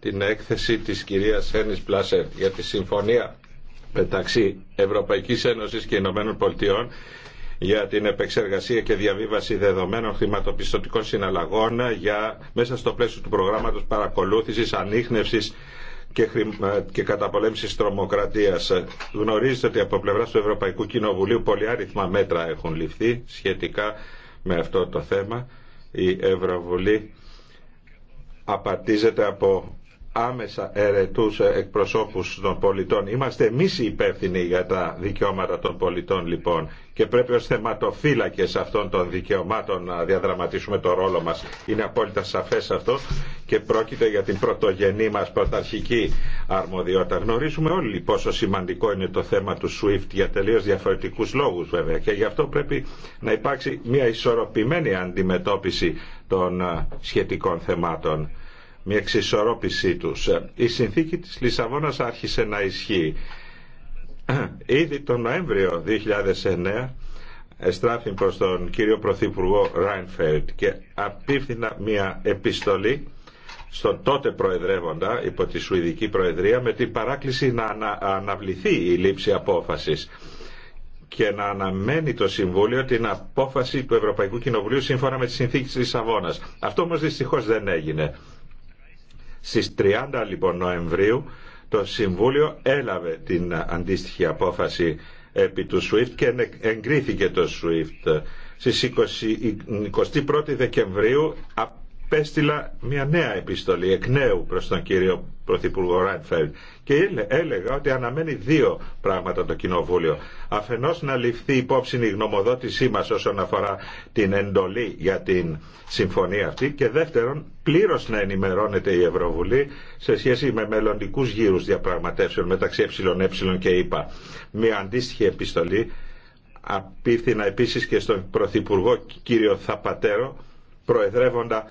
την έκθεση της κυρίας Ένης Πλάσερ για τη συμφωνία μεταξύ Ευρωπαϊκής Ένωσης και Ηνωμένων Πολιτειών για την επεξεργασία και διαβίβαση δεδομένων χρηματοπιστωτικών συναλλαγών για, μέσα στο πλαίσιο του προγράμματος παρακολούθησης, ανείχνευσης και, ε, και καταπολέμησης τρομοκρατίας. Γνωρίζετε ότι από πλευρά του Ευρωπαϊκού Κοινοβουλίου πολλοί άριθμα μέτρα έχουν ληφθεί σχετικά με αυτό το θέμα. Η απαρτίζεται από άμεσα ερετούς εκπροσώπους των πολιτών. Είμαστε εμείς οι υπεύθυνοι για τα δικαιώματα των πολιτών λοιπόν και πρέπει ως θεματοφύλακες αυτών των δικαιωμάτων να διαδραματίσουμε το ρόλο μας. Είναι απόλυτα σαφές αυτό και πρόκειται για την πρωτογενή μας πρωταρχική αρμοδιότητα. Γνωρίζουμε όλοι λοιπόν, πόσο σημαντικό είναι το θέμα του SWIFT για τελείως διαφορετικούς λόγους βέβαια και γι' αυτό πρέπει να υπάρξει μια ισορροπημένη αντιμετώπιση των ε, σχετικών θεμάτων μια εξισορρόπησή τους. Ε, η συνθήκη της Λισαβόνας άρχισε να ισχύει. Ε, ήδη τον Νοέμβριο 2009 εστράφη προς τον κύριο Πρωθυπουργό Ράινφελτ και απίφθηνα μια επιστολή στον τότε προεδρεύοντα υπό τη Σουηδική Προεδρία με την παράκληση να αναβληθεί η λήψη απόφασης και να αναμένει το Συμβούλιο την απόφαση του Ευρωπαϊκού Κοινοβουλίου σύμφωνα με τις συνθήκες της Λισαβόνα. Αυτό όμως δυστυχώς δεν έγινε. Στις 30 λοιπόν Νοεμβρίου το Συμβούλιο έλαβε την αντίστοιχη απόφαση επί του SWIFT και εγκρίθηκε το SWIFT. Στις 20, 21 Δεκεμβρίου επέστειλα μια νέα επιστολή εκ νέου προς τον κύριο Πρωθυπουργό Ράιντφελτ και έλεγα ότι αναμένει δύο πράγματα το Κοινοβούλιο. Αφενός να ληφθεί υπόψη η γνωμοδότησή μας όσον αφορά την εντολή για την συμφωνία αυτή και δεύτερον πλήρως να ενημερώνεται η Ευρωβουλή σε σχέση με μελλοντικούς γύρους διαπραγματεύσεων μεταξύ ΕΕ και ΕΠΑ. ΕΕ. Μια αντίστοιχη επιστολή απίθυνα επίσης και στον Πρωθυπουργό κύριο Θαπατέρο προεδρεύοντα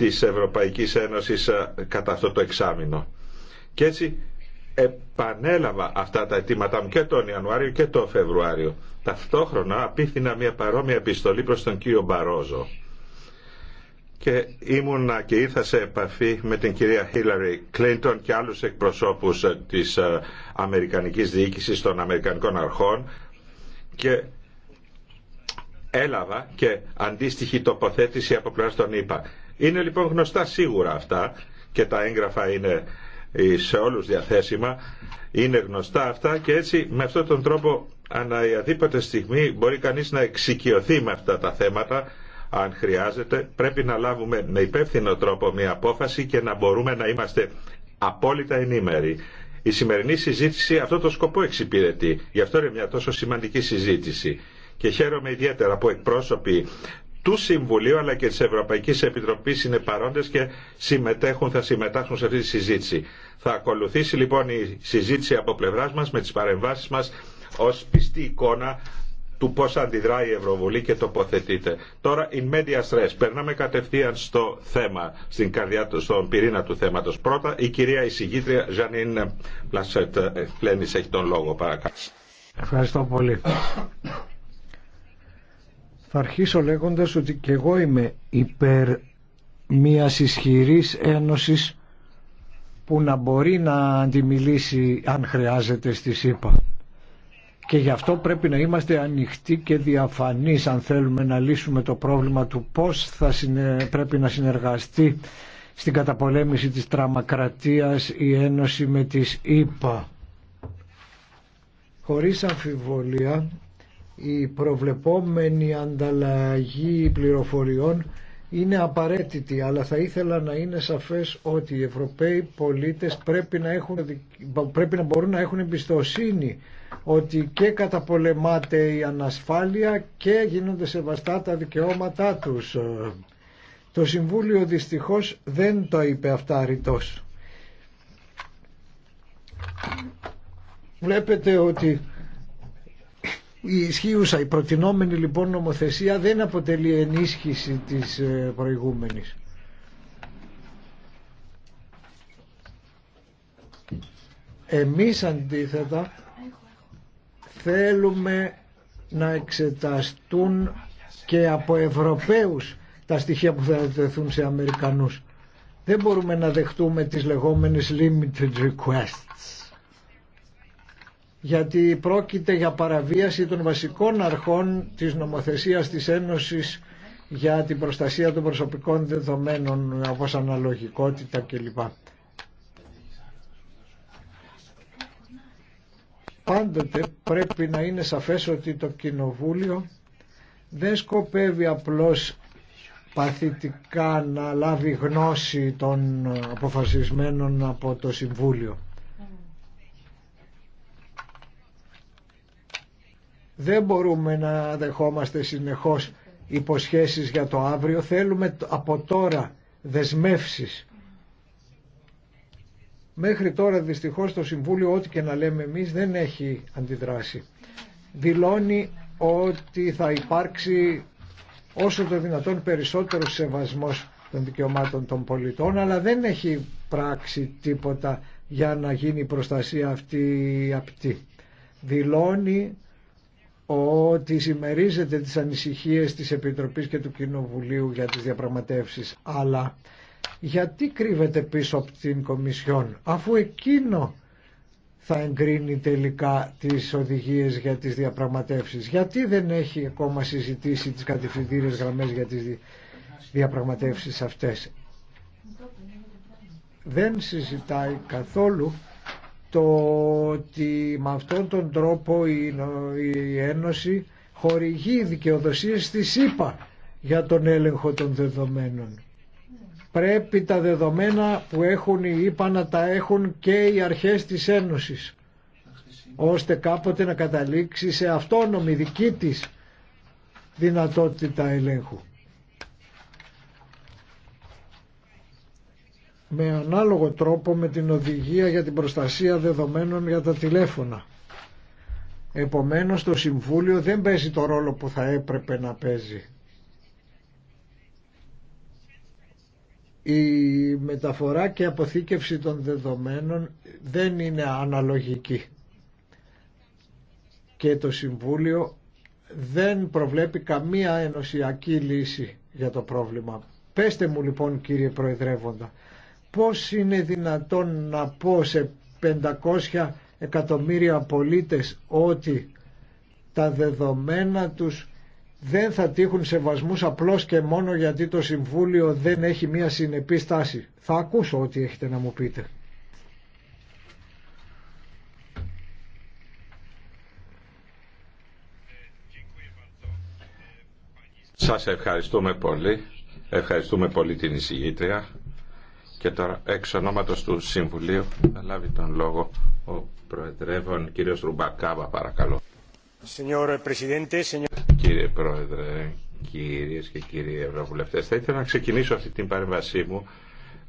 της Ευρωπαϊκής Ένωσης ε, κατά αυτό το εξάμεινο. Και έτσι επανέλαβα αυτά τα αιτήματά μου και τον Ιανουάριο και τον Φεβρουάριο. Ταυτόχρονα απίθυνα μια παρόμοια επιστολή προς τον κύριο Μπαρόζο. Και ήμουνα και ήρθα σε επαφή με την κυρία Χίλαρη Κλίντον και άλλους εκπροσώπους ε, της ε, Αμερικανικής Διοίκησης των Αμερικανικών Αρχών και έλαβα και αντίστοιχη τοποθέτηση από πλευρά των ΗΠΑ. Είναι λοιπόν γνωστά σίγουρα αυτά και τα έγγραφα είναι σε όλους διαθέσιμα. Είναι γνωστά αυτά και έτσι με αυτόν τον τρόπο αναδήποτε στιγμή μπορεί κανείς να εξοικειωθεί με αυτά τα θέματα αν χρειάζεται. Πρέπει να λάβουμε με υπεύθυνο τρόπο μια απόφαση και να μπορούμε να είμαστε απόλυτα ενήμεροι. Η σημερινή συζήτηση αυτό το σκοπό εξυπηρετεί. Γι' αυτό είναι μια τόσο σημαντική συζήτηση. Και χαίρομαι ιδιαίτερα που εκπρόσωποι του Συμβουλίου αλλά και της Ευρωπαϊκής Επιτροπής είναι παρόντες και συμμετέχουν, θα συμμετάσχουν σε αυτή τη συζήτηση. Θα ακολουθήσει λοιπόν η συζήτηση από πλευράς μας με τις παρεμβάσεις μας ως πιστή εικόνα του πώς αντιδράει η Ευρωβουλή και τοποθετείται. Τώρα, in media stress, περνάμε κατευθείαν στο θέμα, στην καρδιά του, στον πυρήνα του θέματος. Πρώτα, η κυρία εισηγήτρια Ζανίν Πλασέτ Φλένης ε, έχει τον λόγο, παρακάτω. Ευχαριστώ πολύ. Θα αρχίσω λέγοντας ότι και εγώ είμαι υπέρ μιας ισχυρής ένωσης που να μπορεί να αντιμιλήσει αν χρειάζεται στη ΣΥΠΑ. Και γι' αυτό πρέπει να είμαστε ανοιχτοί και διαφανείς αν θέλουμε να λύσουμε το πρόβλημα του πώς θα πρέπει να συνεργαστεί στην καταπολέμηση της τραμακρατίας η Ένωση με τις ΗΠΑ. Χωρίς αμφιβολία η προβλεπόμενη ανταλλαγή πληροφοριών είναι απαραίτητη, αλλά θα ήθελα να είναι σαφές ότι οι Ευρωπαίοι πολίτες πρέπει να, έχουν, πρέπει να μπορούν να έχουν εμπιστοσύνη ότι και καταπολεμάται η ανασφάλεια και γίνονται σεβαστά τα δικαιώματά τους. Το Συμβούλιο δυστυχώς δεν το είπε αυτά ρητός. Βλέπετε ότι η ισχύουσα, η προτινόμενη λοιπόν νομοθεσία δεν αποτελεί ενίσχυση της ε, προηγούμενης. Εμείς αντίθετα θέλουμε να εξεταστούν και από Ευρωπαίους τα στοιχεία που θα τεθούν σε Αμερικανούς. Δεν μπορούμε να δεχτούμε τις λεγόμενες limited requests γιατί πρόκειται για παραβίαση των βασικών αρχών της νομοθεσίας της Ένωσης για την προστασία των προσωπικών δεδομένων όπως αναλογικότητα κλπ. Πάντοτε πρέπει να είναι σαφές ότι το Κοινοβούλιο δεν σκοπεύει απλώς παθητικά να λάβει γνώση των αποφασισμένων από το Συμβούλιο. Δεν μπορούμε να δεχόμαστε συνεχώς υποσχέσεις για το αύριο. Θέλουμε από τώρα δεσμεύσεις. Μέχρι τώρα δυστυχώς το Συμβούλιο ό,τι και να λέμε εμείς δεν έχει αντιδράσει. Δηλώνει ότι θα υπάρξει όσο το δυνατόν περισσότερο σεβασμός των δικαιωμάτων των πολιτών αλλά δεν έχει πράξει τίποτα για να γίνει η προστασία αυτή απτή. Δηλώνει ότι συμμερίζεται τις ανησυχίες της Επιτροπής και του Κοινοβουλίου για τις διαπραγματεύσεις. Αλλά γιατί κρύβεται πίσω από την Κομισιόν, αφού εκείνο θα εγκρίνει τελικά τις οδηγίες για τις διαπραγματεύσεις. Γιατί δεν έχει ακόμα συζητήσει τις κατευθυντήριες γραμμές για τις διαπραγματεύσεις αυτές. Δεν συζητάει καθόλου το ότι με αυτόν τον τρόπο η Ένωση χορηγεί δικαιοδοσίε στη ΣΥΠΑ για τον έλεγχο των δεδομένων. Πρέπει τα δεδομένα που έχουν οι ΙΠΑ να τα έχουν και οι αρχές της Ένωσης ώστε κάποτε να καταλήξει σε αυτόνομη δική της δυνατότητα ελέγχου. με ανάλογο τρόπο με την οδηγία για την προστασία δεδομένων για τα τηλέφωνα. Επομένως το Συμβούλιο δεν παίζει το ρόλο που θα έπρεπε να παίζει. Η μεταφορά και αποθήκευση των δεδομένων δεν είναι αναλογική και το Συμβούλιο δεν προβλέπει καμία ενωσιακή λύση για το πρόβλημα. Πέστε μου λοιπόν κύριε Προεδρεύοντα, πώς είναι δυνατόν να πω σε 500 εκατομμύρια πολίτες ότι τα δεδομένα τους δεν θα τύχουν σεβασμούς απλώς και μόνο γιατί το Συμβούλιο δεν έχει μία συνεπή στάση. Θα ακούσω ό,τι έχετε να μου πείτε. Σας ευχαριστούμε πολύ. Ευχαριστούμε πολύ την εισηγήτρια. Και τώρα εξ ονόματος του Συμβουλίου θα λάβει τον λόγο ο Προεδρεύων κύριος Ρουμπακάβα παρακαλώ. Κύριε Πρόεδρε, κυρίες και κύριοι Ευρωβουλευτές, θα ήθελα να ξεκινήσω αυτή την παρέμβασή μου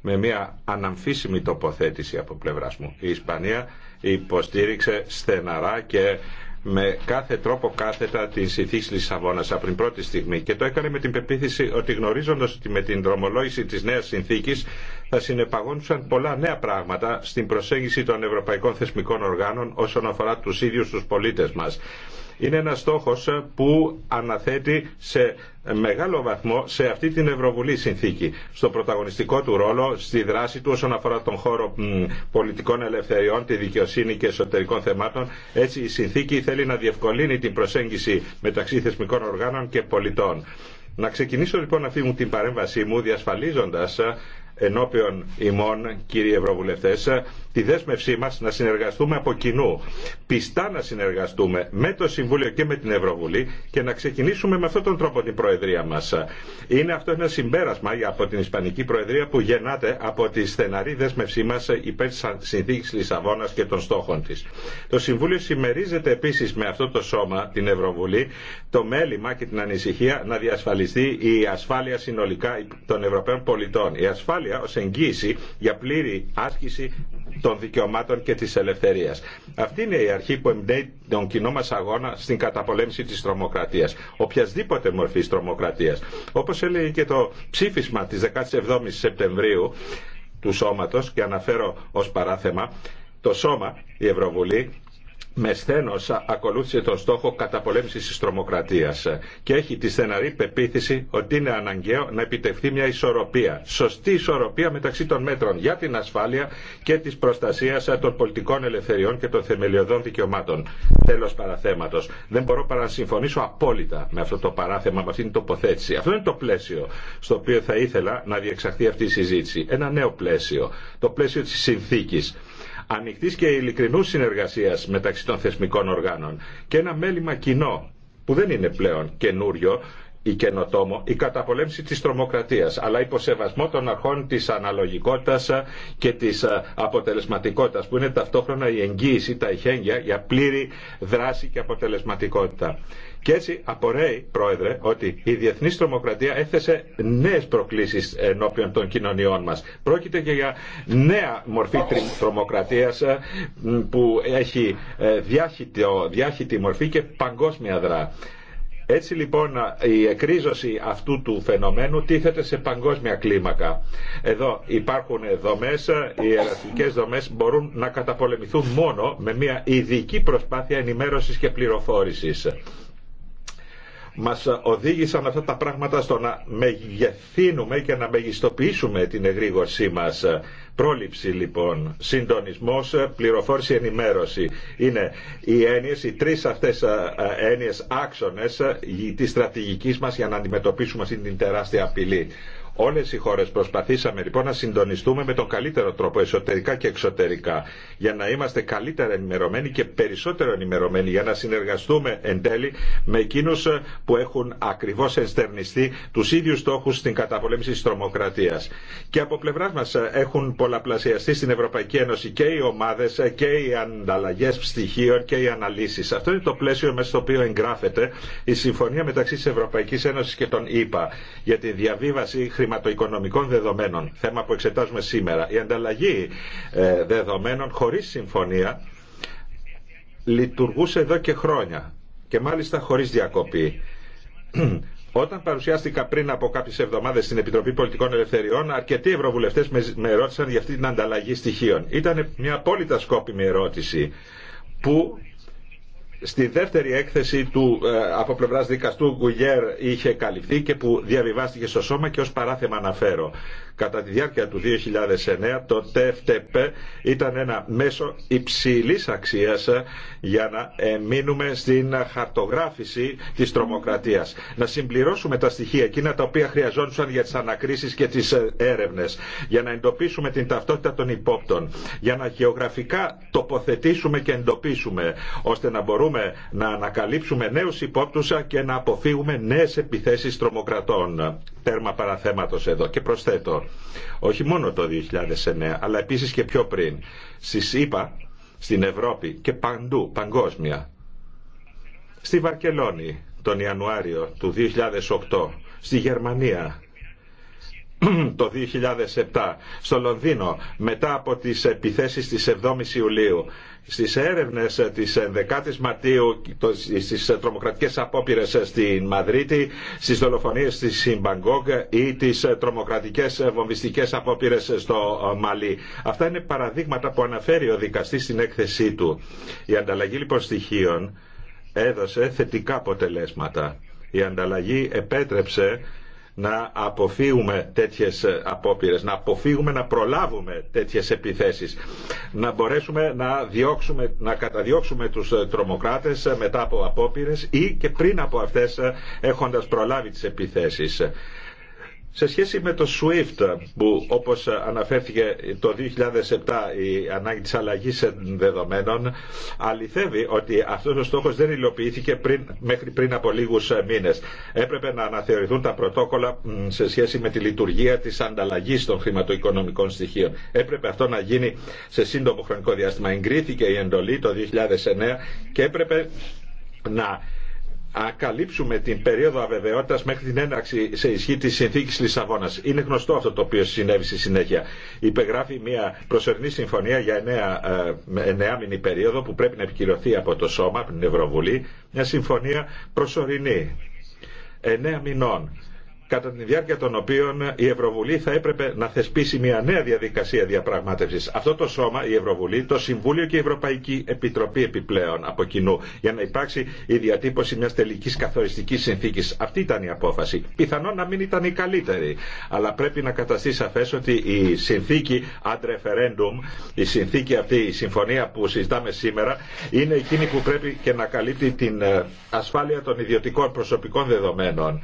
με μια αναμφίσιμη τοποθέτηση από πλευράς μου. Η Ισπανία υποστήριξε στεναρά και με κάθε τρόπο κάθετα την συνθήκη Λισαβόνα από την πρώτη στιγμή και το έκανε με την πεποίθηση ότι γνωρίζοντα ότι με την δρομολόγηση τη νέα συνθήκη θα συνεπαγόντουσαν πολλά νέα πράγματα στην προσέγγιση των ευρωπαϊκών θεσμικών οργάνων όσον αφορά τους ίδιους τους πολίτες μας. Είναι ένας στόχος που αναθέτει σε μεγάλο βαθμό σε αυτή την Ευρωβουλή συνθήκη, στο πρωταγωνιστικό του ρόλο, στη δράση του όσον αφορά τον χώρο πολιτικών ελευθεριών, τη δικαιοσύνη και εσωτερικών θεμάτων. Έτσι η συνθήκη θέλει να διευκολύνει την προσέγγιση μεταξύ θεσμικών οργάνων και πολιτών. Να ξεκινήσω λοιπόν αυτή μου την παρέμβασή μου διασφαλίζοντας ενώπιον ημών, κύριοι Ευρωβουλευτές, τη δέσμευσή μας να συνεργαστούμε από κοινού. Πιστά να συνεργαστούμε με το Συμβούλιο και με την Ευρωβουλή και να ξεκινήσουμε με αυτόν τον τρόπο την Προεδρία μας. Είναι αυτό ένα συμπέρασμα από την Ισπανική Προεδρία που γεννάται από τη στεναρή δέσμευσή μας υπέρ της συνθήκης Λισαβόνας και των στόχων της. Το Συμβούλιο συμμερίζεται επίσης με αυτό το σώμα, την Ευρωβουλή, το μέλημα και την ανησυχία να διασφαλιστεί η ασφάλεια συνολικά των Ευρωπαίων πολιτών. Η ασφάλεια Ω ως εγγύηση για πλήρη άσκηση των δικαιωμάτων και της ελευθερίας. Αυτή είναι η αρχή που εμπνέει τον κοινό μας αγώνα στην καταπολέμηση της τρομοκρατίας, οποιασδήποτε μορφής τρομοκρατίας. Όπως έλεγε και το ψήφισμα της 17ης Σεπτεμβρίου του Σώματος και αναφέρω ως παράθεμα, το Σώμα, η Ευρωβουλή, με σθένο ακολούθησε τον στόχο καταπολέμηση τη Τρομοκρατία και έχει τη στεναρή πεποίθηση ότι είναι αναγκαίο να επιτευχθεί μια ισορροπία, σωστή ισορροπία μεταξύ των μέτρων για την ασφάλεια και τη προστασία των πολιτικών ελευθεριών και των θεμελιωδών δικαιωμάτων. τέλο παραθέματο. Δεν μπορώ παρά να συμφωνήσω απόλυτα με αυτό το παράθεμα, με αυτήν την τοποθέτηση. Αυτό είναι το πλαίσιο στο οποίο θα ήθελα να διεξαχθεί αυτή η συζήτηση. Ένα νέο πλαίσιο. Το πλαίσιο τη συνθήκη ανοιχτής και ειλικρινούς συνεργασίας μεταξύ των θεσμικών οργάνων και ένα μέλημα κοινό που δεν είναι πλέον καινούριο η καινοτόμο, η καταπολέμηση της τρομοκρατίας, αλλά υποσεβασμό των αρχών της αναλογικότητας και της ε, αποτελεσματικότητας, που είναι ταυτόχρονα η εγγύηση, τα ειχέγγυα για πλήρη δράση και αποτελεσματικότητα. Και έτσι απορρέει, Πρόεδρε, ότι η διεθνή τρομοκρατία έθεσε νέε προκλήσει ενώπιον των κοινωνιών μα. Πρόκειται και για νέα μορφή τρομοκρατία ε, που έχει ε, διάχυτη μορφή και παγκόσμια δρά. Έτσι λοιπόν η εκρίζωση αυτού του φαινομένου τίθεται σε παγκόσμια κλίμακα. Εδώ υπάρχουν δομές, ε, οι ελαστικές δομές μπορούν να καταπολεμηθούν μόνο με μια ειδική προσπάθεια ενημέρωσης και πληροφόρησης μας οδήγησαν αυτά τα πράγματα στο να μεγεθύνουμε και να μεγιστοποιήσουμε την εγρήγορσή μας. Πρόληψη λοιπόν, συντονισμός, πληροφόρηση, ενημέρωση. Είναι οι έννοιες, οι τρεις αυτές έννοιες άξονες της στρατηγικής μας για να αντιμετωπίσουμε αυτή την τεράστια απειλή. Όλες οι χώρες προσπαθήσαμε λοιπόν να συντονιστούμε με τον καλύτερο τρόπο εσωτερικά και εξωτερικά για να είμαστε καλύτερα ενημερωμένοι και περισσότερο ενημερωμένοι για να συνεργαστούμε εν τέλει με εκείνους ε, που έχουν ακριβώς ενστερνιστεί τους ίδιους στόχους στην καταπολέμηση της τρομοκρατίας. Και από πλευρά μας ε, έχουν πολλαπλασιαστεί στην Ευρωπαϊκή Ένωση και οι ομάδες ε, και οι ανταλλαγές στοιχείων και οι αναλύσεις. Αυτό είναι το πλαίσιο μέσα στο οποίο εγγράφεται η συμφωνία μεταξύ της Ευρωπαϊκής Ένωσης και των ΗΠΑ για τη διαβίβαση χρηματοοικονομικών δεδομένων, θέμα που εξετάζουμε σήμερα, η ανταλλαγή ε, δεδομένων χωρίς συμφωνία λειτουργούσε εδώ και χρόνια και μάλιστα χωρίς διακοπή. Όταν παρουσιάστηκα πριν από κάποιες εβδομάδες στην Επιτροπή Πολιτικών Ελευθεριών, αρκετοί ευρωβουλευτέ με ρώτησαν για αυτή την ανταλλαγή στοιχείων. Ήταν μια απόλυτα σκόπιμη ερώτηση που στη δεύτερη έκθεση του, ε, από πλευρά δικαστού Γκουγιέρ είχε καλυφθεί και που διαβιβάστηκε στο σώμα και ως παράθεμα αναφέρω. Κατά τη διάρκεια του 2009 το TFTP ήταν ένα μέσο υψηλής αξίας για να ε, μείνουμε στην χαρτογράφηση της τρομοκρατίας. Να συμπληρώσουμε τα στοιχεία εκείνα τα οποία χρειαζόντουσαν για τις ανακρίσεις και τις ε, έρευνες, για να εντοπίσουμε την ταυτότητα των υπόπτων, για να γεωγραφικά τοποθετήσουμε και εντοπίσουμε, ώστε να μπορούμε να ανακαλύψουμε νέους υπόπτους και να αποφύγουμε νέες επιθέσεις τρομοκρατών. Τέρμα παραθέματος εδώ και προσθέτω όχι μόνο το 2009, αλλά επίσης και πιο πριν. Στη ΣΥΠΑ, στην Ευρώπη και παντού, παγκόσμια. Στη Βαρκελόνη τον Ιανουάριο του 2008, στη Γερμανία το 2007 στο Λονδίνο μετά από τις επιθέσεις της 7 η Ιουλίου στις έρευνες της 11ης Μαρτίου στις τρομοκρατικές απόπειρες στην Μαδρίτη, στις δολοφονίες της Συμπαγκόγκ ή τις τρομοκρατικές βομβιστικές απόπειρες στο Μαλί. Αυτά είναι παραδείγματα που αναφέρει ο δικαστής στην έκθεσή του. Η ανταλλαγή λοιπόν στοιχείων έδωσε θετικά αποτελέσματα. Η ανταλλαγή επέτρεψε να αποφύγουμε τέτοιες ε, απόπειρες, να αποφύγουμε να προλάβουμε τέτοιες επιθέσεις, να μπορέσουμε να, διώξουμε, να καταδιώξουμε τους ε, τρομοκράτες ε, μετά από απόπειρες ή και πριν από αυτές έχοντας προλάβει τις επιθέσεις. Σε σχέση με το SWIFT που όπως αναφέρθηκε το 2007 η ανάγκη της αλλαγής δεδομένων αληθεύει ότι αυτός ο στόχος δεν υλοποιήθηκε πριν, μέχρι πριν από λίγους μήνες. Έπρεπε να αναθεωρηθούν τα πρωτόκολλα σε σχέση με τη λειτουργία της ανταλλαγής των χρηματοοικονομικών στοιχείων. Έπρεπε αυτό να γίνει σε σύντομο χρονικό διάστημα. Εγκρίθηκε η εντολή το 2009 και έπρεπε να ακαλύψουμε την περίοδο αβεβαιότητα μέχρι την έναρξη σε ισχύ τη συνθήκη Λισαβόνα. Είναι γνωστό αυτό το οποίο συνέβη στη συνέχεια. Υπεγράφει μια προσωρινή συμφωνία για εννέα, ε, εννέα περίοδο που πρέπει να επικυρωθεί από το Σώμα, από την Ευρωβουλή. Μια συμφωνία προσωρινή. Εννέα μηνών κατά τη διάρκεια των οποίων η Ευρωβουλή θα έπρεπε να θεσπίσει μια νέα διαδικασία διαπραγμάτευση. Αυτό το σώμα, η Ευρωβουλή, το Συμβούλιο και η Ευρωπαϊκή Επιτροπή επιπλέον από κοινού, για να υπάρξει η διατύπωση μια τελική καθοριστική συνθήκη. Αυτή ήταν η απόφαση. Πιθανόν να μην ήταν η καλύτερη, αλλά πρέπει να καταστεί σαφέ ότι η συνθήκη ad referendum, η συνθήκη αυτή, η συμφωνία που συζητάμε σήμερα, είναι εκείνη που πρέπει και να καλύπτει την ε, ασφάλεια των ιδιωτικών προσωπικών δεδομένων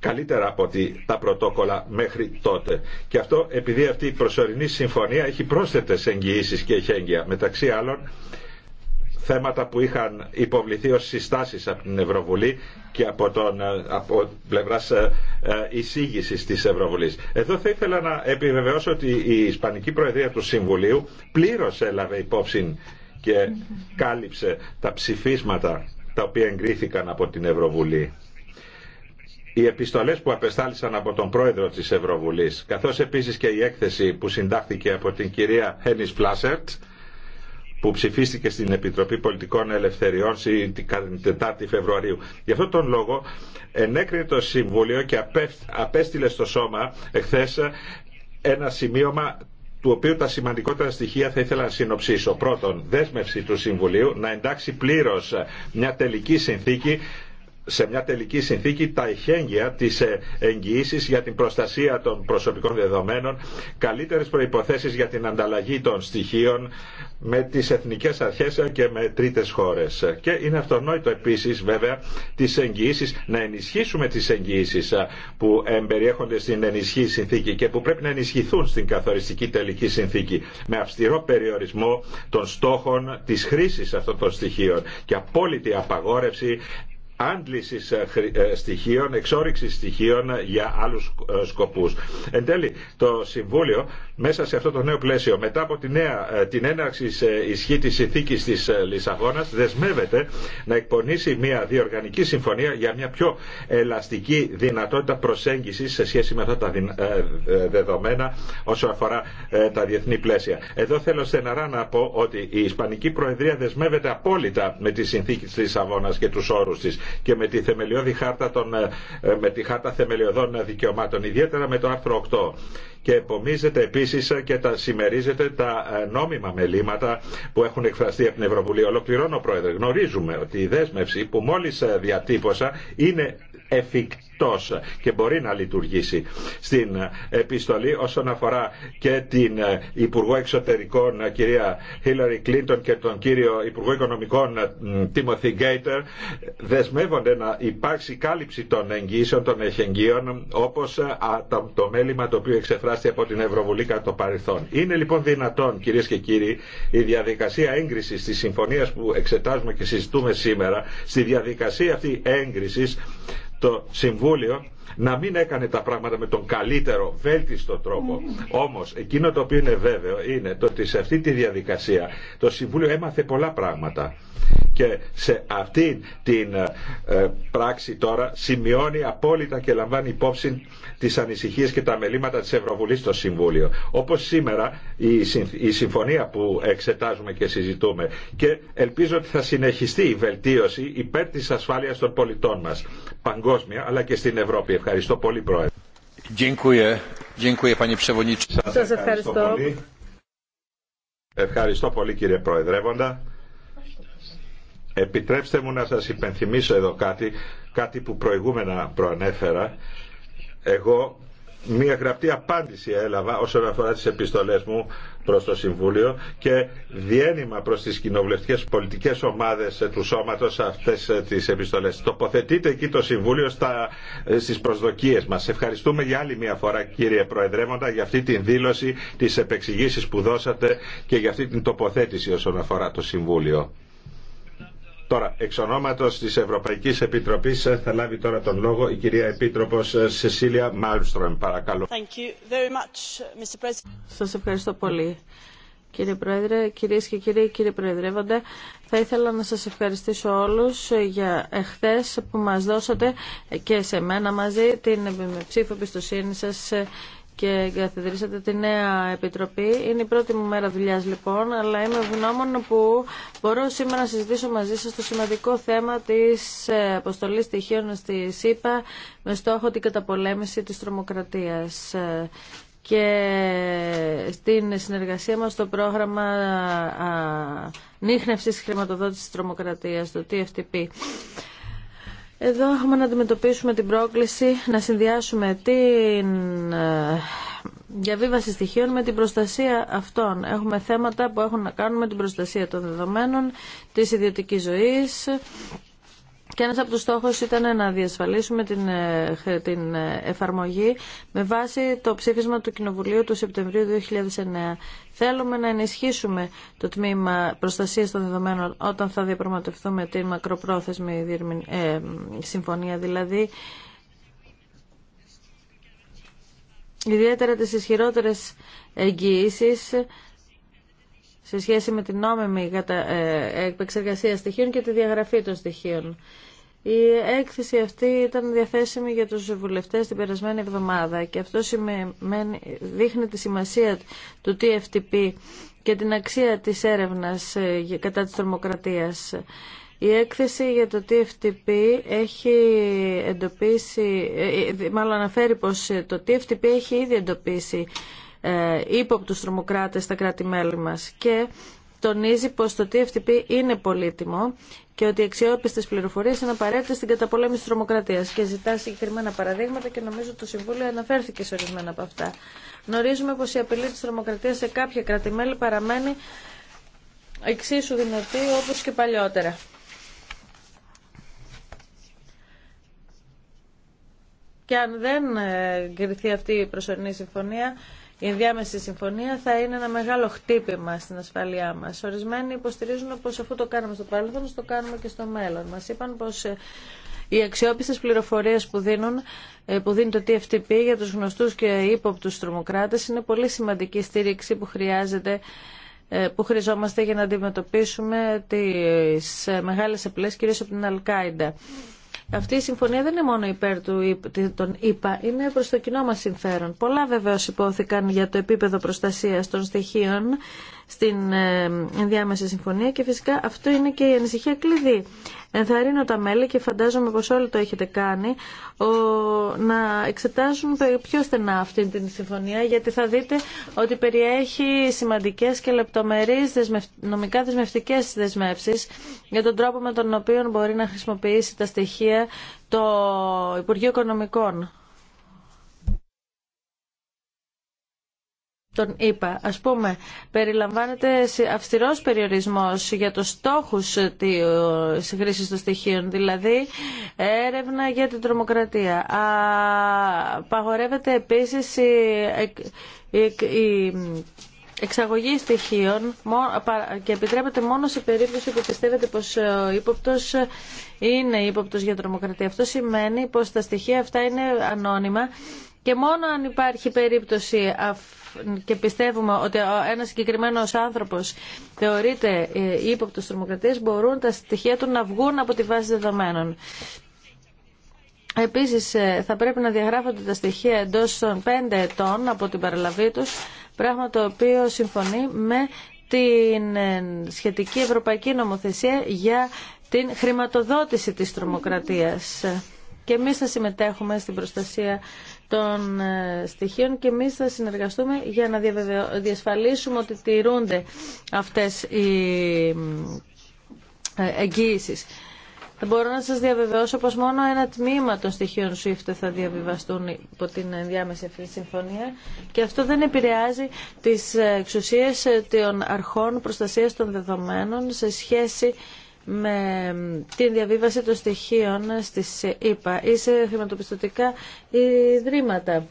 καλύτερα από τα πρωτόκολλα μέχρι τότε. Και αυτό επειδή αυτή η προσωρινή συμφωνία έχει πρόσθετες εγγυήσεις και εχέγγυα. Μεταξύ άλλων, θέματα που είχαν υποβληθεί ως συστάσεις από την Ευρωβουλή και από, τον, ε, από πλευράς ε, ε, εισήγησης της Ευρωβουλής. Εδώ θα ήθελα να επιβεβαιώσω ότι η Ισπανική Προεδρία του Συμβουλίου πλήρως έλαβε υπόψη και κάλυψε τα ψηφίσματα τα οποία εγκρίθηκαν από την Ευρωβουλή οι επιστολέ που απεστάλησαν από τον πρόεδρο τη Ευρωβουλή, καθώ επίση και η έκθεση που συντάχθηκε από την κυρία Χένι Φλάσερτ, που ψηφίστηκε στην Επιτροπή Πολιτικών Ελευθεριών την 4η Φεβρουαρίου. Γι' αυτόν τον λόγο ενέκρινε το Συμβούλιο και απέστειλε στο Σώμα εχθέ ένα σημείωμα του οποίου τα σημαντικότερα στοιχεία θα ήθελα να συνοψίσω. Πρώτον, δέσμευση του Συμβουλίου να εντάξει πλήρω μια τελική συνθήκη σε μια τελική συνθήκη τα ειχέγγυα τη ε, εγγυήσει για την προστασία των προσωπικών δεδομένων, καλύτερε προποθέσει για την ανταλλαγή των στοιχείων με τι εθνικέ αρχέ και με τρίτε χώρε. Και είναι αυτονόητο επίση βέβαια τι εγγυήσει, να ενισχύσουμε τι εγγυήσει που εμπεριέχονται στην ενισχύ συνθήκη και που πρέπει να ενισχυθούν στην καθοριστική τελική συνθήκη με αυστηρό περιορισμό των στόχων τη χρήση αυτών των στοιχείων και απόλυτη απαγόρευση άντλησης ε, ε, στοιχείων, εξόριξης στοιχείων ε, για άλλους σκοπούς. Εν τέλει, το Συμβούλιο μέσα σε αυτό το νέο πλαίσιο, μετά από τη νέα, την έναρξη ισχύ της συνθήκης της Λισαβόνας, δεσμεύεται να εκπονήσει μια διοργανική συμφωνία για μια πιο ελαστική δυνατότητα προσέγγισης σε σχέση με αυτά τα δεδομένα όσο αφορά τα διεθνή πλαίσια. Εδώ θέλω στεναρά να πω ότι η Ισπανική Προεδρία δεσμεύεται απόλυτα με τη συνθήκη τη Λισαβόνα και του όρου τη και με τη θεμελιώδη χάρτα, των, ε, ε, με τη χάρτα θεμελιωδών δικαιωμάτων, ιδιαίτερα με το άρθρο 8 και επομίζεται επίση και τα συμμερίζεται τα ε, νόμιμα μελήματα που έχουν εκφραστεί από την Ευρωβουλή. Ολοκληρώνω, Πρόεδρε. Γνωρίζουμε ότι η δέσμευση που μόλις διατύπωσα είναι εφικτός και μπορεί να λειτουργήσει στην επιστολή όσον αφορά και την Υπουργό Εξωτερικών κυρία Χίλαρη Κλίντον και τον κύριο Υπουργό Οικονομικών Timothy Γκέιτερ δεσμεύονται να υπάρξει κάλυψη των εγγύσεων των εχεγγύων όπως το μέλημα το οποίο εξεφράστηκε από την Ευρωβουλή κατά το παρελθόν. Είναι λοιπόν δυνατόν κυρίε και κύριοι η διαδικασία έγκρισης της συμφωνίας που εξετάζουμε και συζητούμε σήμερα στη διαδικασία αυτή έγκρισης το Συμβούλιο να μην έκανε τα πράγματα με τον καλύτερο, βέλτιστο τρόπο. Όμω, εκείνο το οποίο είναι βέβαιο είναι το ότι σε αυτή τη διαδικασία το Συμβούλιο έμαθε πολλά πράγματα. Και σε αυτή την ε, ε, πράξη τώρα σημειώνει απόλυτα και λαμβάνει υπόψη τι ανησυχίε και τα μελήματα τη Ευρωβουλής στο Συμβούλιο. Όπω σήμερα η συμφωνία που εξετάζουμε και συζητούμε και ελπίζω ότι θα συνεχιστεί η βελτίωση υπέρ τη ασφάλεια των πολιτών μα, παγκόσμια αλλά και στην Ευρώπη ευχαριστώ πολύ, Πρόεδρε. Σας ευχαριστώ πολύ. Ευχαριστώ πολύ κύριε Προεδρεύοντα. Επιτρέψτε μου να σας υπενθυμίσω εδώ κάτι, κάτι που προηγούμενα προανέφερα. Εγώ μία γραπτή απάντηση έλαβα όσον αφορά τις επιστολές μου προς το Συμβούλιο και διένυμα προς τις κοινοβουλευτικές πολιτικές ομάδες ε, του σώματος αυτές ε, τις επιστολές. Τοποθετείτε εκεί το Συμβούλιο στα, ε, στις προσδοκίες μας. Ευχαριστούμε για άλλη μια φορά κύριε Προεδρέμοντα για αυτή την δήλωση, τις επεξηγήσεις που δώσατε και για αυτή την τοποθέτηση όσον αφορά το Συμβούλιο. Τώρα, εξ ονόματο της Ευρωπαϊκής Επιτροπής ε, θα λάβει τώρα τον λόγο η κυρία Επίτροπος ε, Σεσίλια Μάλστρομ. Παρακαλώ. Σα Σας ευχαριστώ πολύ. Κύριε Πρόεδρε, κυρίε και κύριοι, κύριε Προεδρεύοντα, θα ήθελα να σας ευχαριστήσω όλους ε, για εχθές που μας δώσατε και σε μένα μαζί την ψήφο πιστοσύνη σας και εγκαθιδρύσατε τη νέα επιτροπή. Είναι η πρώτη μου μέρα δουλειά λοιπόν, αλλά είμαι ευγνώμων που μπορώ σήμερα να συζητήσω μαζί σα το σημαντικό θέμα τη ε, αποστολή στοιχείων στη ΣΥΠΑ με στόχο την καταπολέμηση της τρομοκρατίας ε, και στην συνεργασία μας στο πρόγραμμα νύχνευσης χρηματοδότησης τρομοκρατίας, το TFTP. Εδώ έχουμε να αντιμετωπίσουμε την πρόκληση να συνδυάσουμε την ε, διαβίβαση στοιχείων με την προστασία αυτών. Έχουμε θέματα που έχουν να κάνουν με την προστασία των δεδομένων, της ιδιωτικής ζωής, και ένας από τους στόχους ήταν να διασφαλίσουμε την, ε, την ε, εφαρμογή με βάση το ψήφισμα του Κοινοβουλίου του Σεπτεμβρίου 2009. Θέλουμε να ενισχύσουμε το τμήμα προστασίας των δεδομένων όταν θα διαπραγματευτούμε την μακροπρόθεσμη ε, συμφωνία, δηλαδή ιδιαίτερα τις ισχυρότερες εγγυήσεις σε σχέση με την νόμιμη επεξεργασία στοιχείων και τη διαγραφή των στοιχείων. Η έκθεση αυτή ήταν διαθέσιμη για τους βουλευτές την περασμένη εβδομάδα και αυτό δείχνει τη σημασία του TFTP και την αξία της έρευνας ε, κατά της τρομοκρατίας. Η έκθεση για το TFTP έχει εντοπίσει, ε, ε, μάλλον αναφέρει πως το TFTP έχει ήδη εντοπίσει ύποπτους τρομοκράτες στα κράτη-μέλη μας και τονίζει πως το TFTP είναι πολύτιμο και ότι οι αξιόπιστες πληροφορίες είναι απαραίτητες στην καταπολέμηση της τρομοκρατίας και ζητά συγκεκριμένα παραδείγματα και νομίζω το Συμβούλιο αναφέρθηκε σε ορισμένα από αυτά. Γνωρίζουμε πως η απειλή της τρομοκρατίας σε κάποια κρατημέλη παραμένει εξίσου δυνατή όπως και παλιότερα. Και αν δεν ε, κρυθεί αυτή η προσωρινή συμφωνία, η διάμεση συμφωνία θα είναι ένα μεγάλο χτύπημα στην ασφαλειά μα. Ορισμένοι υποστηρίζουν πω αφού το κάναμε στο παρελθόν, το κάνουμε και στο μέλλον. Μα είπαν πω ε, οι αξιόπιστες πληροφορίε που, δίνουν, ε, που δίνει το TFTP για του γνωστού και ύποπτου τρομοκράτε είναι πολύ σημαντική στήριξη που χρειάζεται ε, που χρειαζόμαστε για να αντιμετωπίσουμε τις μεγάλες απειλές κυρίως από την Αλκάιντα. Αυτή η συμφωνία δεν είναι μόνο υπέρ του, τον ΙΠΑ, είναι προς το κοινό μας συμφέρον. Πολλά βεβαίως υπόθηκαν για το επίπεδο προστασίας των στοιχείων στην ε, ενδιάμεση συμφωνία και φυσικά αυτό είναι και η ανησυχία κλειδί. Ενθαρρύνω τα μέλη και φαντάζομαι πως όλοι το έχετε κάνει να εξετάσουν πιο στενά αυτή την συμφωνία γιατί θα δείτε ότι περιέχει σημαντικές και λεπτομερείς νομικά δεσμευτικές δεσμεύσεις για τον τρόπο με τον οποίο μπορεί να χρησιμοποιήσει τα στοιχεία το Υπουργείο Οικονομικών. τον είπα. Ας πούμε, περιλαμβάνεται αυστηρός περιορισμός για τους στόχους της χρήσης των στοιχείων, δηλαδή έρευνα για την τρομοκρατία. Απαγορεύεται επίσης η, η, εξαγωγή στοιχείων και επιτρέπεται μόνο σε περίπτωση που πιστεύετε πως ο ύποπτος είναι ύποπτος για τρομοκρατία. Αυτό σημαίνει πως τα στοιχεία αυτά είναι ανώνυμα και μόνο αν υπάρχει περίπτωση και πιστεύουμε ότι ένα συγκεκριμένο άνθρωπο θεωρείται ε, ύποπτο τρομοκρατία, μπορούν τα στοιχεία του να βγουν από τη βάση δεδομένων. Επίση, ε, θα πρέπει να διαγράφονται τα στοιχεία εντό των 5 ετών από την παραλαβή του, πράγμα το οποίο συμφωνεί με την ε, σχετική ευρωπαϊκή νομοθεσία για την χρηματοδότηση της τρομοκρατίας. Και εμείς θα συμμετέχουμε στην προστασία των ε, στοιχείων και εμεί θα συνεργαστούμε για να διασφαλίσουμε ότι τηρούνται αυτές οι ε, εγγύησεις. Μπορώ να σας διαβεβαιώσω πως μόνο ένα τμήμα των στοιχείων SWIFT θα διαβιβαστούν υπό την διάμεση αυτή συμφωνία και αυτό δεν επηρεάζει τις εξουσίες των αρχών προστασίας των δεδομένων σε σχέση με την διαβίβαση των στοιχείων στις ΕΠΑ ή σε χρηματοπιστωτικά ιδρύματα.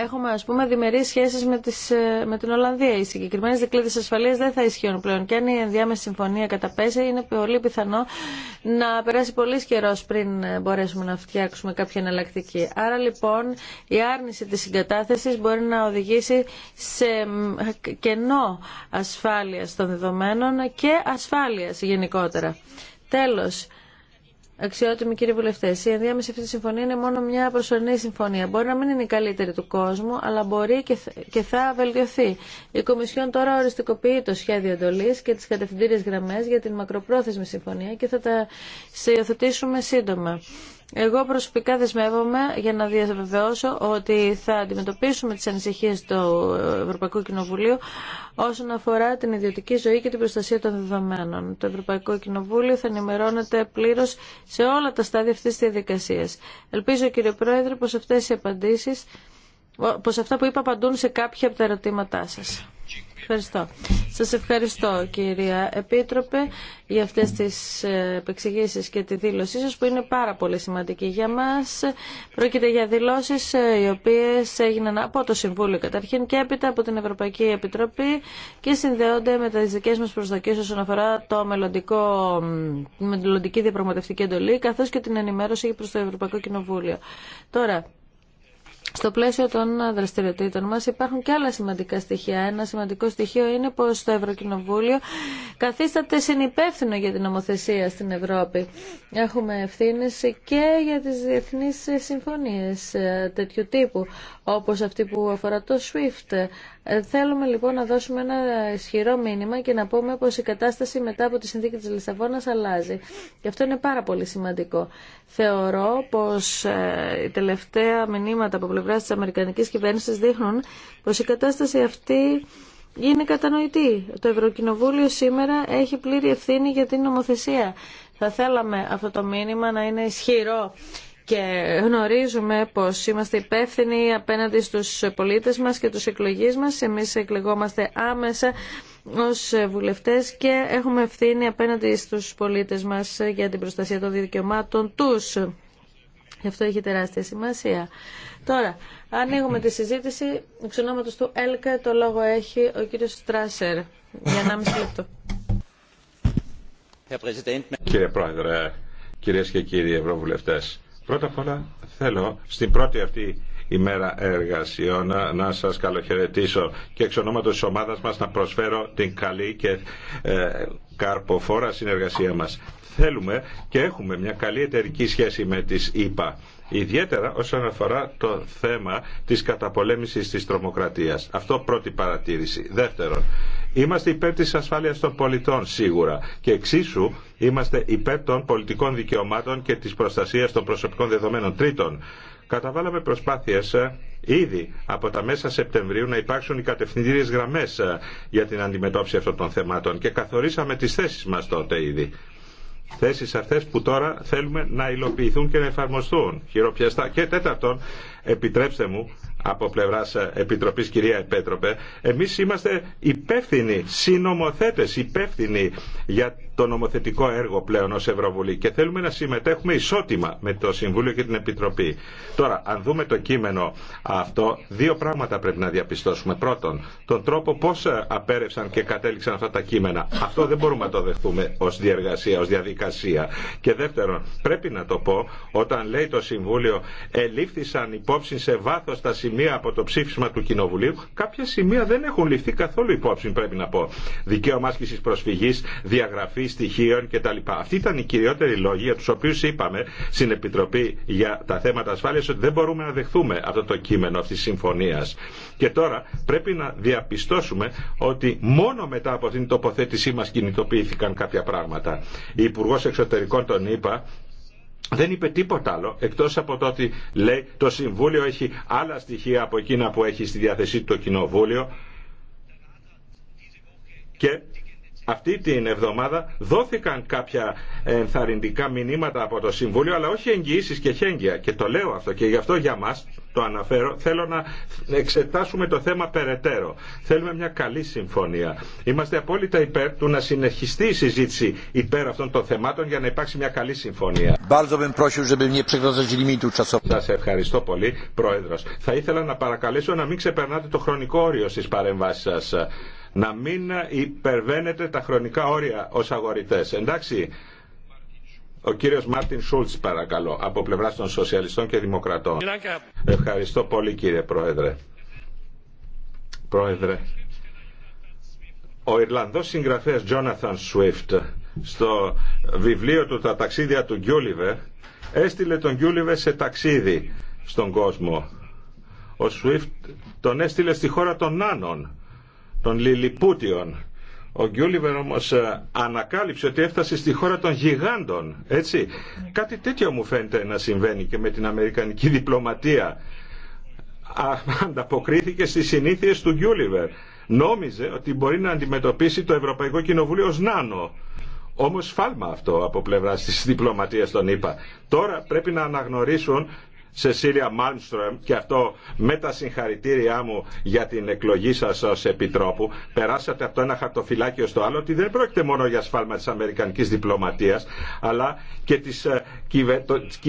Έχουμε ας πούμε διμερεί σχέσει με, ε, με την Ολλανδία. Οι συγκεκριμένε δικλείδε ασφαλείας δεν θα ισχύουν πλέον. Και αν η ενδιάμεση συμφωνία καταπέσει είναι πολύ πιθανό να περάσει πολύ καιρό πριν ε, μπορέσουμε να φτιάξουμε κάποια εναλλακτική. Άρα λοιπόν η άρνηση της συγκατάθεσης μπορεί να οδηγήσει σε κενό ασφάλειας των δεδομένων και ασφάλεια γενικότερα. Τέλος, Αξιότιμοι κύριοι βουλευτέ, η ενδιάμεση αυτή τη συμφωνία είναι μόνο μια προσωρινή συμφωνία. Μπορεί να μην είναι η καλύτερη του κόσμου, αλλά μπορεί και θα βελτιωθεί. Η Κομισιόν τώρα οριστικοποιεί το σχέδιο εντολή και τι κατευθυντήριε γραμμέ για την μακροπρόθεσμη συμφωνία και θα τα υιοθετήσουμε σύντομα. Εγώ προσωπικά δεσμεύομαι για να διαβεβαιώσω ότι θα αντιμετωπίσουμε τις ανησυχίες του Ευρωπαϊκού Κοινοβουλίου όσον αφορά την ιδιωτική ζωή και την προστασία των δεδομένων. Το Ευρωπαϊκό Κοινοβούλιο θα ενημερώνεται πλήρως σε όλα τα στάδια αυτής της διαδικασίας. Ελπίζω κύριε Πρόεδρε πως αυτές οι απαντήσεις, πως αυτά που είπα απαντούν σε κάποια από τα ερωτήματά σας. Ευχαριστώ. Σας ευχαριστώ κυρία Επίτροπε για αυτές τις ε, επεξηγήσεις και τη δήλωσή σας που είναι πάρα πολύ σημαντική για μας. Πρόκειται για δηλώσεις ε, οι οποίες έγιναν από το Συμβούλιο καταρχήν και έπειτα από την Ευρωπαϊκή Επιτροπή και συνδέονται με τι δικέ μας προσδοκίες όσον αφορά το μελλοντικό, μελλοντική διαπραγματευτική εντολή καθώς και την ενημέρωση προς το Ευρωπαϊκό Κοινοβούλιο. Τώρα, στο πλαίσιο των δραστηριοτήτων μας υπάρχουν και άλλα σημαντικά στοιχεία. Ένα σημαντικό στοιχείο είναι πως το Ευρωκοινοβούλιο καθίσταται συνυπεύθυνο για την νομοθεσία στην Ευρώπη. Έχουμε ευθύνε και για τις διεθνείς συμφωνίες ε, τέτοιου τύπου, όπως αυτή που αφορά το SWIFT, ε, θέλουμε λοιπόν να δώσουμε ένα ισχυρό μήνυμα και να πούμε πως η κατάσταση μετά από τη συνθήκη της Λισαβόνας αλλάζει. Και αυτό είναι πάρα πολύ σημαντικό. Θεωρώ πως οι ε, τελευταία μηνύματα από πλευράς της Αμερικανικής κυβέρνησης δείχνουν πως η κατάσταση αυτή είναι κατανοητή. Το Ευρωκοινοβούλιο σήμερα έχει πλήρη ευθύνη για την νομοθεσία. Θα θέλαμε αυτό το μήνυμα να είναι ισχυρό και γνωρίζουμε πως είμαστε υπεύθυνοι απέναντι στους πολίτες μας και τους εκλογείς μας. Εμείς εκλεγόμαστε άμεσα ως βουλευτές και έχουμε ευθύνη απέναντι στους πολίτες μας για την προστασία των δικαιωμάτων τους. Γι' αυτό έχει τεράστια σημασία. Τώρα, ανοίγουμε τη συζήτηση. Εξ του ΕΛΚΑ το λόγο έχει ο κύριος Στράσερ για 1,5 λεπτό. Κύριε Πρόεδρε, κυρίες και κύριοι Ευρωβουλευτές, Πρώτα απ' όλα θέλω στην πρώτη αυτή ημέρα εργασιών να σας καλοχαιρετήσω και εξ ονόματος της ομάδας μας να προσφέρω την καλή και ε, καρποφόρα συνεργασία μας. Θέλουμε και έχουμε μια καλή εταιρική σχέση με τις ίπα ιδιαίτερα όσον αφορά το θέμα της καταπολέμησης της τρομοκρατίας. Αυτό πρώτη παρατήρηση. Δεύτερον, είμαστε υπέρ της ασφάλειας των πολιτών σίγουρα και εξίσου είμαστε υπέρ των πολιτικών δικαιωμάτων και της προστασίας των προσωπικών δεδομένων. Τρίτον, καταβάλαμε προσπάθειες ε, ήδη από τα μέσα Σεπτεμβρίου να υπάρξουν οι κατευθυντήριες γραμμές ε, για την αντιμετώπιση αυτών των θεμάτων και καθορίσαμε τις θέσεις μας τότε ήδη θέσεις αυτές που τώρα θέλουμε να υλοποιηθούν και να εφαρμοστούν χειροπιαστά. Και τέταρτον, επιτρέψτε μου από πλευρά ε, Επιτροπή, κυρία Επέτροπε, εμεί είμαστε υπεύθυνοι, συνομοθέτε υπεύθυνοι για το νομοθετικό έργο πλέον ως Ευρωβουλή και θέλουμε να συμμετέχουμε ισότιμα με το Συμβούλιο και την Επιτροπή. Τώρα, αν δούμε το κείμενο αυτό, δύο πράγματα πρέπει να διαπιστώσουμε. Πρώτον, τον τρόπο πώς απέρευσαν και κατέληξαν αυτά τα κείμενα. Αυτό δεν μπορούμε να το δεχτούμε ως διεργασία, ως διαδικασία. Και δεύτερον, πρέπει να το πω, όταν λέει το Συμβούλιο ελήφθησαν υπόψη σε βάθος τα σημεία από το ψήφισμα του Κοινοβουλίου, κάποια σημεία δεν έχουν ληφθεί καθόλου υπόψη, πρέπει να πω. Δικαίωμα άσκησης προσφυγής, διαγραφή στοιχείων κτλ. Αυτοί ήταν οι κυριότεροι λόγοι για τους οποίους είπαμε στην Επιτροπή για τα θέματα ασφάλειας ότι δεν μπορούμε να δεχθούμε αυτό το κείμενο αυτής της συμφωνίας. Και τώρα πρέπει να διαπιστώσουμε ότι μόνο μετά από την τοποθέτησή μας κινητοποιήθηκαν κάποια πράγματα. Η Υπουργός Εξωτερικών τον είπα δεν είπε τίποτα άλλο εκτός από το ότι λέει το Συμβούλιο έχει άλλα στοιχεία από εκείνα που έχει στη διάθεσή του το Κοινοβούλιο και αυτή την εβδομάδα δόθηκαν κάποια ενθαρρυντικά μηνύματα από το Συμβούλιο, αλλά όχι εγγυήσει και χέγγια. Και το λέω αυτό και γι' αυτό για μα το αναφέρω. Θέλω να εξετάσουμε το θέμα περαιτέρω. Θέλουμε μια καλή συμφωνία. Είμαστε απόλυτα υπέρ του να συνεχιστεί η συζήτηση υπέρ αυτών των θεμάτων για να υπάρξει μια καλή συμφωνία. Σα ευχαριστώ πολύ, Πρόεδρο. Θα ήθελα να παρακαλέσω να μην ξεπερνάτε το χρονικό όριο στι παρεμβάσει σα να μην υπερβαίνετε τα χρονικά όρια ως αγορητές. Εντάξει, ο κύριος Μάρτιν Σούλτς παρακαλώ, από πλευράς των Σοσιαλιστών και Δημοκρατών. Ευχαριστώ πολύ κύριε Πρόεδρε. Πρόεδρε, ο Ιρλανδός συγγραφέας Τζόναθαν Σουίφτ στο βιβλίο του «Τα ταξίδια του Γκιούλιβε» έστειλε τον Γκιούλιβε σε ταξίδι στον κόσμο. Ο Σουίφτ τον έστειλε στη χώρα των Νάνων των Λιλιπούτιων. Ο Γκιούλιβερ όμω ε, ανακάλυψε ότι έφτασε στη χώρα των γιγάντων. Έτσι. Κάτι τέτοιο μου φαίνεται να συμβαίνει και με την Αμερικανική διπλωματία. Α, ανταποκρίθηκε στις συνήθειες του Γκιούλιβερ. Νόμιζε ότι μπορεί να αντιμετωπίσει το Ευρωπαϊκό Κοινοβούλιο ως νάνο. Όμω φάλμα αυτό από πλευρά τη διπλωματία των ΗΠΑ. Τώρα πρέπει να αναγνωρίσουν Σεσίλια Μάλμστρομ και αυτό με τα συγχαρητήριά μου για την εκλογή σα ω Επιτρόπου περάσατε από το ένα χαρτοφυλάκιο στο άλλο ότι δεν πρόκειται μόνο για σφάλμα τη Αμερικανική διπλωματίας αλλά και τη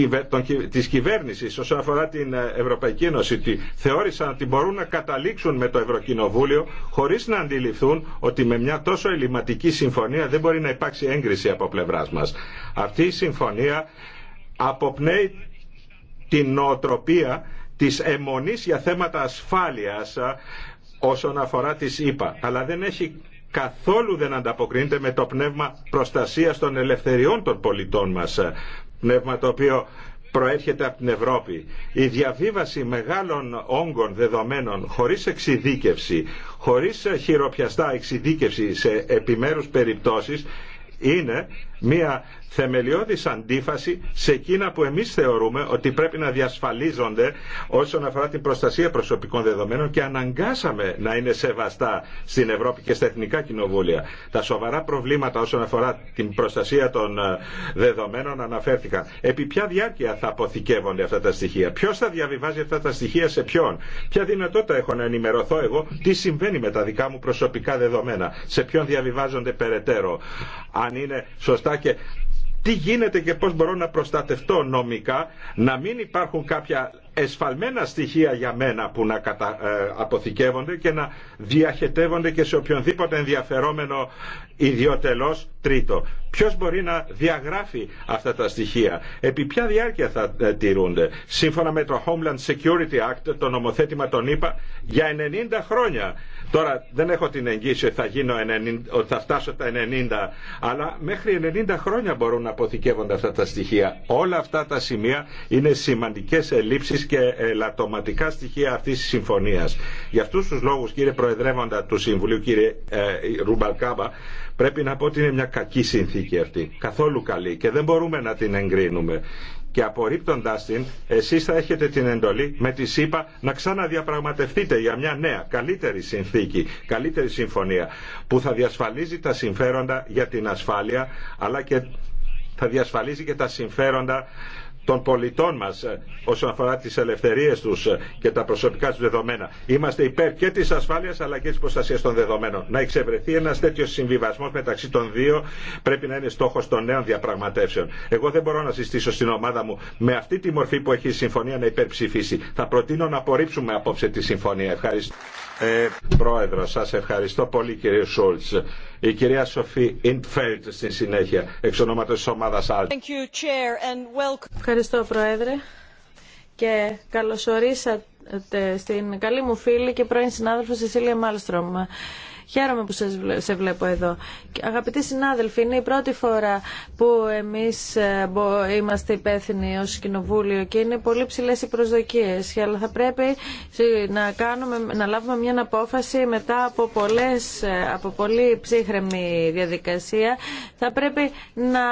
ε, της κυβέρνησης όσον αφορά την ε, Ευρωπαϊκή Ένωση ότι θεώρησαν ότι μπορούν να καταλήξουν με το Ευρωκοινοβούλιο χωρί να αντιληφθούν ότι με μια τόσο ελληματική συμφωνία δεν μπορεί να υπάρξει έγκριση από πλευρά μα. Αυτή η συμφωνία αποπνέει την νοοτροπία της αιμονής για θέματα ασφάλειας όσον αφορά τις ΗΠΑ. Αλλά δεν έχει καθόλου δεν ανταποκρίνεται με το πνεύμα προστασίας των ελευθεριών των πολιτών μας. Πνεύμα το οποίο προέρχεται από την Ευρώπη. Η διαβίβαση μεγάλων όγκων δεδομένων χωρίς εξειδίκευση, χωρίς χειροπιαστά εξειδίκευση σε επιμέρους περιπτώσεις είναι μία θεμελιώδης αντίφαση σε εκείνα που εμείς θεωρούμε ότι πρέπει να διασφαλίζονται όσον αφορά την προστασία προσωπικών δεδομένων και αναγκάσαμε να είναι σεβαστά στην Ευρώπη και στα εθνικά κοινοβούλια. Τα σοβαρά προβλήματα όσον αφορά την προστασία των ε, δεδομένων αναφέρθηκαν. Επί ποια διάρκεια θα αποθηκεύονται αυτά τα στοιχεία, ποιο θα διαβιβάζει αυτά τα στοιχεία σε ποιον, ποια δυνατότητα έχω να ενημερωθώ εγώ τι συμβαίνει με τα δικά μου προσωπικά δεδομένα, σε ποιον διαβιβάζονται περαιτέρω, αν είναι σωστά αυτά και τι γίνεται και πώς μπορώ να προστατευτώ νομικά, να μην υπάρχουν κάποια εσφαλμένα στοιχεία για μένα που να κατα... Ε, αποθηκεύονται και να διαχετεύονται και σε οποιονδήποτε ενδιαφερόμενο ιδιωτελώς τρίτο. Ποιος μπορεί να διαγράφει αυτά τα στοιχεία, επί ποια διάρκεια θα ε, τηρούνται. Σύμφωνα με το Homeland Security Act, το νομοθέτημα τον είπα για 90 χρόνια Τώρα δεν έχω την εγγύηση ότι θα, γίνω φτάσω τα 90, αλλά μέχρι 90 χρόνια μπορούν να αποθηκεύονται αυτά τα στοιχεία. Όλα αυτά τα σημεία είναι σημαντικές ελλείψεις και ελαττωματικά στοιχεία αυτής της συμφωνίας. Για αυτούς τους λόγους κύριε Προεδρεύοντα του Συμβουλίου, κύριε ε, Ρουμπαλκάμπα, πρέπει να πω ότι είναι μια κακή συνθήκη αυτή. Καθόλου καλή και δεν μπορούμε να την εγκρίνουμε και απορρίπτοντα την εσείς θα έχετε την εντολή με τη ΣΥΠΑ να ξαναδιαπραγματευτείτε για μια νέα καλύτερη συνθήκη, καλύτερη συμφωνία που θα διασφαλίζει τα συμφέροντα για την ασφάλεια αλλά και θα διασφαλίζει και τα συμφέροντα των πολιτών μας ε, όσον αφορά τις ελευθερίες τους ε, και τα προσωπικά τους δεδομένα. Είμαστε υπέρ και της ασφάλειας αλλά και της προστασία των δεδομένων. Να εξευρεθεί ένας τέτοιος συμβιβασμός μεταξύ των δύο πρέπει να είναι στόχος των νέων διαπραγματεύσεων. Εγώ δεν μπορώ να συστήσω στην ομάδα μου με αυτή τη μορφή που έχει η συμφωνία να υπερψηφίσει. Θα προτείνω να απορρίψουμε απόψε τη συμφωνία. Ευχαριστώ. Ε, πρόεδρο, σας ευχαριστώ πολύ κύριε Σούλτ η κυρία Σοφή Ιντφέλτ στη συνέχεια, εξ ονόματο τη ομάδα Άλτ. Ευχαριστώ, Πρόεδρε. Και καλωσορίσατε στην καλή μου φίλη και πρώην συνάδελφο Σεσίλια Μάλστρομ. Χαίρομαι που σε βλέπω εδώ. Αγαπητοί συνάδελφοι, είναι η πρώτη φορά που εμείς ε, είμαστε υπεύθυνοι ως Κοινοβούλιο και είναι πολύ ψηλές οι προσδοκίες. Αλλά θα πρέπει ε, να, κάνουμε, να λάβουμε μια απόφαση μετά από, πολλές, ε, από πολύ ψύχρεμη διαδικασία. Θα πρέπει να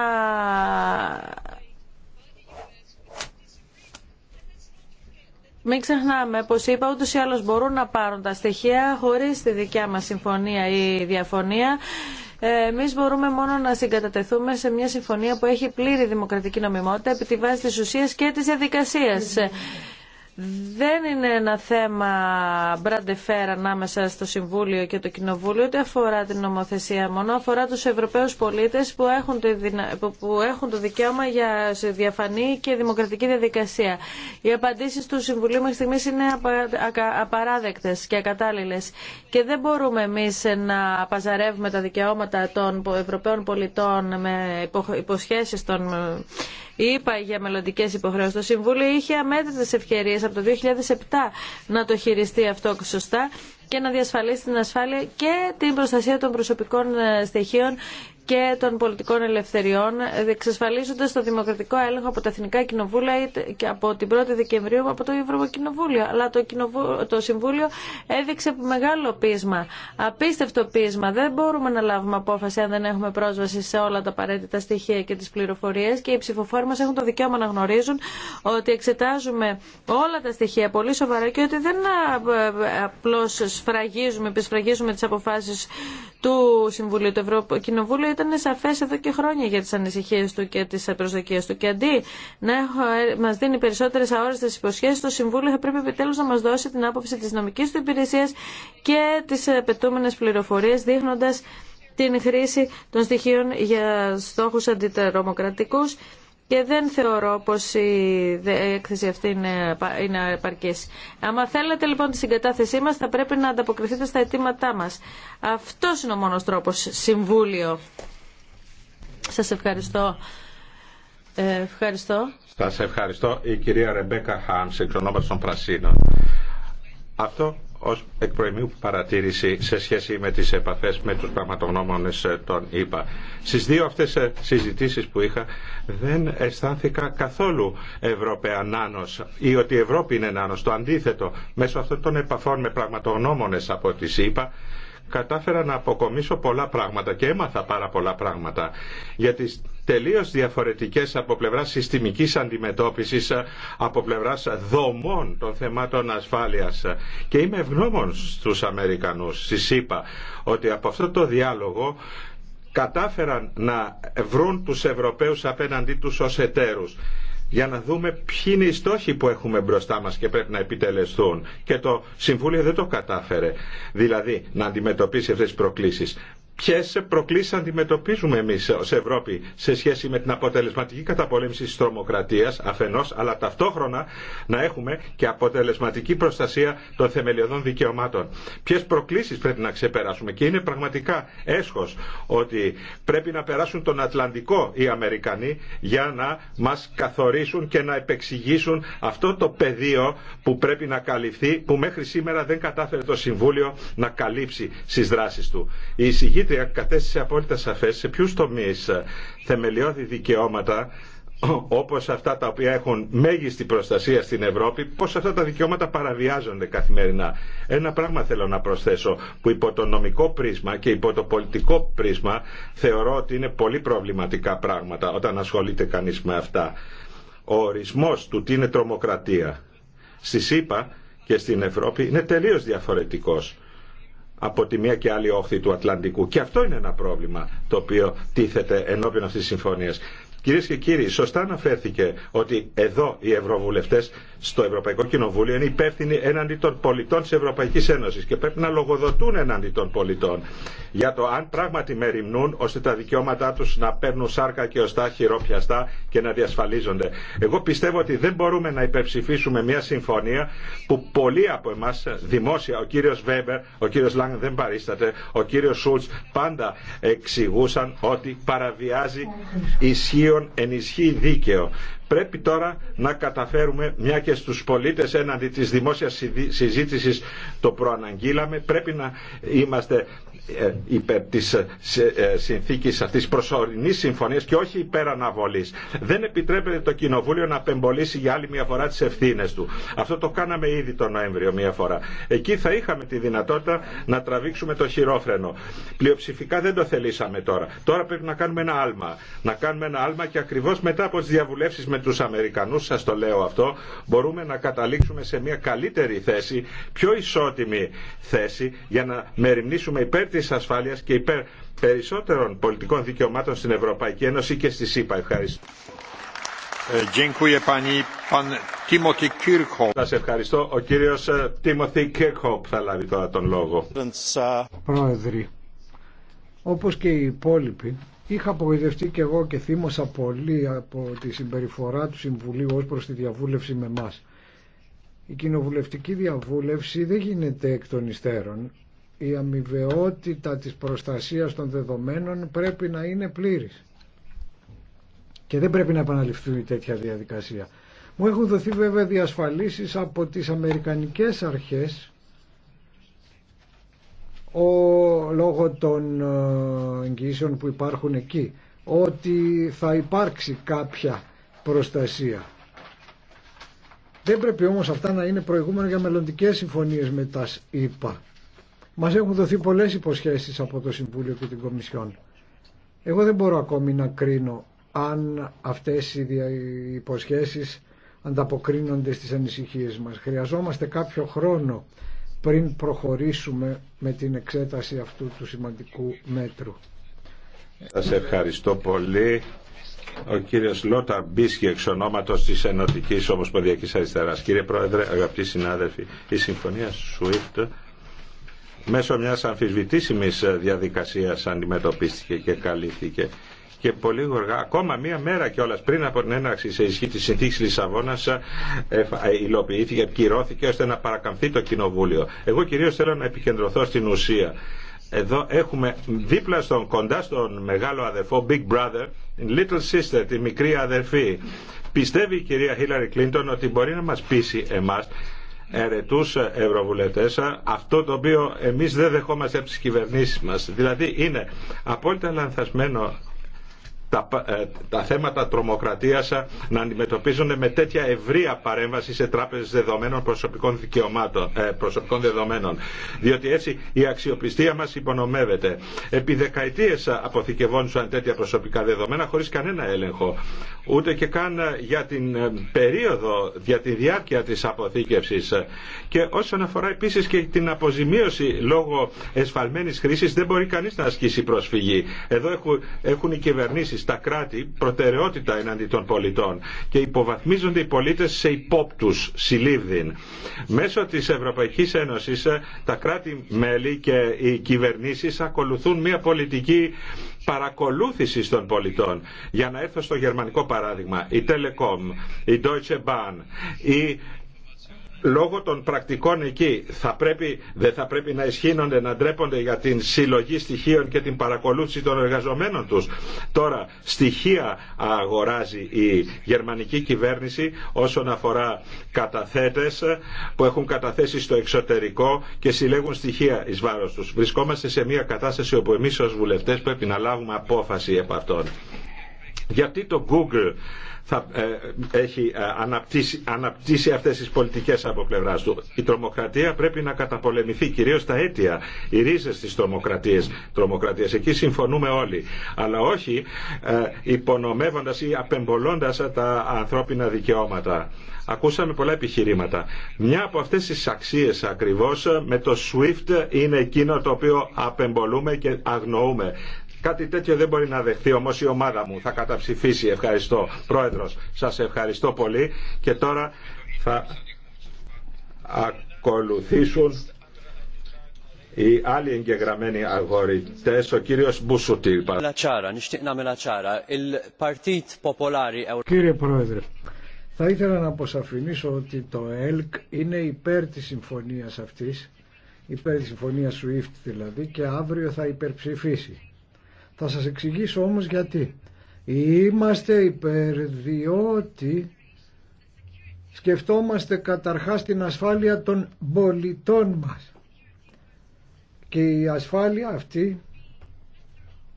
Μην ξεχνάμε, πως είπα, ούτως ή άλλως μπορούν να πάρουν τα στοιχεία χωρίς τη δικιά μας συμφωνία ή διαφωνία. Εμείς μπορούμε μόνο να συγκατατεθούμε σε μια συμφωνία που έχει πλήρη δημοκρατική νομιμότητα επί τη βάση της ουσίας και της διαδικασίας δεν είναι ένα θέμα μπραντεφέρ ανάμεσα στο Συμβούλιο και το Κοινοβούλιο, ούτε αφορά την νομοθεσία μόνο, αφορά τους Ευρωπαίους πολίτες που έχουν το, έχουν δικαίωμα για διαφανή και δημοκρατική διαδικασία. Οι απαντήσεις του Συμβουλίου μέχρι στιγμής είναι απαράδεκτες και ακατάλληλες και δεν μπορούμε εμείς να παζαρεύουμε τα δικαιώματα των Ευρωπαίων πολιτών με υποσχέσεις των είπα για μελλοντικέ υποχρεώσει. Το Συμβούλιο είχε αμέτρητε ευκαιρίε από το 2007 να το χειριστεί αυτό σωστά και να διασφαλίσει την ασφάλεια και την προστασία των προσωπικών ε, στοιχείων και των πολιτικών ελευθεριών, εξασφαλίζοντα το δημοκρατικό έλεγχο από τα Εθνικά Κοινοβούλια και από την 1η Δεκεμβρίου από το Ευρωκοινοβούλιο. Αλλά το, το Συμβούλιο έδειξε μεγάλο πείσμα, απίστευτο πείσμα. Δεν μπορούμε να λάβουμε απόφαση αν δεν έχουμε πρόσβαση σε όλα τα απαραίτητα στοιχεία και τι πληροφορίε, και οι ψηφοφόροι μα έχουν το δικαίωμα να γνωρίζουν ότι εξετάζουμε όλα τα στοιχεία πολύ σοβαρά και ότι δεν απλώ σφραγίζουμε, επισφραγίζουμε τι αποφάσει του Συμβουλίου, του Ευρωκοινοβούλου ήταν σαφέ εδώ και χρόνια για τις ανησυχίε του και τις προσδοκίε του. Και αντί να μας δίνει περισσότερες αόριστε υποσχέσεις, το Συμβούλιο θα πρέπει επιτέλου να μας δώσει την άποψη της νομικής του υπηρεσία και τις απαιτούμενε πληροφορίες, δείχνοντας την χρήση των στοιχείων για στόχου αντιτερομοκρατικού και δεν θεωρώ πως η έκθεση αυτή είναι, είναι Αν Άμα θέλετε λοιπόν τη συγκατάθεσή μας θα πρέπει να ανταποκριθείτε στα αιτήματά μας. Αυτό είναι ο μόνος τρόπος. Συμβούλιο. Σας ευχαριστώ. Ε, ευχαριστώ. Σας ευχαριστώ. Η κυρία Ρεμπέκα Χάμς, εξ ονόματος των Πρασίνων. Αυτό ως εκ παρατήρηση σε σχέση με τις επαφές με τους πραγματογνώμονες ε, των ΗΠΑ. Στις δύο αυτές ε, συζητήσεις που είχα δεν αισθάνθηκα καθόλου Ευρωπαία νάνος ή ότι η Ευρώπη είναι νάνος. Το αντίθετο, μέσω αυτών των επαφών με πραγματογνώμονες από τις ΗΠΑ κατάφερα να αποκομίσω πολλά πράγματα και έμαθα πάρα πολλά πράγματα Γιατί τελείως διαφορετικές από πλευρά συστημικής αντιμετώπισης, ε, από πλευρά δομών των θεμάτων ασφάλειας. Και είμαι ευγνώμων στους Αμερικανούς, στη ΣΥΠΑ, ότι από αυτό το διάλογο κατάφεραν να βρουν τους Ευρωπαίους απέναντί τους ως εταίρους για να δούμε ποιοι είναι οι στόχοι που έχουμε μπροστά μας και πρέπει να επιτελεστούν. Και το Συμβούλιο δεν το κατάφερε. Δηλαδή να αντιμετωπίσει αυτές τις προκλήσεις ποιε προκλήσει αντιμετωπίζουμε εμεί ω Ευρώπη σε σχέση με την αποτελεσματική καταπολέμηση τη τρομοκρατία αφενό, αλλά ταυτόχρονα να έχουμε και αποτελεσματική προστασία των θεμελιωδών δικαιωμάτων. Ποιε προκλήσει πρέπει να ξεπεράσουμε και είναι πραγματικά έσχο ότι πρέπει να περάσουν τον Ατλαντικό οι Αμερικανοί για να μα καθορίσουν και να επεξηγήσουν αυτό το πεδίο που πρέπει να καλυφθεί, που μέχρι σήμερα δεν κατάφερε το Συμβούλιο να καλύψει στι δράσει του. Η εισηγήτρια κατέστησε απόλυτα σαφές σε ποιου τομεί ε, θεμελιώδη δικαιώματα όπω αυτά τα οποία έχουν μέγιστη προστασία στην Ευρώπη, πώ αυτά τα δικαιώματα παραβιάζονται καθημερινά. Ένα πράγμα θέλω να προσθέσω, που υπό το νομικό πρίσμα και υπό το πολιτικό πρίσμα θεωρώ ότι είναι πολύ προβληματικά πράγματα όταν ασχολείται κανεί με αυτά. Ο ορισμό του τι είναι τρομοκρατία στη ΣΥΠΑ και στην Ευρώπη είναι τελείω διαφορετικό από τη μία και άλλη όχθη του Ατλαντικού. Και αυτό είναι ένα πρόβλημα το οποίο τίθεται ενώπιον αυτής τη συμφωνία. Κυρίε και κύριοι, σωστά αναφέρθηκε ότι εδώ οι ευρωβουλευτέ στο Ευρωπαϊκό Κοινοβούλιο είναι υπεύθυνοι έναντι των πολιτών τη Ευρωπαϊκή Ένωση και πρέπει να λογοδοτούν έναντι των πολιτών για το αν πράγματι μεριμνούν ώστε τα δικαιώματά του να παίρνουν σάρκα και οστά χειροπιαστά και να διασφαλίζονται. Εγώ πιστεύω ότι δεν μπορούμε να υπερψηφίσουμε μια συμφωνία που πολλοί από εμά δημόσια, ο κύριο Βέμπερ, ο κύριο Λάγκ δεν παρίσταται, ο κύριο Σούλτ πάντα εξηγούσαν ότι παραβιάζει ισχύω ενισχύει δίκαιο Πρέπει τώρα να καταφέρουμε, μια και στους πολίτες έναντι της δημόσιας συζήτησης το προαναγγείλαμε, πρέπει να είμαστε ε, υπέρ της ε, ε, συνθήκης αυτής προσωρινής συμφωνίας και όχι υπέρ αναβολής. Δεν επιτρέπεται το Κοινοβούλιο να απεμπολίσει για άλλη μια φορά τις ευθύνες του. Αυτό το κάναμε ήδη τον Νοέμβριο μια φορά. Εκεί θα είχαμε τη δυνατότητα να τραβήξουμε το χειρόφρενο. Πλειοψηφικά δεν το θελήσαμε τώρα. Τώρα πρέπει να κάνουμε ένα άλμα. Να κάνουμε ένα άλμα και ακριβώς μετά από τις διαβουλεύσεις με τους Αμερικανούς, σας το λέω αυτό, μπορούμε να καταλήξουμε σε μια καλύτερη θέση, πιο ισότιμη θέση για να μεριμνήσουμε υπέρ της ασφάλειας και υπέρ περισσότερων πολιτικών δικαιωμάτων στην Ευρωπαϊκή Ένωση και στη ΣΥΠΑ. Ευχαριστώ. Ε, σας ευχαριστώ. Ο κύριος Τίμωθη ε, Κίρκοπ θα λάβει τώρα τον λόγο. Πρόεδρε, όπως και οι υπόλοιποι, Είχα απογοητευτεί και εγώ και θύμωσα πολύ από τη συμπεριφορά του Συμβουλίου ως προς τη διαβούλευση με εμά. Η κοινοβουλευτική διαβούλευση δεν γίνεται εκ των υστέρων. Η αμοιβαιότητα της προστασίας των δεδομένων πρέπει να είναι πλήρης. Και δεν πρέπει να επαναληφθεί τέτοια διαδικασία. Μου έχουν δοθεί βέβαια διασφαλίσεις από τις Αμερικανικές αρχές ο, λόγω των ε, εγγυήσεων που υπάρχουν εκεί ότι θα υπάρξει κάποια προστασία. Δεν πρέπει όμως αυτά να είναι προηγούμενα για μελλοντικές συμφωνίες με τα ΣΥΠΑ. Μας έχουν δοθεί πολλές υποσχέσεις από το Συμβούλιο και την Κομισιόν. Εγώ δεν μπορώ ακόμη να κρίνω αν αυτές οι υποσχέσεις ανταποκρίνονται στις ανησυχίες μας. Χρειαζόμαστε κάποιο χρόνο πριν προχωρήσουμε με την εξέταση αυτού του σημαντικού μέτρου. Σα ευχαριστώ πολύ. Ο κύριος Λότα Μπίσκι εξ ονόματος της Ενωτικής Ομοσπονδιακής Αριστερά. Κύριε Πρόεδρε, αγαπητοί συνάδελφοι, η Συμφωνία SWIFT μέσω μιας αμφισβητήσιμης διαδικασίας αντιμετωπίστηκε και καλύφθηκε και πολύ γοργά, ακόμα μία μέρα κιόλα πριν από την έναρξη σε ισχύ τη συνθήκη Λισαβόνα, ε, ε, υλοποιήθηκε, επικυρώθηκε ώστε να παρακαμφθεί το Κοινοβούλιο. Εγώ κυρίω θέλω να επικεντρωθώ στην ουσία. Εδώ έχουμε δίπλα στον κοντά στον μεγάλο αδερφό Big Brother, Little Sister, τη μικρή αδερφή. Πιστεύει η κυρία Χίλαρη Κλίντον ότι μπορεί να μας πείσει εμάς ερετούς ευρωβουλευτές αυτό το οποίο εμείς δεν δεχόμαστε από τις κυβερνήσεις μας. Δηλαδή είναι απόλυτα λανθασμένο ε, τα, θέματα τρομοκρατίας ε, να αντιμετωπίζονται με τέτοια ευρεία παρέμβαση σε τράπεζες δεδομένων προσωπικών, δικαιωμάτων, ε, προσωπικών δεδομένων. Διότι έτσι η αξιοπιστία μας υπονομεύεται. Επί δεκαετίες αποθηκευόντουσαν τέτοια προσωπικά δεδομένα χωρίς κανένα έλεγχο. Ούτε και καν για την περίοδο, για τη διάρκεια της αποθήκευσης. Και όσον αφορά επίσης και την αποζημίωση λόγω εσφαλμένης χρήσης δεν μπορεί κανείς να ασκήσει προσφυγή. Εδώ έχουν, έχουν οι κυβερνήσει τα κράτη προτεραιότητα εναντί των πολιτών και υποβαθμίζονται οι πολίτες σε υπόπτους συλλήβδην. Μέσω της Ευρωπαϊκής Ένωσης ε, τα κράτη-μέλη και οι κυβερνήσεις ακολουθούν μια πολιτική παρακολούθηση των πολιτών. Για να έρθω στο γερμανικό παράδειγμα, η Telekom, η Deutsche Bahn, η λόγω των πρακτικών εκεί θα πρέπει, δεν θα πρέπει να ισχύνονται, να ντρέπονται για την συλλογή στοιχείων και την παρακολούθηση των εργαζομένων τους. Τώρα στοιχεία αγοράζει η γερμανική κυβέρνηση όσον αφορά καταθέτες που έχουν καταθέσει στο εξωτερικό και συλλέγουν στοιχεία εις βάρος τους. Βρισκόμαστε σε μια κατάσταση όπου εμείς ως βουλευτές πρέπει να λάβουμε απόφαση επ' αυτών. Γιατί το Google θα ε, έχει ε, αναπτύσει, αναπτύσει αυτές τις πολιτικές από πλευράς του. Η τρομοκρατία πρέπει να καταπολεμηθεί κυρίως τα αίτια, οι ρίζες της τρομοκρατίας. τρομοκρατίας. Εκεί συμφωνούμε όλοι. Αλλά όχι ε, υπονομεύοντας ή απεμπολώντας τα ανθρώπινα δικαιώματα. Ακούσαμε πολλά επιχειρήματα. Μια από αυτές τις αξίες ακριβώς με το SWIFT είναι εκείνο το οποίο απεμπολούμε και αγνοούμε. Κάτι τέτοιο δεν μπορεί να δεχθεί όμω η ομάδα μου. Θα καταψηφίσει. Ευχαριστώ. Πρόεδρο, σα ευχαριστώ πολύ. Και τώρα θα ακολουθήσουν οι άλλοι εγγεγραμμένοι αγορητέ, ο κύριο Μπουσουτή. Κύριε Πρόεδρε, θα ήθελα να αποσαφηνίσω ότι το ΕΛΚ είναι υπέρ τη συμφωνία αυτή, υπέρ τη συμφωνία SWIFT δηλαδή, και αύριο θα υπερψηφίσει. Θα σας εξηγήσω όμως γιατί. Είμαστε υπέρ διότι σκεφτόμαστε καταρχάς την ασφάλεια των πολιτών μας. Και η ασφάλεια αυτή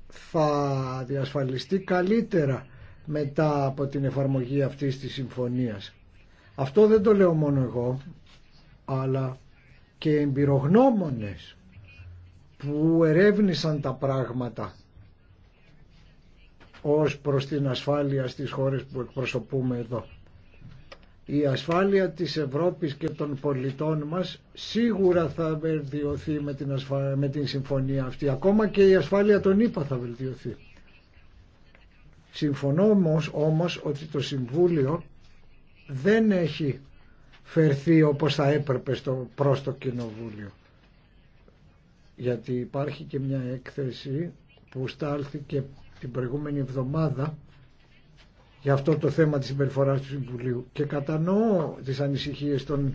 θα διασφαλιστεί καλύτερα μετά από την εφαρμογή αυτής της συμφωνίας. Αυτό δεν το λέω μόνο εγώ, αλλά και εμπειρογνώμονες που ερεύνησαν τα πράγματα ως προς την ασφάλεια στις χώρες που εκπροσωπούμε εδώ. Η ασφάλεια της Ευρώπης και των πολιτών μας σίγουρα θα βελτιωθεί με την, με την συμφωνία αυτή. Ακόμα και η ασφάλεια των ΗΠΑ θα βελτιωθεί. Συμφωνώ όμως, όμως ότι το Συμβούλιο δεν έχει φερθεί όπως θα έπρεπε στο, προς το Κοινοβούλιο. Γιατί υπάρχει και μια έκθεση που στάλθηκε την προηγούμενη εβδομάδα για αυτό το θέμα της συμπεριφορά του Συμβουλίου και κατανοώ τις ανησυχίες των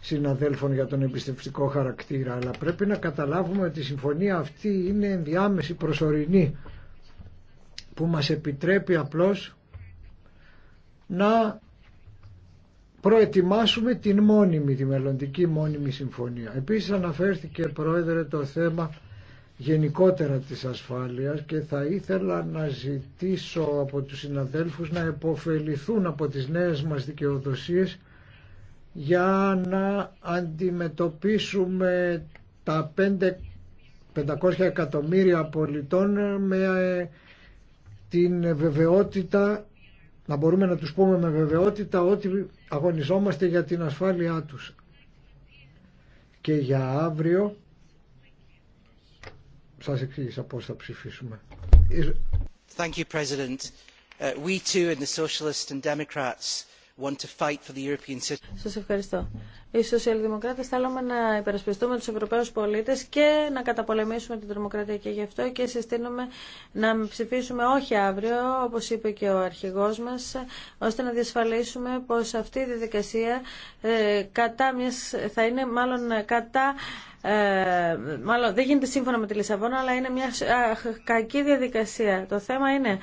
συναδέλφων για τον εμπιστευτικό χαρακτήρα αλλά πρέπει να καταλάβουμε ότι η συμφωνία αυτή είναι ενδιάμεση προσωρινή που μας επιτρέπει απλώς να προετοιμάσουμε την μόνιμη, τη μελλοντική μόνιμη συμφωνία. Επίσης αναφέρθηκε πρόεδρε το θέμα γενικότερα της ασφάλειας και θα ήθελα να ζητήσω από τους συναδέλφους να επωφεληθούν από τις νέες μας δικαιοδοσίες για να αντιμετωπίσουμε τα 500 εκατομμύρια πολιτών με ε, την βεβαιότητα να μπορούμε να τους πούμε με βεβαιότητα ότι αγωνιζόμαστε για την ασφάλειά τους. Και για αύριο σας εξήγησα πώς θα ψηφίσουμε. Thank you, President. Uh, we too in the and Democrats want to fight for the European Σας ευχαριστώ. Οι σοσιαλδημοκράτες θέλουμε να υπερασπιστούμε τους Ευρωπαίους πολίτες και να καταπολεμήσουμε την τρομοκρατία και γι' αυτό και συστήνουμε να ψηφίσουμε όχι αύριο, όπως είπε και ο αρχηγός μας, ώστε να διασφαλίσουμε πως αυτή η διαδικασία ε, κατά μιας, θα είναι μάλλον κατά ε, μάλλον δεν γίνεται σύμφωνα με τη Λισαβόνα, αλλά είναι μια κακή διαδικασία. Το θέμα είναι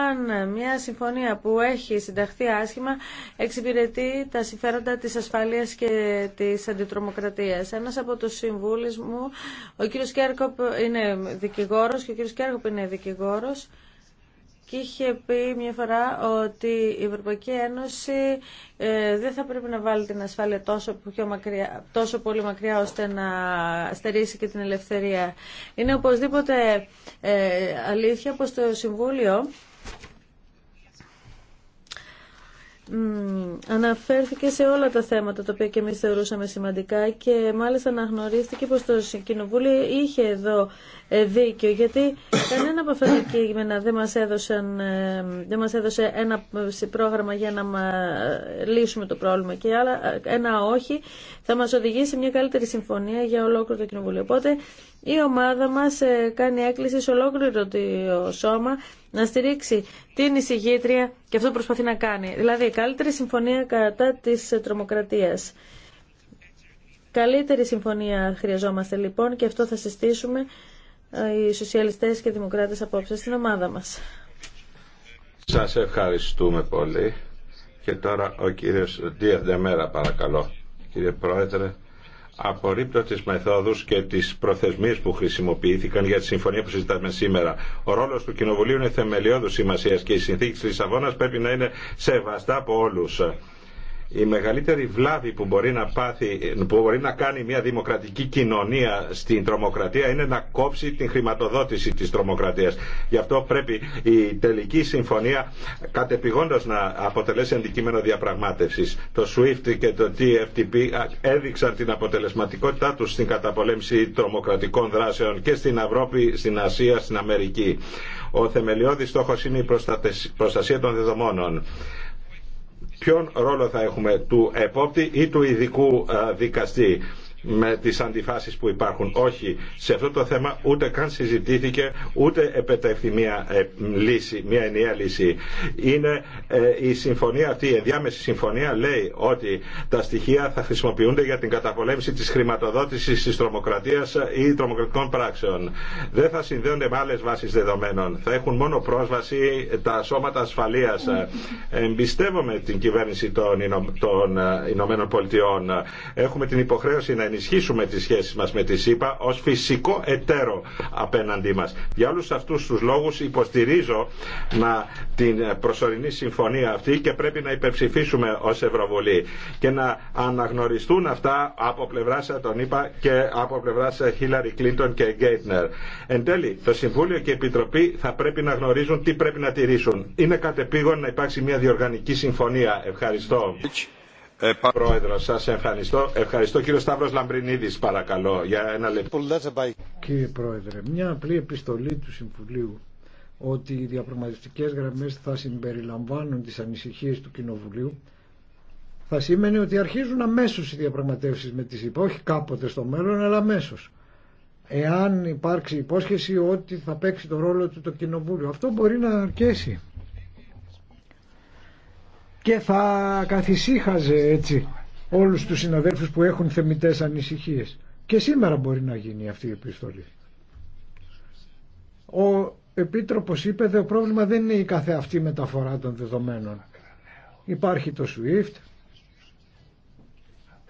αν μια συμφωνία που έχει συνταχθεί άσχημα εξυπηρετεί τα συμφέροντα της ασφαλείας και της αντιτρομοκρατίας. Ένας από τους συμβούλους μου, ο κύριος Κέρκοπ είναι δικηγόρος και ο κύριος Κέρκοπ είναι δικηγόρος και είχε πει μια φορά ότι η Ευρωπαϊκή Ένωση ε, δεν θα πρέπει να βάλει την ασφάλεια τόσο, μακριά, τόσο πολύ μακριά ώστε να στερήσει και την ελευθερία. Είναι οπωσδήποτε ε, αλήθεια πως το Συμβούλιο αναφέρθηκε σε όλα τα θέματα τα οποία και εμείς θεωρούσαμε σημαντικά και μάλιστα αναγνωρίστηκε πως το Κοινοβούλιο είχε εδώ ε, δίκιο γιατί κανένα από αυτά τα κείμενα δεν μας, έδωσαν, ε, δεν μας έδωσε ένα πρόγραμμα για να ε, λύσουμε το πρόβλημα και άλλα, ένα όχι θα μας οδηγήσει μια καλύτερη συμφωνία για ολόκληρο το Κοινοβούλιο. Η ομάδα μας ε, κάνει έκκληση σε ολόκληρο το σώμα να στηρίξει την εισηγήτρια και αυτό προσπαθεί να κάνει. Δηλαδή, καλύτερη συμφωνία κατά της τρομοκρατίας. Καλύτερη συμφωνία χρειαζόμαστε λοιπόν και αυτό θα συστήσουμε ε, οι σοσιαλιστές και δημοκράτες απόψε στην ομάδα μας. Σας ευχαριστούμε πολύ. Και τώρα ο κύριος Δία παρακαλώ. Κύριε Πρόεδρε, απορρίπτω τις μεθόδους και τις προθεσμίες που χρησιμοποιήθηκαν για τη συμφωνία που συζητάμε σήμερα. Ο ρόλος του Κοινοβουλίου είναι θεμελιώδους σημασίας και η συνθήκη της Λισαβόνας πρέπει να είναι σεβαστά από όλους η μεγαλύτερη βλάβη που μπορεί να, πάθει, που μπορεί να κάνει μια δημοκρατική κοινωνία στην τρομοκρατία είναι να κόψει την χρηματοδότηση της τρομοκρατίας. Γι' αυτό πρέπει η τελική συμφωνία κατεπηγόντως να αποτελέσει αντικείμενο διαπραγμάτευσης. Το SWIFT και το TFTP έδειξαν την αποτελεσματικότητά τους στην καταπολέμηση τρομοκρατικών δράσεων και στην Ευρώπη, στην Ασία, στην Αμερική. Ο θεμελιώδης στόχος είναι η προστασία των δεδομένων ποιον ρόλο θα έχουμε του επόπτη ή του ειδικού ε, δικαστή με τις αντιφάσεις που υπάρχουν. Όχι, σε αυτό το θέμα ούτε καν συζητήθηκε, ούτε επετεύχθη μια ε, λύση, μια ενιαία λύση. Είναι ε, η συμφωνία αυτή, η ενδιάμεση συμφωνία λέει ότι τα στοιχεία θα χρησιμοποιούνται για την καταπολέμηση της χρηματοδότησης της τρομοκρατίας ή τρομοκρατικών πράξεων. Δεν θα συνδέονται με άλλες βάσεις δεδομένων. Θα έχουν μόνο πρόσβαση τα σώματα ασφαλείας. Εμπιστεύομαι την κυβέρνηση των ε, Ηνωμένων Πολιτειών. Έχουμε την υποχρέωση να ενισχύσουμε τις σχέσεις μας με τη ΣΥΠΑ ως φυσικό εταίρο απέναντί μας. Για όλους αυτούς τους λόγους υποστηρίζω να την προσωρινή συμφωνία αυτή και πρέπει να υπερψηφίσουμε ως Ευρωβουλή και να αναγνωριστούν αυτά από πλευρά τον είπα και από πλευρά Χίλαρη Κλίντον και Γκέιτνερ. Εν τέλει, το Συμβούλιο και η Επιτροπή θα πρέπει να γνωρίζουν τι πρέπει να τηρήσουν. Είναι κατεπήγον να υπάρξει μια διοργανική συμφωνία. Ευχαριστώ. Ε, ευχαριστώ. Ευχαριστώ κύριο παρακαλώ για ένα Κύριε Πρόεδρε, μια απλή επιστολή του Συμβουλίου ότι οι διαπραγματεύτικέ γραμμέ θα συμπεριλαμβάνουν τι ανησυχίε του Κοινοβουλίου θα σημαίνει ότι αρχίζουν αμέσω οι διαπραγματεύσει με τις ΥΠΑ, όχι κάποτε στο μέλλον, αλλά αμέσω. Εάν υπάρξει υπόσχεση ότι θα παίξει το ρόλο του το Κοινοβούλιο. Αυτό μπορεί να αρκέσει και θα καθησύχαζε έτσι όλους τους συναδέλφους που έχουν θεμητές ανησυχίες. Και σήμερα μπορεί να γίνει αυτή η επιστολή. Ο Επίτροπος είπε ότι το πρόβλημα δεν είναι η καθεαυτή μεταφορά των δεδομένων. Υπάρχει το SWIFT.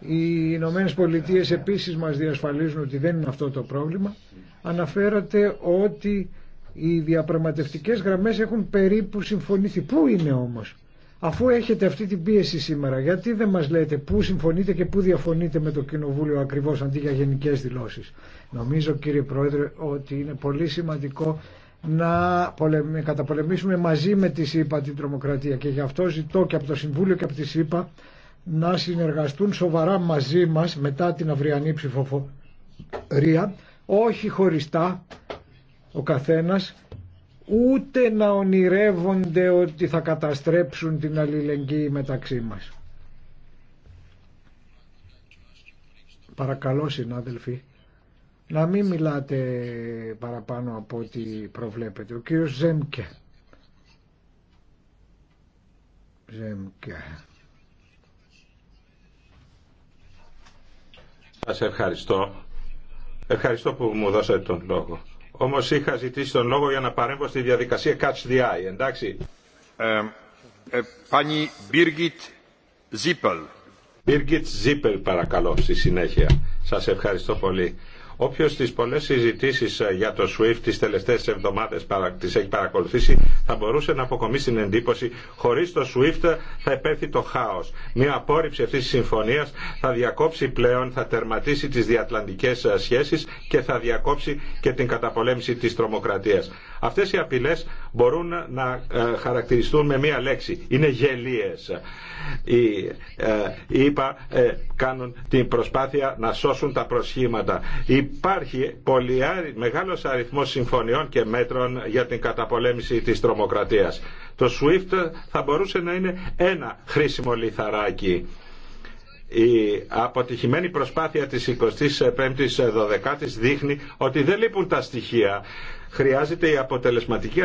Οι Ηνωμένε Πολιτείε επίσης μας διασφαλίζουν ότι δεν είναι αυτό το πρόβλημα. Αναφέρατε ότι οι διαπραγματευτικές γραμμές έχουν περίπου συμφωνηθεί. Πού είναι όμως. Αφού έχετε αυτή την πίεση σήμερα, γιατί δεν μας λέτε πού συμφωνείτε και πού διαφωνείτε με το Κοινοβούλιο ακριβώς αντί για γενικές δηλώσεις. Νομίζω κύριε Πρόεδρε ότι είναι πολύ σημαντικό να καταπολεμήσουμε μαζί με τη ΣΥΠΑ την τρομοκρατία και γι' αυτό ζητώ και από το Συμβούλιο και από τη ΣΥΠΑ να συνεργαστούν σοβαρά μαζί μας μετά την αυριανή ψηφοφορία, όχι χωριστά ο καθένας ούτε να ονειρεύονται ότι θα καταστρέψουν την αλληλεγγύη μεταξύ μας. Παρακαλώ συνάδελφοι να μην μιλάτε παραπάνω από ό,τι προβλέπετε. Ο κύριος Ζέμκε. Ζέμκε. Σας ευχαριστώ. Ευχαριστώ που μου δώσατε τον λόγο όμως είχα ζητήσει τον λόγο για να παρέμβω στη διαδικασία Catch the Eye, εντάξει. Ε, ε, πάνη Birgit Zippel. Birgit Zippel παρακαλώ στη συνέχεια. Σας ευχαριστώ πολύ. Όποιος τις πολλές συζητήσεις ε, για το SWIFT τις τελευταίες εβδομάδες τις έχει παρακολουθήσει θα μπορούσε να αποκομίσει την εντύπωση χωρίς το SWIFT ε, θα επέλθει το χάος. Μια απόρριψη αυτής της συμφωνίας θα διακόψει πλέον, θα τερματίσει τις διατλαντικές ε, σχέσεις και θα διακόψει και την καταπολέμηση της τρομοκρατίας. Αυτές οι απειλές μπορούν να ε, χαρακτηριστούν με μία λέξη. Είναι γελίες. Οι ε, ΙΠΑ ε, κάνουν την προσπάθεια να σώσουν τα προσχήματα. Υπάρχει μεγάλος αριθμός συμφωνιών και μέτρων για την καταπολέμηση της τρομοκρατίας. Το SWIFT θα μπορούσε να είναι ένα χρήσιμο λιθαράκι η αποτυχημένη προσπάθεια της 25ης 12ης δείχνει ότι δεν λείπουν τα στοιχεία χρειάζεται η αποτελεσματική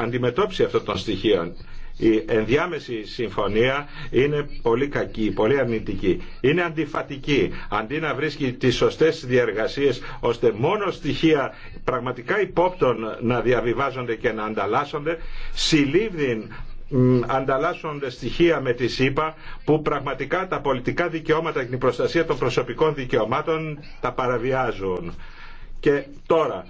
αντιμετώπιση αυτών των στοιχείων. Η ενδιάμεση συμφωνία είναι πολύ κακή, πολύ αρνητική. Είναι αντιφατική. Αντί να βρίσκει τις σωστές διεργασίες ώστε μόνο στοιχεία πραγματικά υπόπτων να διαβιβάζονται και να ανταλλάσσονται, συλλήβδιν ανταλλάσσονται στοιχεία με τη ΣΥΠΑ που πραγματικά τα πολιτικά δικαιώματα και την προστασία των προσωπικών δικαιωμάτων τα παραβιάζουν. Και τώρα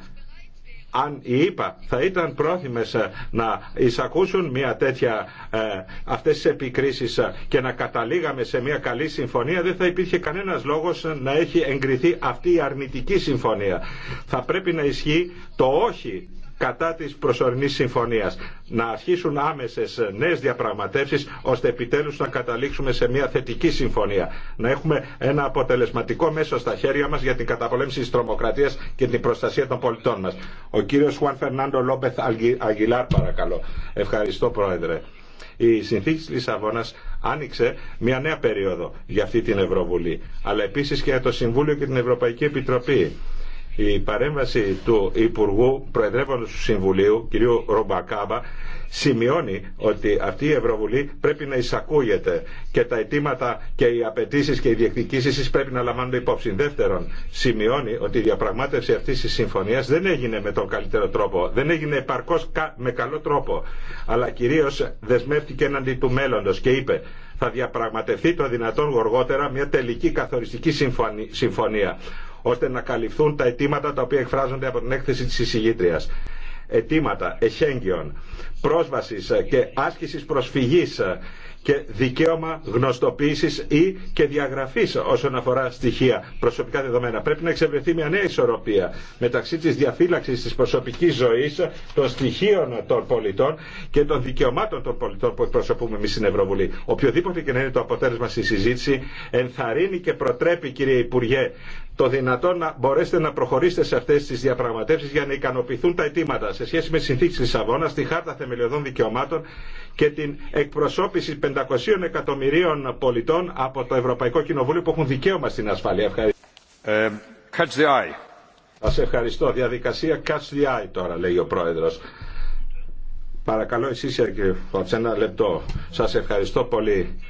αν οι ΗΠΑ θα ήταν πρόθυμες ε, να εισακούσουν μια τέτοια, ε, αυτές τις επικρίσεις ε, και να καταλήγαμε σε μια καλή συμφωνία δεν θα υπήρχε κανένας λόγος να έχει εγκριθεί αυτή η αρνητική συμφωνία. Θα πρέπει να ισχύει το όχι κατά της προσωρινής συμφωνίας. Να αρχίσουν άμεσες νέες διαπραγματεύσεις ώστε επιτέλους να καταλήξουμε σε μια θετική συμφωνία. Να έχουμε ένα αποτελεσματικό μέσο στα χέρια μας για την καταπολέμηση της τρομοκρατίας και την προστασία των πολιτών μας. Ο κύριος Χουάν Φερνάντο Λόπεθ Αγγιλάρ παρακαλώ. Ευχαριστώ Πρόεδρε. Η συνθήκη της Λισαβόνας άνοιξε μια νέα περίοδο για αυτή την Ευρωβουλή, αλλά επίσης και για το Συμβούλιο και την Ευρωπαϊκή Επιτροπή η παρέμβαση του Υπουργού Προεδρεύοντος του Συμβουλίου, κ. Ρομπακάμπα, σημειώνει ότι αυτή η Ευρωβουλή πρέπει να εισακούγεται και τα αιτήματα και οι απαιτήσει και οι διεκδικήσει πρέπει να λαμβάνουν υπόψη. Δεύτερον, σημειώνει ότι η διαπραγμάτευση αυτή τη συμφωνία δεν έγινε με τον καλύτερο τρόπο, δεν έγινε επαρκώ με καλό τρόπο, αλλά κυρίω δεσμεύτηκε εναντί του μέλλοντο και είπε θα διαπραγματευτεί το δυνατόν γοργότερα μια τελική καθοριστική συμφωνία ώστε να καλυφθούν τα αιτήματα τα οποία εκφράζονται από την έκθεση της εισηγήτριας αιτήματα εχέγγυων, πρόσβασης και άσκησης προσφυγής και δικαίωμα γνωστοποίησης ή και διαγραφής όσον αφορά στοιχεία προσωπικά δεδομένα. Πρέπει να εξευρεθεί μια νέα ισορροπία μεταξύ της διαφύλαξης της προσωπικής ζωής, των στοιχείων των πολιτών και των δικαιωμάτων των πολιτών που εκπροσωπούμε εμείς στην Ευρωβουλή. Οποιοδήποτε και να είναι το αποτέλεσμα στη συζήτηση ενθαρρύνει και προτρέπει κύριε Υπουργέ το δυνατόν να μπορέσετε να προχωρήσετε σε αυτέ τι διαπραγματεύσει για να ικανοποιηθούν τα αιτήματα σε σχέση με συνθήκε τη Λισαβόνα, τη Χάρτα Θεμελιωδών Δικαιωμάτων και την εκπροσώπηση 500 εκατομμυρίων πολιτών από το Ευρωπαϊκό Κοινοβούλιο που έχουν δικαίωμα στην ασφάλεια. Ευχαριστώ. Ε, Σας ευχαριστώ. Διαδικασία catch the eye τώρα, λέει ο Πρόεδρος. Παρακαλώ εσείς, κύριε λεπτό. Σας ευχαριστώ πολύ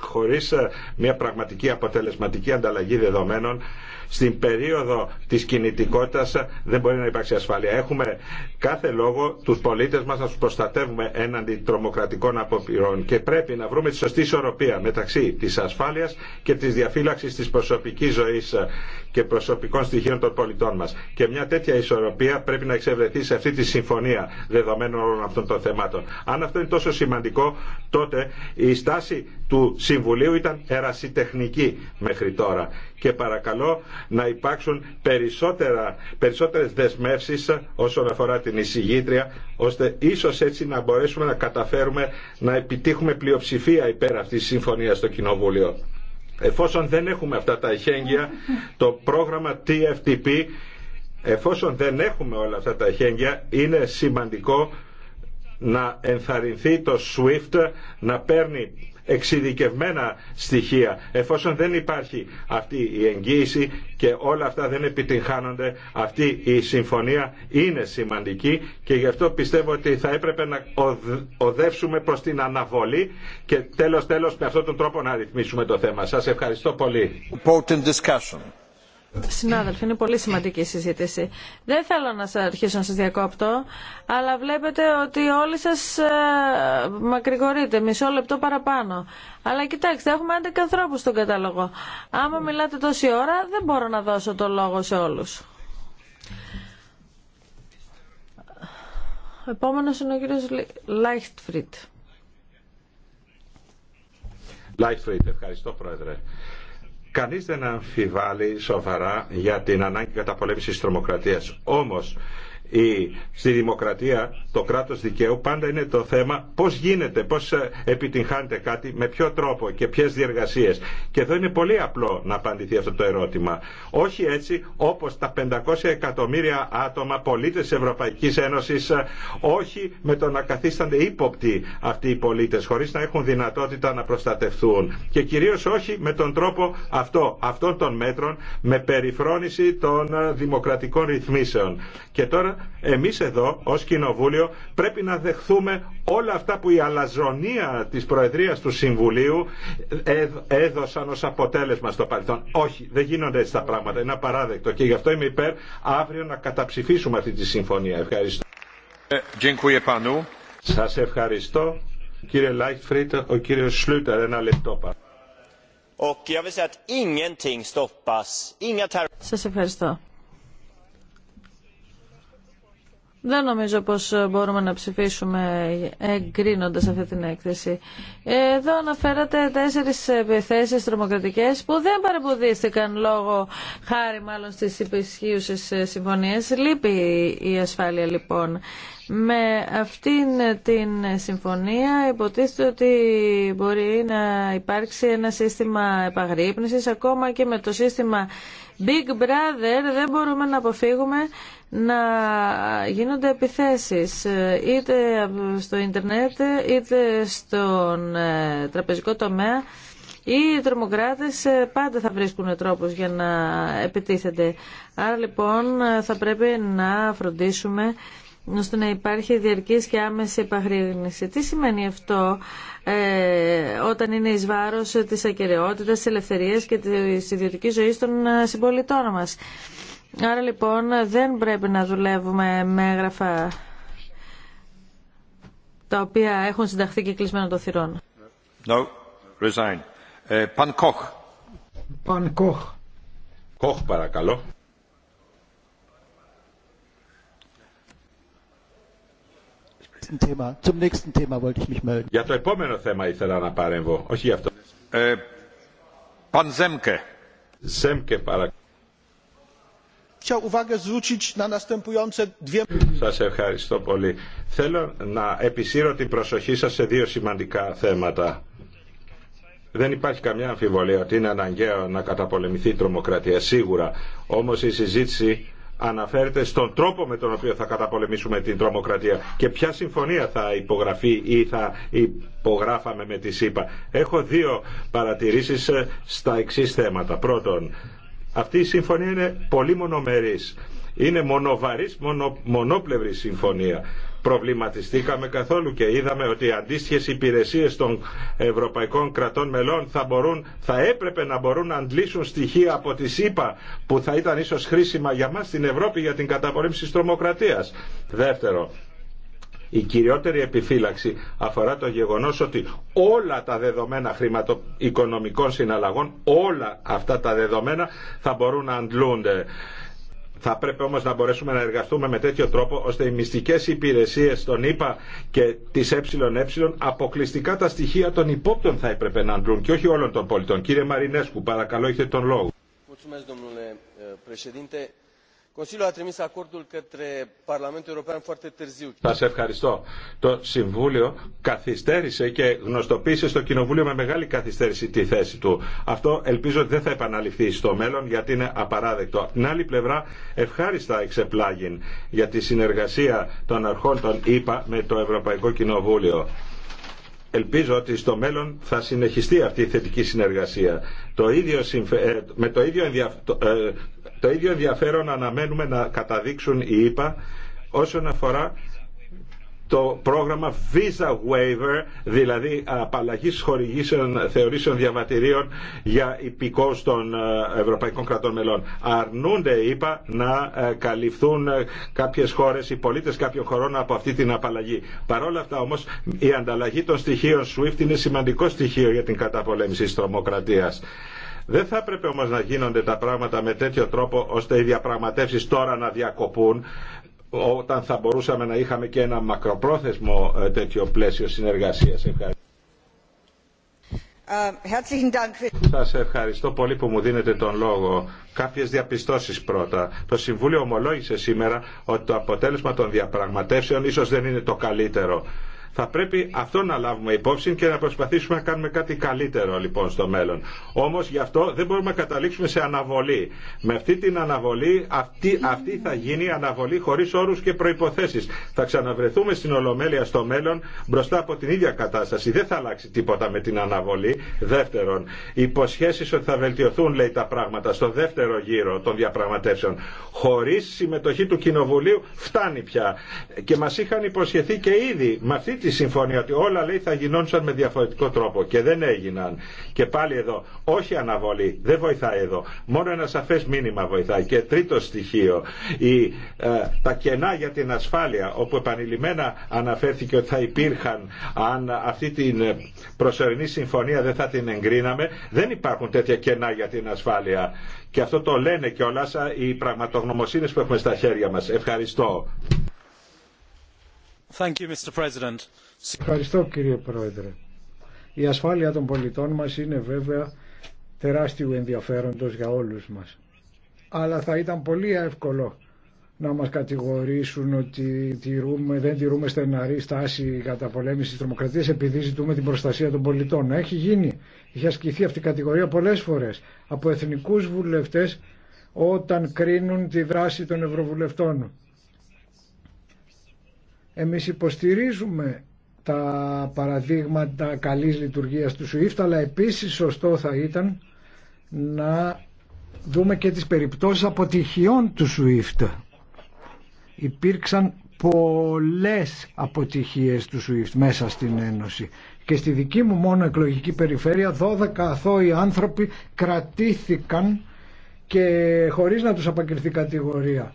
χωρίς ε, μια πραγματική αποτελεσματική ανταλλαγή δεδομένων στην περίοδο της κινητικότητας δεν μπορεί να υπάρξει ασφάλεια. Έχουμε κάθε λόγο τους πολίτες μας να τους προστατεύουμε έναντι τρομοκρατικών αποπειρών και πρέπει να βρούμε τη σωστή ισορροπία μεταξύ της ασφάλειας και της διαφύλαξης της προσωπικής ζωής και προσωπικών στοιχείων των πολιτών μας. Και μια τέτοια ισορροπία πρέπει να εξευρεθεί σε αυτή τη συμφωνία δεδομένων όλων αυτών των θεμάτων. Αν αυτό είναι τόσο σημαντικό, τότε η στάση του Συμβουλίου ήταν ερασιτεχνική μέχρι τώρα και παρακαλώ να υπάρξουν περισσότερα, περισσότερες δεσμεύσεις όσον αφορά την εισηγήτρια ώστε ίσως έτσι να μπορέσουμε να καταφέρουμε να επιτύχουμε πλειοψηφία υπέρ αυτής της συμφωνίας στο Κοινοβούλιο. Εφόσον δεν έχουμε αυτά τα εχέγγυα, το πρόγραμμα TFTP, εφόσον δεν έχουμε όλα αυτά τα εχέγγυα, είναι σημαντικό να ενθαρρυνθεί το SWIFT να παίρνει εξειδικευμένα στοιχεία. Εφόσον δεν υπάρχει αυτή η εγγύηση και όλα αυτά δεν επιτυγχάνονται, αυτή η συμφωνία είναι σημαντική και γι' αυτό πιστεύω ότι θα έπρεπε να οδεύσουμε προς την αναβολή και τέλος τέλος με αυτόν τον τρόπο να ρυθμίσουμε το θέμα. Σας ευχαριστώ πολύ. Συνάδελφοι, είναι πολύ σημαντική η συζήτηση. Δεν θέλω να σας αρχίσω να σας διακόπτω, αλλά βλέπετε ότι όλοι σας ε, μακρηγορείτε μισό λεπτό παραπάνω. Αλλά κοιτάξτε, έχουμε 11 ανθρώπους στον κατάλογο. Άμα μιλάτε τόση ώρα, δεν μπορώ να δώσω το λόγο σε όλους. Επόμενος είναι ο κύριος Λάιχτφριτ. Λάιχτφριτ, ευχαριστώ πρόεδρε. Κανείς δεν αμφιβάλλει σοβαρά για την ανάγκη καταπολέμησης της τρομοκρατίας. Όμως, η, στη δημοκρατία το κράτος δικαίου πάντα είναι το θέμα πώς γίνεται, πώς ε, επιτυγχάνεται κάτι, με ποιο τρόπο και ποιες διεργασίες. Και εδώ είναι πολύ απλό να απαντηθεί αυτό το ερώτημα. Όχι έτσι όπως τα 500 εκατομμύρια άτομα πολίτες της Ευρωπαϊκής Ένωσης ε, όχι με το να καθίστανται ύποπτοι αυτοί οι πολίτες χωρίς να έχουν δυνατότητα να προστατευθούν και κυρίως όχι με τον τρόπο αυτό, αυτών των μέτρων με περιφρόνηση των ε, δημοκρατικών ρυθμίσεων. Και τώρα Εμεί εμείς εδώ ως Κοινοβούλιο πρέπει να δεχθούμε όλα αυτά που η αλαζονία της Προεδρίας του Συμβουλίου έδωσαν ως αποτέλεσμα στο παρελθόν. Όχι, δεν γίνονται έτσι τα πράγματα. Είναι απαράδεκτο και γι' αυτό είμαι υπέρ αύριο να καταψηφίσουμε αυτή τη συμφωνία. Ευχαριστώ. Ε, Σας ευχαριστώ. Κύριε Λάιχτφριτ, ο κύριος Σλούτερ, ένα λεπτό παρακαλώ. Σας ευχαριστώ. Δεν νομίζω πως μπορούμε να ψηφίσουμε εγκρίνοντας αυτή την έκθεση. Εδώ αναφέρατε τέσσερις επιθέσεις τρομοκρατικές που δεν παρεμποδίστηκαν λόγω χάρη μάλλον στις υπησχύουσες συμφωνίες. Λείπει η ασφάλεια λοιπόν. Με αυτήν την συμφωνία υποτίθεται ότι μπορεί να υπάρξει ένα σύστημα επαγρύπνησης ακόμα και με το σύστημα Big Brother δεν μπορούμε να αποφύγουμε να γίνονται επιθέσεις είτε στο ίντερνετ είτε στον ε, τραπεζικό τομέα οι τρομοκράτες ε, πάντα θα βρίσκουν τρόπους για να επιτίθενται. Άρα λοιπόν θα πρέπει να φροντίσουμε ώστε να υπάρχει διαρκής και άμεση επαγρύγνηση. Τι σημαίνει αυτό ε, όταν είναι εις βάρος της ακεραιότητας, της ελευθερίας και της ιδιωτικής ζωής των συμπολιτών μας. Άρα λοιπόν δεν πρέπει να δουλεύουμε με έγγραφα τα οποία έχουν συνταχθεί και κλεισμένο το θυρών. No, resign. Παν Κοχ. Παν Κοχ. Κοχ παρακαλώ. Για το επόμενο θέμα ήθελα να παρέμβω, όχι αυτό. Παν Ζέμκε. Ζέμκε παρακαλώ. Σας ευχαριστώ πολύ. Θέλω να επισύρω την προσοχή σας σε δύο σημαντικά θέματα. Δεν υπάρχει καμιά αμφιβολία ότι είναι αναγκαίο να καταπολεμηθεί η τρομοκρατία, σίγουρα. Όμως η συζήτηση αναφέρεται στον τρόπο με τον οποίο θα καταπολεμήσουμε την τρομοκρατία και ποια συμφωνία θα υπογραφεί ή θα υπογράφαμε με τη ΣΥΠΑ. Έχω δύο παρατηρήσεις ε, στα εξής θέματα. Πρώτον, αυτή η συμφωνία είναι πολύ μονομερής. Είναι μονοβαρής, μονο, μονόπλευρη συμφωνία. Προβληματιστήκαμε καθόλου και είδαμε ότι οι αντίστοιχε υπηρεσίες των ευρωπαϊκών κρατών μελών θα, θα έπρεπε να μπορούν να αντλήσουν στοιχεία από τη ΣΥΠΑ που θα ήταν ίσως χρήσιμα για μας στην Ευρώπη για την καταπολέμηση της τρομοκρατίας. Δεύτερο, η κυριότερη επιφύλαξη αφορά το γεγονός ότι όλα τα δεδομένα χρηματοοικονομικών συναλλαγών, όλα αυτά τα δεδομένα θα μπορούν να αντλούνται. Θα πρέπει όμως να μπορέσουμε να εργαστούμε με τέτοιο τρόπο ώστε οι μυστικές υπηρεσίες των ΙΠΑ και της ΕΕ αποκλειστικά τα στοιχεία των υπόπτων θα έπρεπε να αντλούν και όχι όλων των πολιτών. Κύριε Μαρινέσκου, παρακαλώ έχετε τον λόγο. Consiliul a trimis acordul către Parlamentul European foarte târziu. Σα ευχαριστώ. Το Συμβούλιο καθυστέρησε και γνωστοποίησε στο Κοινοβούλιο με μεγάλη καθυστέρηση τη θέση του. Αυτό ελπίζω ότι δεν θα επαναληφθεί στο μέλλον γιατί είναι απαράδεκτο. Από την άλλη πλευρά, ευχάριστα εξεπλάγει για τη συνεργασία των αρχών των ΗΠΑ με το Ευρωπαϊκό Κοινοβούλιο. Ελπίζω ότι στο μέλλον θα συνεχιστεί αυτή η θετική συνεργασία. Το ίδιο, ε, με το ίδιο ε, το ίδιο ενδιαφέρον αναμένουμε να καταδείξουν οι ΙΠΑ όσον αφορά το πρόγραμμα Visa Waiver, δηλαδή απαλλαγή χορηγήσεων θεωρήσεων διαβατηρίων για υπηκό των ε, ευρωπαϊκών κρατών μελών. Αρνούνται, είπα, να ε, καλυφθούν ε, κάποιες χώρες, οι πολίτες κάποιων χωρών από αυτή την απαλλαγή. Παρ' όλα αυτά όμως η ανταλλαγή των στοιχείων SWIFT είναι σημαντικό στοιχείο για την καταπολέμηση τη τρομοκρατία. Δεν θα έπρεπε όμως να γίνονται τα πράγματα με τέτοιο τρόπο ώστε οι διαπραγματεύσεις τώρα να διακοπούν όταν θα μπορούσαμε να είχαμε και ένα μακροπρόθεσμο ε, τέτοιο πλαίσιο συνεργασίας. Ευχαριστώ. Ε, Σας ευχαριστώ πολύ που μου δίνετε τον λόγο. Κάποιες διαπιστώσεις πρώτα. Το Συμβούλιο ομολόγησε σήμερα ότι το αποτέλεσμα των διαπραγματεύσεων ίσως δεν είναι το καλύτερο. Θα πρέπει αυτό να λάβουμε υπόψη και να προσπαθήσουμε να κάνουμε κάτι καλύτερο λοιπόν στο μέλλον. Όμω γι' αυτό δεν μπορούμε να καταλήξουμε σε αναβολή. Με αυτή την αναβολή, αυτή, αυτή θα γίνει αναβολή χωρί όρου και προποθέσει. Θα ξαναβρεθούμε στην Ολομέλεια στο μέλλον μπροστά από την ίδια κατάσταση. Δεν θα αλλάξει τίποτα με την αναβολή. Δεύτερον, υποσχέσει ότι θα βελτιωθούν λέει τα πράγματα στο δεύτερο γύρο των διαπραγματεύσεων. Χωρί συμμετοχή του Κοινοβουλίου φτάνει πια. Και μα είχαν υποσχεθεί και ήδη με αυτή τη συμφωνία ότι όλα λέει θα γινόντουσαν με διαφορετικό τρόπο και δεν έγιναν. Και πάλι εδώ, όχι αναβολή, δεν βοηθάει εδώ. Μόνο ένα σαφές μήνυμα βοηθάει. Και τρίτο στοιχείο, η, ε, τα κενά για την ασφάλεια, όπου επανειλημμένα αναφέρθηκε ότι θα υπήρχαν αν αυτή την ε, προσωρινή συμφωνία δεν θα την εγκρίναμε, δεν υπάρχουν τέτοια κενά για την ασφάλεια. Και αυτό το λένε όλα ε, οι πραγματογνωμοσύνες που έχουμε στα χέρια μας. Ευχαριστώ. Ευχαριστώ κύριε Πρόεδρε. Η ασφάλεια των πολιτών μας είναι βέβαια τεράστιου ενδιαφέροντος για όλους μας. Αλλά θα ήταν πολύ εύκολο να μας κατηγορήσουν ότι δεν τηρούμε στεναρή στάση κατά πολέμηση της τρομοκρατίας επειδή ζητούμε την προστασία των πολιτών. Έχει γίνει, έχει ασκηθεί αυτή η κατηγορία πολλές φορές από εθνικούς βουλευτές όταν κρίνουν τη δράση των ευρωβουλευτών. Εμείς υποστηρίζουμε τα παραδείγματα καλής λειτουργίας του SWIFT, αλλά επίσης σωστό θα ήταν να δούμε και τις περιπτώσεις αποτυχιών του SWIFT. Υπήρξαν πολλές αποτυχίες του SWIFT μέσα στην Ένωση και στη δική μου μόνο εκλογική περιφέρεια 12 αθώοι άνθρωποι κρατήθηκαν και χωρίς να τους απαγγελθεί κατηγορία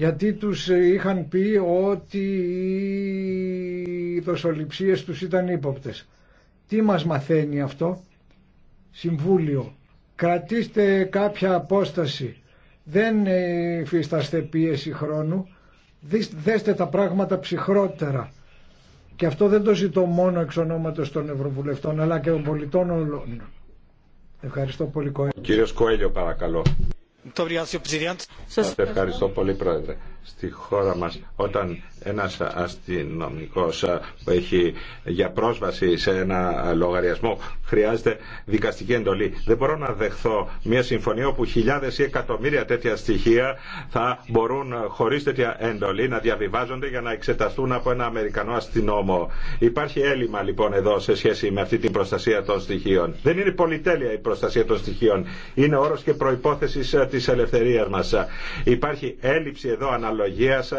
γιατί τους ε, είχαν πει ότι οι δοσοληψίες τους ήταν ύποπτες. Τι μας μαθαίνει αυτό, Συμβούλιο, κρατήστε κάποια απόσταση, δεν ε, υφίσταστε πίεση χρόνου, δέστε τα πράγματα ψυχρότερα. Και αυτό δεν το ζητώ μόνο εξ ονόματος των Ευρωβουλευτών, αλλά και των πολιτών όλων. Ευχαριστώ πολύ Κοέλιο. Κύριος Κοέλιο παρακαλώ. Σας ευχαριστώ πολύ, Πρόεδρε στη χώρα μας όταν ένας αστυνομικός που έχει για πρόσβαση σε ένα λογαριασμό χρειάζεται δικαστική εντολή. Δεν μπορώ να δεχθώ μια συμφωνία όπου χιλιάδες ή εκατομμύρια τέτοια στοιχεία θα μπορούν χωρίς τέτοια εντολή να διαβιβάζονται για να εξεταστούν από ένα Αμερικανό αστυνόμο. Υπάρχει έλλειμμα λοιπόν εδώ σε σχέση με αυτή την προστασία των στοιχείων. Δεν είναι πολυτέλεια η προστασία των στοιχείων. Είναι όρος και προϋπόθεσης της ελευθερίας μας. Υπάρχει έλλειψη εδώ ανα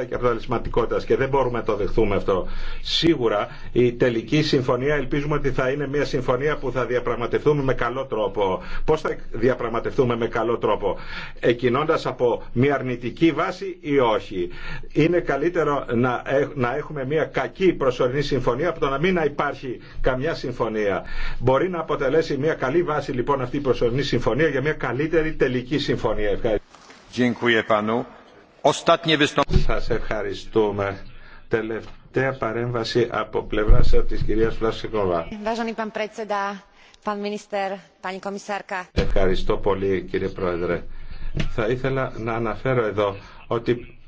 και αποτελεσματικότητα. και δεν μπορούμε να το δεχθούμε αυτό. Σίγουρα η τελική συμφωνία ελπίζουμε ότι θα είναι μια συμφωνία που θα διαπραγματευτούμε με καλό τρόπο. Πώ θα διαπραγματευτούμε με καλό τρόπο, εκκινώντα από μια αρνητική βάση ή όχι. Είναι καλύτερο να έχουμε μια κακή προσωρινή συμφωνία από το να μην υπάρχει καμιά συμφωνία. Μπορεί να αποτελέσει μια καλή βάση λοιπόν αυτή η προσωρινή συμφωνία για μια καλύτερη τελική συμφωνία. Ευχαριστώ. Σα ευχαριστούμε. Τελευταία παρέμβαση από πλευράς της κυρίας Βλασσικόβα. Ευχαριστώ πολύ κύριε Πρόεδρε. Θα ήθελα να αναφέρω εδώ ότι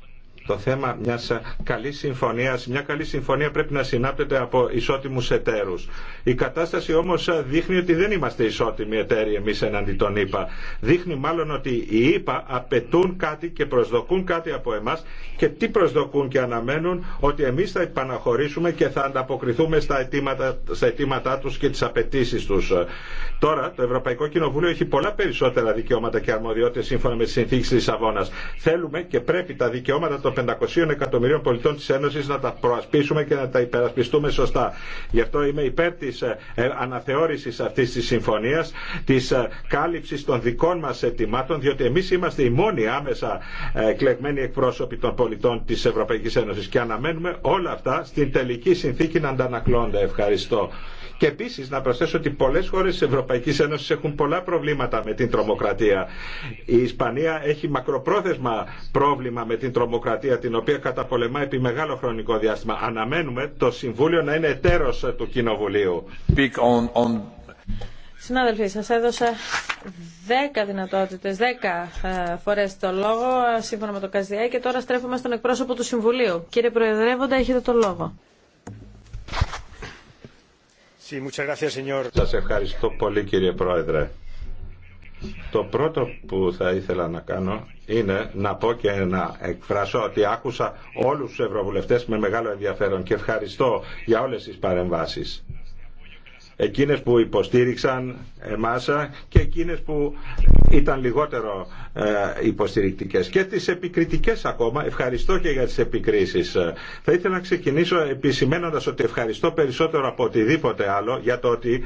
το θέμα μιας καλή συμφωνίας. Μια καλή συμφωνία πρέπει να συνάπτεται από ισότιμους εταίρου. Η κατάσταση όμως δείχνει ότι δεν είμαστε ισότιμοι εταίροι εμείς εναντί των ΗΠΑ. Δείχνει μάλλον ότι οι ΗΠΑ απαιτούν κάτι και προσδοκούν κάτι από εμάς και τι προσδοκούν και αναμένουν ότι εμείς θα επαναχωρήσουμε και θα ανταποκριθούμε στα αιτήματα, στα αιτήματά τους και τι απαιτήσει του. Τώρα το Ευρωπαϊκό Κοινοβούλιο έχει πολλά περισσότερα δικαιώματα και αρμοδιότητε σύμφωνα με τι συνθήκε τη Λισαβόνα. Θέλουμε και πρέπει τα δικαιώματα των 500 εκατομμυρίων πολιτών τη Ένωση να τα προασπίσουμε και να τα υπερασπιστούμε σωστά. Γι' αυτό είμαι υπέρ τη ε, ε, αναθεώρηση αυτή τη συμφωνία, τη ε, κάλυψη των δικών μα ετοιμάτων, διότι εμεί είμαστε οι μόνοι άμεσα εκλεγμένοι εκπρόσωποι των πολιτών τη Ευρωπαϊκή Ένωση και αναμένουμε όλα αυτά στην τελική συνθήκη να αντανακλώνται. Ευχαριστώ. Και επίση να προσθέσω ότι πολλέ χώρε τη Ευρωπαϊκή Ένωση έχουν πολλά προβλήματα με την τρομοκρατία. Η Ισπανία έχει μακροπρόθεσμα πρόβλημα με την τρομοκρατία, την οποία καταπολεμά επί μεγάλο χρονικό διάστημα. Αναμένουμε το Συμβούλιο να είναι εταίρο του Κοινοβουλίου. Συνάδελφοι, σας έδωσα δέκα δυνατότητες, δέκα ε, φορές το λόγο, σύμφωνα με το ΚΑΣΔΙΑ και τώρα στρέφουμε στον εκπρόσωπο του Συμβουλίου. Κύριε Προεδρεύοντα, έχετε το λόγο. Σας ευχαριστώ πολύ κύριε Πρόεδρε. Το πρώτο που θα ήθελα να κάνω είναι να πω και να εκφράσω ότι άκουσα όλους τους ευρωβουλευτές με μεγάλο ενδιαφέρον και ευχαριστώ για όλες τις παρεμβάσεις εκείνες που υποστήριξαν εμάς και εκείνες που ήταν λιγότερο ε, υποστηρικτικές και τις επικριτικές ακόμα. Ευχαριστώ και για τις επικρίσεις. Θα ήθελα να ξεκινήσω επισημένοντας ότι ευχαριστώ περισσότερο από οτιδήποτε άλλο για το ότι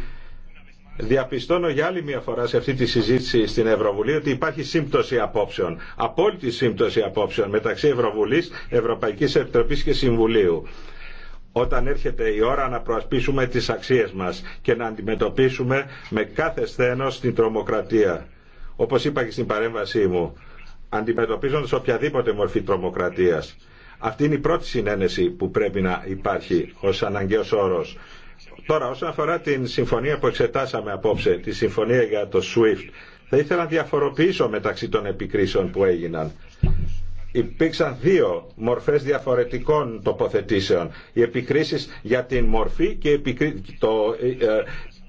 διαπιστώνω για άλλη μια φορά σε αυτή τη συζήτηση στην Ευρωβουλή ότι υπάρχει σύμπτωση απόψεων, απόλυτη σύμπτωση απόψεων μεταξύ Ευρωβουλής, Ευρωπαϊκής Επιτροπής και Συμβουλίου όταν έρχεται η ώρα να προασπίσουμε τις αξίες μας και να αντιμετωπίσουμε με κάθε σθένος την τρομοκρατία. Όπως είπα και στην παρέμβασή μου, αντιμετωπίζοντας οποιαδήποτε μορφή τρομοκρατίας. Αυτή είναι η πρώτη συνένεση που πρέπει να υπάρχει ως αναγκαίος όρος. Τώρα, όσον αφορά την συμφωνία που εξετάσαμε απόψε, τη συμφωνία για το SWIFT, θα ήθελα να διαφοροποιήσω μεταξύ των επικρίσεων που έγιναν υπήρξαν δύο μορφές διαφορετικών τοποθετήσεων. Οι επικρίσεις για την μορφή και το, ε, ε,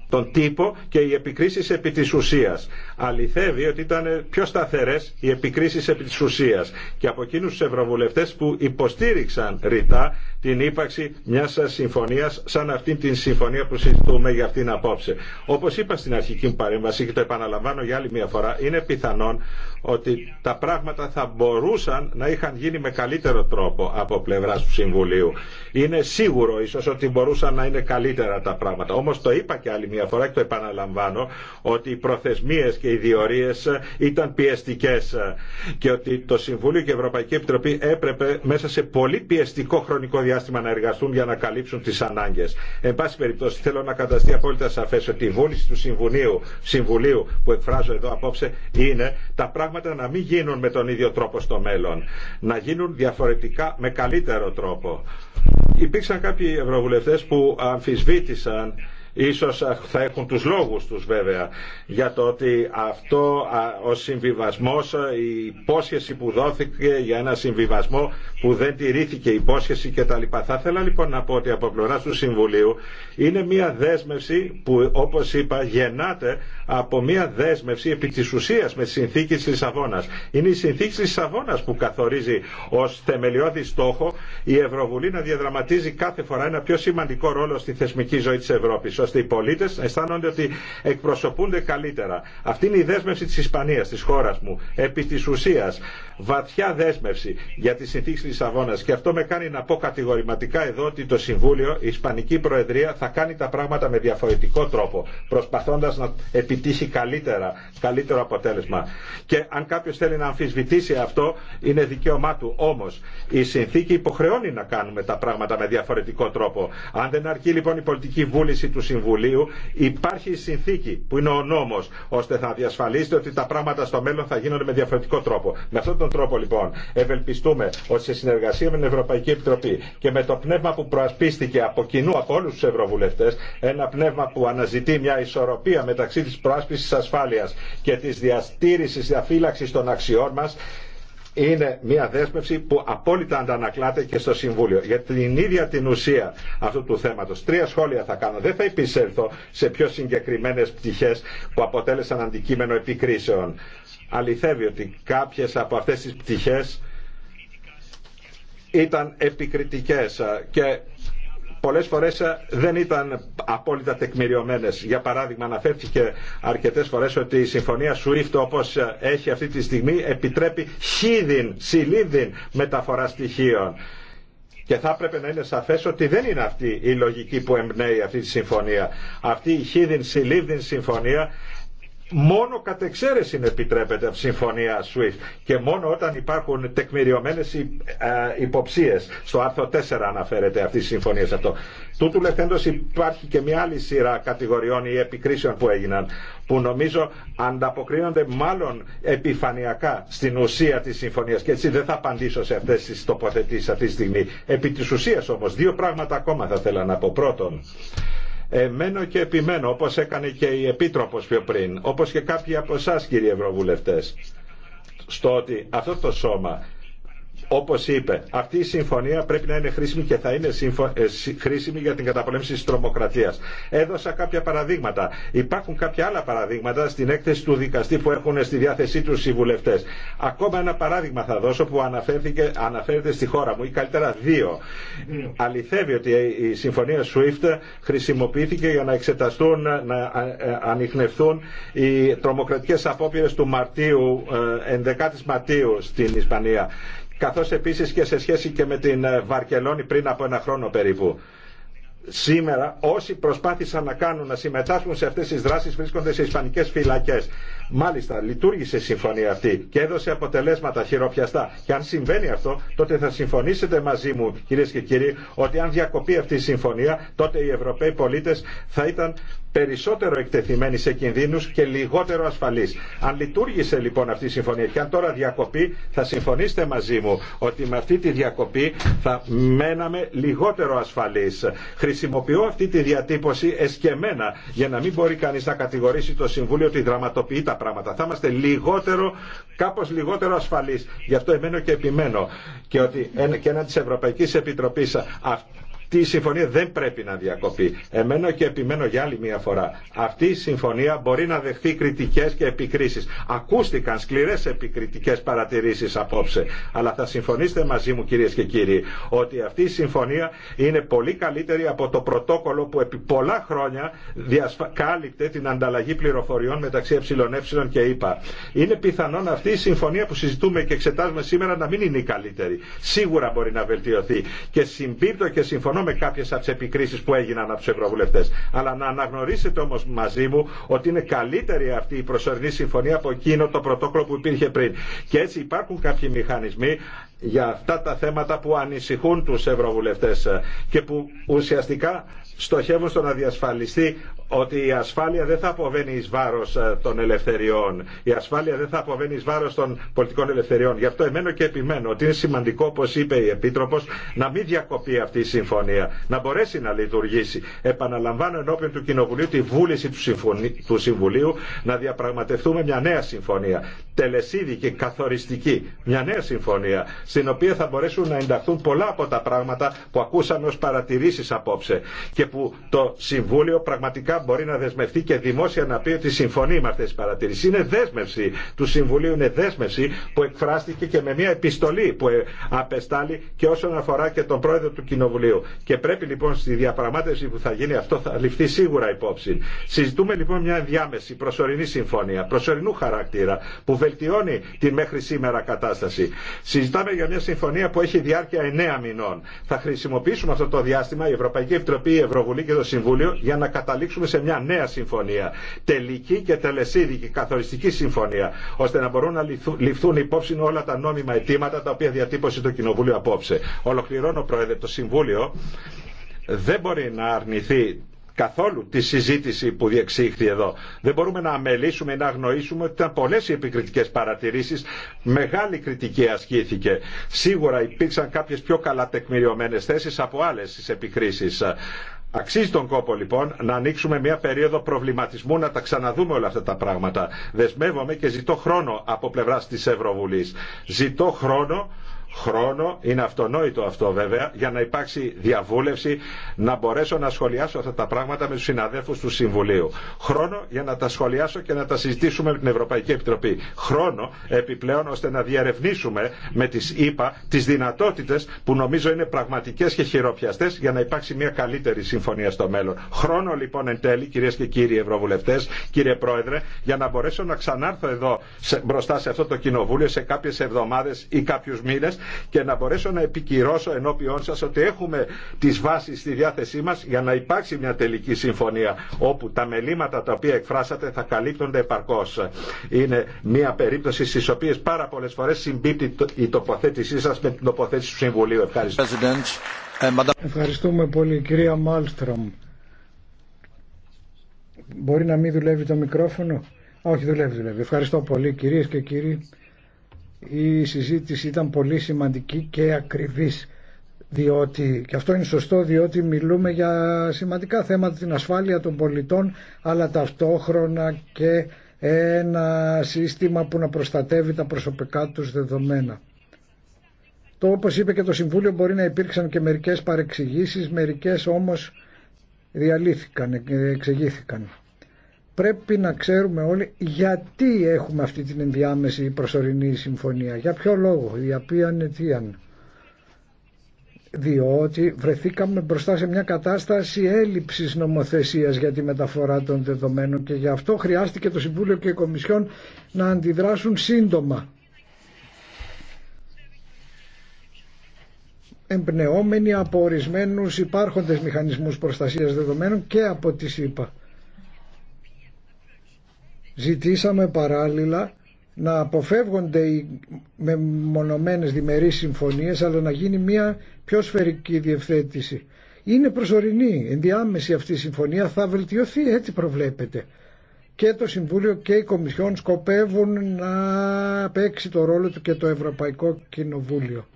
τον τύπο και οι επικρίσεις επί της ουσίας αληθεύει ότι ήταν πιο σταθερέ οι επικρίσει επί τη ουσία και από εκείνου του ευρωβουλευτέ που υποστήριξαν ρητά την ύπαρξη μια συμφωνία σαν αυτήν την συμφωνία που συζητούμε για αυτήν απόψε. Όπω είπα στην αρχική μου παρέμβαση και το επαναλαμβάνω για άλλη μια φορά, είναι πιθανόν ότι τα πράγματα θα μπορούσαν να είχαν γίνει με καλύτερο τρόπο από πλευρά του Συμβουλίου. Είναι σίγουρο ίσω ότι μπορούσαν να είναι καλύτερα τα πράγματα. Όμω το είπα και άλλη μια φορά και το επαναλαμβάνω ότι οι προθεσμίε και οι διορίες ήταν πιεστικές και ότι το Συμβούλιο και η Ευρωπαϊκή Επιτροπή έπρεπε μέσα σε πολύ πιεστικό χρονικό διάστημα να εργαστούν για να καλύψουν τις ανάγκες. Εν πάση περιπτώσει θέλω να καταστεί απόλυτα σαφές ότι η βούληση του Συμβουλίου, Συμβουλίου που εκφράζω εδώ απόψε είναι τα πράγματα να μην γίνουν με τον ίδιο τρόπο στο μέλλον, να γίνουν διαφορετικά με καλύτερο τρόπο. Υπήρξαν κάποιοι ευρωβουλευτές που αμφισβήτησαν Ίσως θα έχουν τους λόγους τους βέβαια για το ότι αυτό ο συμβιβασμός, ε, η υπόσχεση που δόθηκε για ένα συμβιβασμό που δεν τηρήθηκε η υπόσχεση κτλ. Θα ήθελα λοιπόν να πω ότι από πλευρά του Συμβουλίου είναι μια δέσμευση που όπως είπα γεννάται από μια δέσμευση επί της ουσίας με τη συνθήκη της Λισαβόνας. Είναι η συνθήκη της Λισαβόνας που καθορίζει ως θεμελιώδη στόχο η Ευρωβουλή να διαδραματίζει κάθε φορά ένα πιο σημαντικό ρόλο στη θεσμική ζωή τη Ευρώπη, ώστε οι πολίτε αισθάνονται ότι εκπροσωπούνται καλύτερα. Αυτή είναι η δέσμευση τη Ισπανία, τη χώρα μου, επί τη ουσία. Βαθιά δέσμευση για τη συνθήκη τη Λισαβόνα. Και αυτό με κάνει να πω κατηγορηματικά εδώ ότι το Συμβούλιο, η Ισπανική Προεδρία, θα κάνει τα πράγματα με διαφορετικό τρόπο, προσπαθώντα να επιτύχει καλύτερα, καλύτερο αποτέλεσμα. Και αν κάποιο θέλει να αμφισβητήσει αυτό, είναι δικαίωμά του. Όμω, η συνθήκη υποχρεώνει να κάνουμε τα πράγματα με διαφορετικό τρόπο. Αν δεν αρκεί λοιπόν η πολιτική βούληση του Συμβουλίου, υπάρχει η συνθήκη που είναι ο νόμο, ώστε θα διασφαλίσετε ότι τα πράγματα στο μέλλον θα γίνονται με διαφορετικό τρόπο. Με αυτόν τον τρόπο λοιπόν ευελπιστούμε ότι σε συνεργασία με την Ευρωπαϊκή Επιτροπή και με το πνεύμα που προασπίστηκε από κοινού από όλου του Ευρωβουλευτέ, ένα πνεύμα που αναζητεί μια ισορροπία μεταξύ τη προάσπιση ασφάλεια και τη διαστήριση διαφύλαξη των αξιών μα, είναι μια δέσμευση που απόλυτα αντανακλάται και στο Συμβούλιο. Για την ίδια την ουσία αυτού του θέματο. Τρία σχόλια θα κάνω. Δεν θα επισέλθω σε πιο συγκεκριμένες πτυχές που αποτέλεσαν αντικείμενο επικρίσεων. Αληθεύει ότι κάποιες από αυτές τις πτυχές ήταν επικριτικές και πολλές φορές ε, δεν ήταν απόλυτα τεκμηριωμένες. Για παράδειγμα αναφέρθηκε αρκετές φορές ότι η συμφωνία SWIFT όπως ε, έχει αυτή τη στιγμή επιτρέπει χίδιν, σιλίδιν μεταφορά στοιχείων. Και θα έπρεπε να είναι σαφές ότι δεν είναι αυτή η λογική που εμπνέει αυτή τη συμφωνία. Αυτή η χίδιν σιλίδιν συμφωνία μόνο κατ' εξαίρεση επιτρέπεται από συμφωνία SWIFT και μόνο όταν υπάρχουν τεκμηριωμένες ε, υποψίες. Στο άρθρο 4 αναφέρεται αυτή η συμφωνία σε αυτό. Τούτου λεχθέντος υπάρχει και μια άλλη σειρά κατηγοριών ή επικρίσεων που έγιναν που νομίζω ανταποκρίνονται μάλλον επιφανειακά στην ουσία της συμφωνίας και έτσι δεν θα απαντήσω σε αυτές τις τοποθετήσεις αυτή τη στιγμή. Επί της ουσίας όμως δύο πράγματα ακόμα θα θέλω να πω. Πρώτον, Εμένω και επιμένω, όπως έκανε και η Επίτροπος πιο πριν, όπως και κάποιοι από εσά κύριε Ευρωβουλευτές, στο ότι αυτό το σώμα όπως είπε, αυτή η συμφωνία πρέπει να είναι χρήσιμη και θα είναι ε, χρήσιμη για την καταπολέμηση της τρομοκρατίας. Έδωσα κάποια παραδείγματα. Υπάρχουν κάποια άλλα παραδείγματα στην έκθεση του δικαστή που έχουν στη διάθεσή τους οι βουλευτές. Ακόμα ένα παράδειγμα θα δώσω που αναφέρεται στη χώρα μου ή καλύτερα δύο. Αληθεύει ότι η συμφωνία SWIFT χρησιμοποιήθηκε για να εξεταστούν, να ε, ε, ανοιχνευτούν οι τρομοκρατικές απόπειρες του Μαρτίου, 11 Μαρτίου στην Ισπανία καθώς επίσης και σε σχέση και με την ε, Βαρκελόνη πριν από ένα χρόνο περίπου. Σήμερα όσοι προσπάθησαν να κάνουν να συμμετάσχουν σε αυτές τις δράσεις βρίσκονται σε ισπανικές φυλακές. Μάλιστα, λειτουργήσε η συμφωνία αυτή και έδωσε αποτελέσματα χειροπιαστά. Και αν συμβαίνει αυτό, τότε θα συμφωνήσετε μαζί μου, κυρίε και κύριοι, ότι αν διακοπεί αυτή η συμφωνία, τότε οι Ευρωπαίοι πολίτε θα ήταν περισσότερο εκτεθειμένοι σε κινδύνους και λιγότερο ασφαλείς. Αν λειτουργήσε λοιπόν αυτή η συμφωνία και αν τώρα διακοπεί θα συμφωνήσετε μαζί μου ότι με αυτή τη διακοπή θα μέναμε λιγότερο ασφαλείς. Χρησιμοποιώ αυτή τη διατύπωση εσκεμένα για να μην μπορεί κανεί να κατηγορήσει το Συμβούλιο ότι δραματοποιεί πράγματα. Θα είμαστε λιγότερο, κάπως λιγότερο ασφαλείς. Γι' αυτό εμένω και επιμένω και ότι ένα, και ένα της Ευρωπαϊκής Επιτροπής Τη η συμφωνία δεν πρέπει να διακοπεί. Εμένω και επιμένω για άλλη μια φορά. Αυτή η συμφωνία μπορεί να δεχθεί κριτικέ και επικρίσει. Ακούστηκαν σκληρέ επικριτικέ παρατηρήσει απόψε. Αλλά θα συμφωνήσετε μαζί μου κυρίε και κύριοι ότι αυτή η συμφωνία είναι πολύ καλύτερη από το πρωτόκολλο που επί πολλά χρόνια διασφα... κάλυπτε την ανταλλαγή πληροφοριών μεταξύ ΕΕ και ΕΠΑ. Είναι πιθανόν αυτή η συμφωνία που συζητούμε και εξετάζουμε σήμερα να μην είναι η καλύτερη. Σίγουρα μπορεί να βελτιωθεί. Και συμπίπτω και συμφωνώ με κάποιε από τι επικρίσει που έγιναν από του Ευρωβουλευτέ. Αλλά να αναγνωρίσετε όμω μαζί μου ότι είναι καλύτερη αυτή η προσωρινή συμφωνία από εκείνο το πρωτόκολλο που υπήρχε πριν. Και έτσι υπάρχουν κάποιοι μηχανισμοί για αυτά τα θέματα που ανησυχούν τους ευρωβουλευτές και που ουσιαστικά στοχεύουν στο να διασφαλιστεί ότι η ασφάλεια δεν θα αποβαίνει εις βάρος ε, των ελευθεριών. Η ασφάλεια δεν θα αποβαίνει εις βάρος των πολιτικών ελευθεριών. Γι' αυτό εμένω και επιμένω ότι είναι σημαντικό, όπως είπε η Επίτροπος, να μην διακοπεί αυτή η συμφωνία, να μπορέσει να λειτουργήσει. Επαναλαμβάνω ενώπιον του Κοινοβουλίου τη βούληση του Συμβουλίου να διαπραγματευτούμε μια νέα συμφωνία. Τελεσίδη και καθοριστική. Μια νέα συμφωνία, στην οποία θα μπορέσουν να ενταχθούν πολλά από τα πράγματα που ακούσαμε ως παρατηρήσεις απόψε που το Συμβούλιο πραγματικά μπορεί να δεσμευτεί και δημόσια να πει ότι συμφωνεί με αυτέ τι παρατηρήσει. Είναι δέσμευση του Συμβουλίου, είναι δέσμευση που εκφράστηκε και με μια επιστολή που ε, απεστάλλει και όσον αφορά και τον πρόεδρο του Κοινοβουλίου. Και πρέπει λοιπόν στη διαπραγμάτευση που θα γίνει αυτό θα ληφθεί σίγουρα υπόψη. Συζητούμε λοιπόν μια διάμεση προσωρινή συμφωνία, προσωρινού χαρακτήρα, που βελτιώνει την μέχρι σήμερα κατάσταση. Συζητάμε για μια συμφωνία που έχει διάρκεια 9 μηνών. Θα χρησιμοποιήσουμε αυτό το διάστημα η Ευρωπαϊκή Επιτροπή, Ευρωβουλή και το Συμβούλιο για να καταλήξουμε σε μια νέα συμφωνία. Τελική και τελεσίδικη καθοριστική συμφωνία. ώστε να μπορούν να ληφθούν υπόψη όλα τα νόμιμα αιτήματα τα οποία διατύπωσε το Κοινοβούλιο απόψε. Ολοκληρώνω, Πρόεδρε, το Συμβούλιο δεν μπορεί να αρνηθεί καθόλου τη συζήτηση που διεξήχθη εδώ. Δεν μπορούμε να αμελήσουμε ή να αγνοήσουμε ότι ήταν πολλέ οι επικριτικέ παρατηρήσει. Μεγάλη κριτική ασκήθηκε. Σίγουρα υπήρξαν κάποιε πιο καλά τεκμηριωμένες θέσει από άλλε τι επικρίσεις. Αξίζει τον κόπο λοιπόν να ανοίξουμε μια περίοδο προβληματισμού, να τα ξαναδούμε όλα αυτά τα πράγματα. Δεσμεύομαι και ζητώ χρόνο από πλευρά τη Ευρωβουλή. Ζητώ χρόνο χρόνο, είναι αυτονόητο αυτό βέβαια, για να υπάρξει διαβούλευση, να μπορέσω να σχολιάσω αυτά τα πράγματα με τους συναδέλφους του Συμβουλίου. Χρόνο για να τα σχολιάσω και να τα συζητήσουμε με την Ευρωπαϊκή Επιτροπή. Χρόνο επιπλέον ώστε να διαρευνήσουμε με τις ΗΠΑ τις δυνατότητες που νομίζω είναι πραγματικές και χειροπιαστές για να υπάρξει μια καλύτερη συμφωνία στο μέλλον. Χρόνο λοιπόν εν τέλει κυρίες και κύριοι Ευρωβουλευτές, κύριε Πρόεδρε, για να μπορέσω να ξανάρθω εδώ μπροστά σε αυτό το κοινοβούλιο σε κάποιες εβδομάδες ή κάποιους μήνες και να μπορέσω να επικυρώσω ενώπιόν σα ότι έχουμε τι βάσει στη διάθεσή μα για να υπάρξει μια τελική συμφωνία όπου τα μελήματα τα οποία εκφράσατε θα καλύπτονται επαρκώ. Είναι μια περίπτωση στι οποίε πάρα πολλέ φορέ συμπίπτει η τοποθέτησή σα με την τοποθέτηση του Συμβουλίου. Ευχαριστώ. Ε, Ευχαριστούμε πολύ κυρία Μάλστρομ. Μπορεί να μην δουλεύει το μικρόφωνο. Όχι, δουλεύει, δουλεύει. Ευχαριστώ πολύ κυρίες και κύριοι η συζήτηση ήταν πολύ σημαντική και ακριβής διότι, και αυτό είναι σωστό διότι μιλούμε για σημαντικά θέματα την ασφάλεια των πολιτών αλλά ταυτόχρονα και ένα σύστημα που να προστατεύει τα προσωπικά τους δεδομένα. Το όπως είπε και το Συμβούλιο μπορεί να υπήρξαν και μερικές παρεξηγήσεις, μερικές όμως διαλύθηκαν, εξηγήθηκαν πρέπει να ξέρουμε όλοι γιατί έχουμε αυτή την ενδιάμεση προσωρινή συμφωνία. Για ποιο λόγο, για οποία αιτίαν. Διότι βρεθήκαμε μπροστά σε μια κατάσταση έλλειψης νομοθεσίας για τη μεταφορά των δεδομένων και γι' αυτό χρειάστηκε το Συμβούλιο και η Κομισιόν να αντιδράσουν σύντομα. εμπνεόμενοι από ορισμένου υπάρχοντες μηχανισμούς προστασίας δεδομένων και από τις ΗΠΑ. Ζητήσαμε παράλληλα να αποφεύγονται οι μεμονωμένες διμερείς συμφωνίες αλλά να γίνει μια πιο σφαιρική διευθέτηση. Είναι προσωρινή, ενδιάμεση αυτή η συμφωνία θα βελτιωθεί, έτσι προβλέπεται. Και το Συμβούλιο και η Κομισιόν σκοπεύουν να παίξει το ρόλο του και το Ευρωπαϊκό Κοινοβούλιο.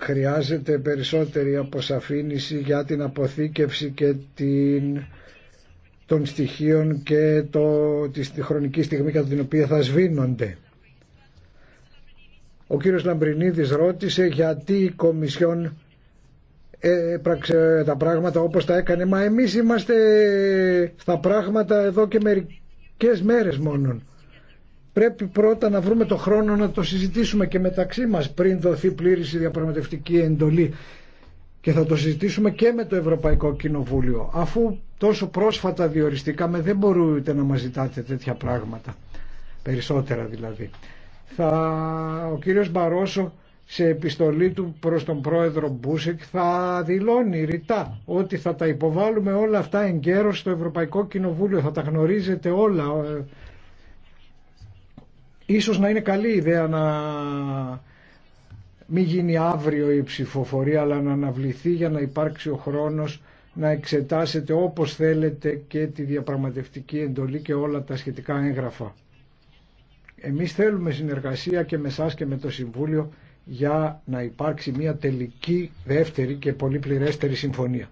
χρειάζεται περισσότερη αποσαφήνιση για την αποθήκευση και την, των στοιχείων και το, τη, χρονική στιγμή κατά την οποία θα σβήνονται. Ο κύριος Λαμπρινίδης ρώτησε γιατί η Κομισιόν έπραξε τα πράγματα όπως τα έκανε. Μα εμείς είμαστε στα πράγματα εδώ και μερικές μέρες μόνον πρέπει πρώτα να βρούμε το χρόνο να το συζητήσουμε και μεταξύ μας πριν δοθεί πλήρης η διαπραγματευτική εντολή και θα το συζητήσουμε και με το Ευρωπαϊκό Κοινοβούλιο αφού τόσο πρόσφατα διοριστήκαμε δεν μπορούτε να μας ζητάτε τέτοια πράγματα περισσότερα δηλαδή θα, ο κύριος Μπαρόσο σε επιστολή του προς τον πρόεδρο Μπούσεκ θα δηλώνει ρητά ότι θα τα υποβάλουμε όλα αυτά εγκαίρως στο Ευρωπαϊκό Κοινοβούλιο θα τα γνωρίζετε όλα ε, Ίσως να είναι καλή ιδέα να μην γίνει αύριο η ψηφοφορία αλλά να αναβληθεί για να υπάρξει ο χρόνος να εξετάσετε όπως θέλετε και τη διαπραγματευτική εντολή και όλα τα σχετικά έγγραφα. Εμείς θέλουμε συνεργασία και με εσά και με το Συμβούλιο για να υπάρξει μια τελική, δεύτερη και πολύ πληρέστερη συμφωνία.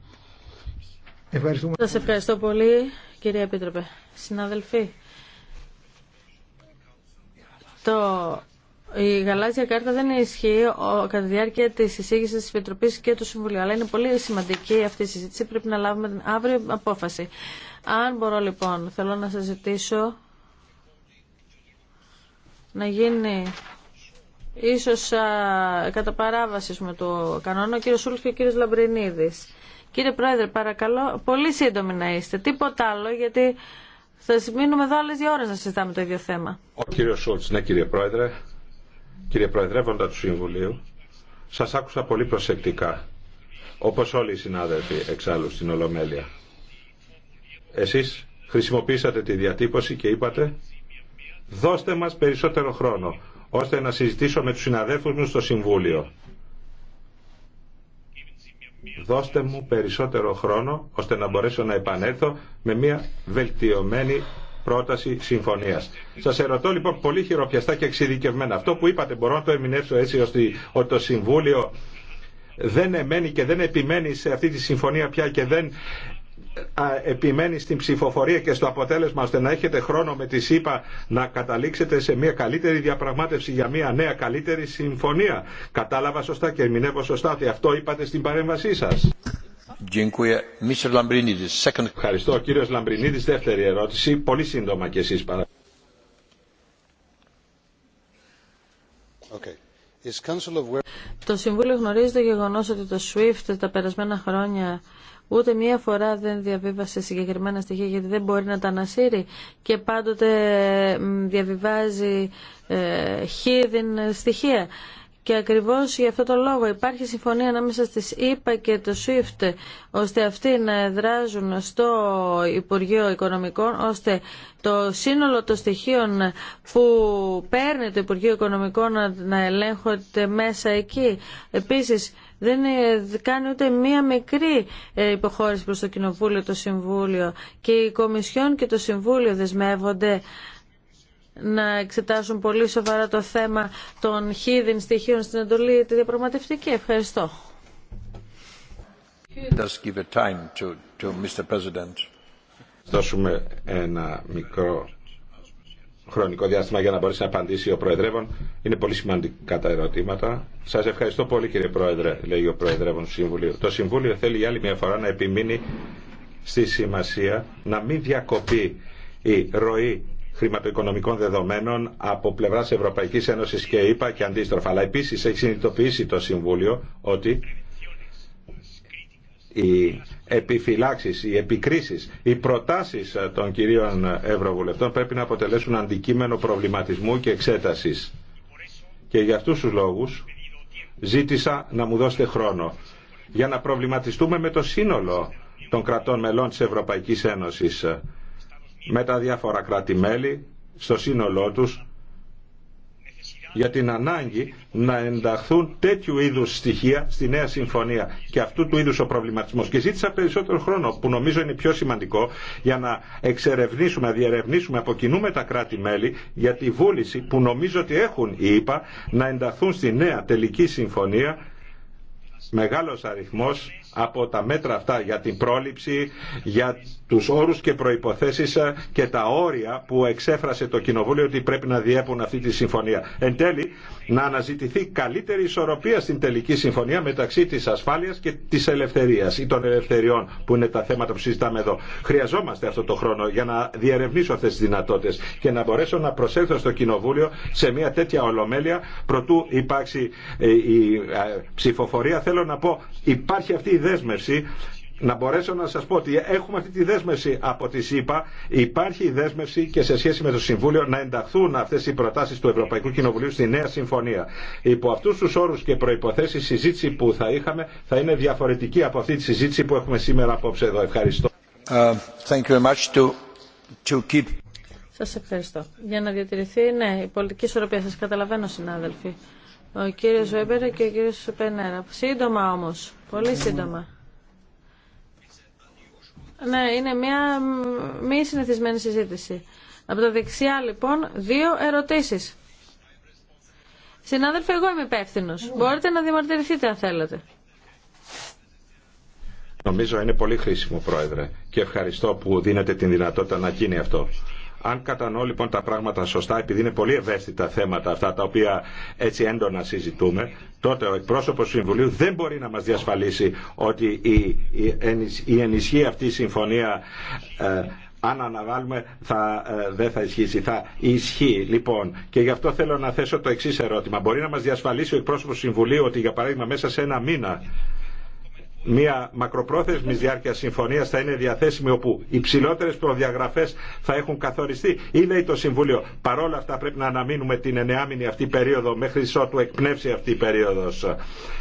Ευχαριστούμε. Σας ευχαριστώ πολύ κύριε Επίτροπε. Συναδελφοί το η γαλάζια κάρτα δεν ισχύει κατά τη διάρκεια τη εισήγηση τη Επιτροπή και του Συμβουλίου. Αλλά είναι πολύ σημαντική αυτή η συζήτηση. Πρέπει να λάβουμε την αύριο απόφαση. Αν μπορώ λοιπόν, θέλω να σα ζητήσω να γίνει ίσως κατά παράβαση με το κανόνα ο κύριο Σούλφ και ο κύριο Λαμπρινίδης. Κύριε Πρόεδρε, παρακαλώ, πολύ σύντομοι να είστε. Τίποτα άλλο, γιατί θα μείνουμε εδώ άλλε δύο ώρε να συζητάμε το ίδιο θέμα. Ο κύριο Σούλτ, ναι κύριε Πρόεδρε, κύριε Προεδρεύοντα του Συμβουλίου, σα άκουσα πολύ προσεκτικά. Όπω όλοι οι συνάδελφοι εξάλλου στην Ολομέλεια. Εσεί χρησιμοποίησατε τη διατύπωση και είπατε δώστε μας περισσότερο χρόνο ώστε να συζητήσω με τους συναδέλφους μου στο Συμβούλιο δώστε μου περισσότερο χρόνο ώστε να μπορέσω να επανέλθω με μια βελτιωμένη πρόταση συμφωνία. Σα ερωτώ λοιπόν πολύ χειροπιαστά και εξειδικευμένα. Αυτό που είπατε μπορώ να το εμεινεύσω έτσι ώστε ότι το Συμβούλιο δεν εμένει και δεν επιμένει σε αυτή τη συμφωνία πια και δεν επιμένει στην ψηφοφορία και στο αποτέλεσμα ώστε να έχετε χρόνο με τη ΣΥΠΑ να καταλήξετε σε μια καλύτερη διαπραγμάτευση για μια νέα καλύτερη συμφωνία. Κατάλαβα σωστά και ερμηνεύω σωστά ότι αυτό είπατε στην παρέμβασή σας. Ευχαριστώ. Κύριος Λαμπρινίδης, δεύτερη ερώτηση. Πολύ σύντομα και εσείς παρακαλώ. Okay. Το Συμβούλιο γνωρίζει το γεγονό ότι το SWIFT τα περασμένα χρόνια ούτε μία φορά δεν διαβίβασε συγκεκριμένα στοιχεία γιατί δεν μπορεί να τα ανασύρει και πάντοτε διαβιβάζει ε, χίδιν στοιχεία. Και ακριβώς για αυτό το λόγο υπάρχει συμφωνία ανάμεσα στις ΕΠΑ και το SWIFT ώστε αυτοί να εδράζουν στο Υπουργείο Οικονομικών ώστε το σύνολο των στοιχείων που παίρνει το Υπουργείο Οικονομικών να ελέγχονται μέσα εκεί. Επίσης δεν κάνει ούτε μία μικρή ε, υποχώρηση προς το Κοινοβούλιο, το Συμβούλιο και οι Κομισιόν και το Συμβούλιο δεσμεύονται να εξετάσουν πολύ σοβαρά το θέμα των χίδιν στοιχείων στην εντολή τη διαπραγματευτική. Ευχαριστώ. Δώσουμε ένα μικρό χρονικό διάστημα για να μπορέσει να απαντήσει ο Προεδρεύων. Είναι πολύ σημαντικά τα ερωτήματα. Σα ευχαριστώ πολύ, κύριε Πρόεδρε, λέει ο Προεδρεύων του Συμβουλίου. Το Συμβούλιο θέλει για άλλη μια φορά να επιμείνει στη σημασία να μην διακοπεί η ροή χρηματοοικονομικών δεδομένων από πλευράς Ευρωπαϊκής Ένωσης και ΕΕΠΑ και αντίστροφα. Αλλά επίσης έχει συνειδητοποιήσει το Συμβούλιο ότι οι επιφυλάξεις, οι επικρίσεις, οι προτάσεις των κυρίων Ευρωβουλευτών πρέπει να αποτελέσουν αντικείμενο προβληματισμού και εξέτασης. Και για αυτούς τους λόγους ζήτησα να μου δώσετε χρόνο για να προβληματιστούμε με το σύνολο των κρατών μελών της Ευρωπαϊκής Ένωσης με τα διάφορα κράτη-μέλη στο σύνολό τους για την ανάγκη να ενταχθούν τέτοιου είδους στοιχεία στη νέα συμφωνία και αυτού του είδους ο προβληματισμός. Και ζήτησα περισσότερο χρόνο που νομίζω είναι πιο σημαντικό για να εξερευνήσουμε, να διερευνήσουμε, αποκοινούμε τα κράτη-μέλη για τη βούληση που νομίζω ότι έχουν οι να ενταχθούν στη νέα τελική συμφωνία μεγάλος αριθμός από τα μέτρα αυτά για την πρόληψη, για τους όρους και προϋποθέσεις ε, και τα όρια που εξέφρασε το Κοινοβούλιο ότι πρέπει να διέπουν αυτή τη συμφωνία. Εν τέλει, να αναζητηθεί καλύτερη ισορροπία στην τελική συμφωνία μεταξύ της ασφάλειας και της ελευθερίας ή των ελευθεριών που είναι τα θέματα που συζητάμε εδώ. Χρειαζόμαστε αυτό το χρόνο για να διερευνήσω αυτές τις δυνατότητες και να μπορέσω να προσέλθω στο Κοινοβούλιο σε μια τέτοια ολομέλεια προτού υπάρξει ε, η ε, ψηφοφορία. Θέλω να πω, υπάρχει αυτή η δέσμευση να μπορέσω να σας πω ότι έχουμε αυτή τη δέσμευση από τη ΣΥΠΑ. Υπάρχει η δέσμευση και σε σχέση με το Συμβούλιο να ενταχθούν αυτές οι προτάσεις του Ευρωπαϊκού Κοινοβουλίου στη νέα συμφωνία. Υπό αυτούς τους όρους και προϋποθέσεις η συζήτηση που θα είχαμε θα είναι διαφορετική από αυτή τη συζήτηση που έχουμε σήμερα απόψε εδώ. Ευχαριστώ. Uh, Σας ευχαριστώ. Για να διατηρηθεί, ναι, η πολιτική ισορροπία σας καταλαβαίνω συνάδελφοι. Ο κύριος Βέμπερ και ο κύριος Πενέρα. Σύντομα όμως, πολύ σύντομα. Ναι, είναι μια μη συνηθισμένη συζήτηση. Από τα δεξιά λοιπόν δύο ερωτήσεις. Συνάδελφε, εγώ είμαι υπεύθυνο. Μπορείτε να διαμαρτυρηθείτε αν θέλετε. Νομίζω είναι πολύ χρήσιμο, Πρόεδρε, και ευχαριστώ που δίνετε την δυνατότητα να γίνει αυτό. Αν κατανοώ λοιπόν τα πράγματα σωστά, επειδή είναι πολύ ευαίσθητα θέματα αυτά τα οποία έτσι έντονα συζητούμε, τότε ο εκπρόσωπος του Συμβουλίου δεν μπορεί να μας διασφαλίσει ότι η ενισχύ αυτή η συμφωνία ε, αν αναβάλουμε θα, ε, δεν θα ισχύσει. Θα ισχύει λοιπόν. Και γι' αυτό θέλω να θέσω το εξή ερώτημα. Μπορεί να μας διασφαλίσει ο εκπρόσωπος του Συμβουλίου ότι για παράδειγμα μέσα σε ένα μήνα μια μακροπρόθεσμη διάρκεια συμφωνία θα είναι διαθέσιμη όπου οι ψηλότερες προδιαγραφές θα έχουν καθοριστεί ή λέει το Συμβούλιο παρόλα αυτά πρέπει να αναμείνουμε την εννεάμινη αυτή περίοδο μέχρι ότου εκπνεύσει αυτή η λεει το συμβουλιο παρολα αυτα πρεπει να αναμεινουμε την μηνη αυτη περιοδο μεχρι οτου εκπνευσει αυτη η περιοδο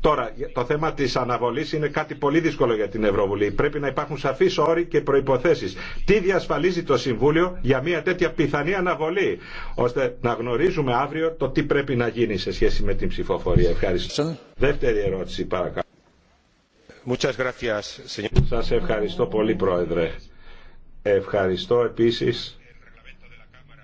Τώρα, το θέμα τη αναβολή είναι κάτι πολύ δύσκολο για την Ευρωβουλή. Πρέπει να υπάρχουν σαφεί όροι και προποθέσει. Τι διασφαλίζει το Συμβούλιο για μια τέτοια πιθανή αναβολή, ώστε να γνωρίζουμε αύριο το τι πρέπει να γίνει σε σχέση με την ψηφοφορία. Ευχαριστώ. Δεύτερη ερώτηση, παρακαλώ. Σας ευχαριστώ πολύ, Πρόεδρε. Ευχαριστώ επίσης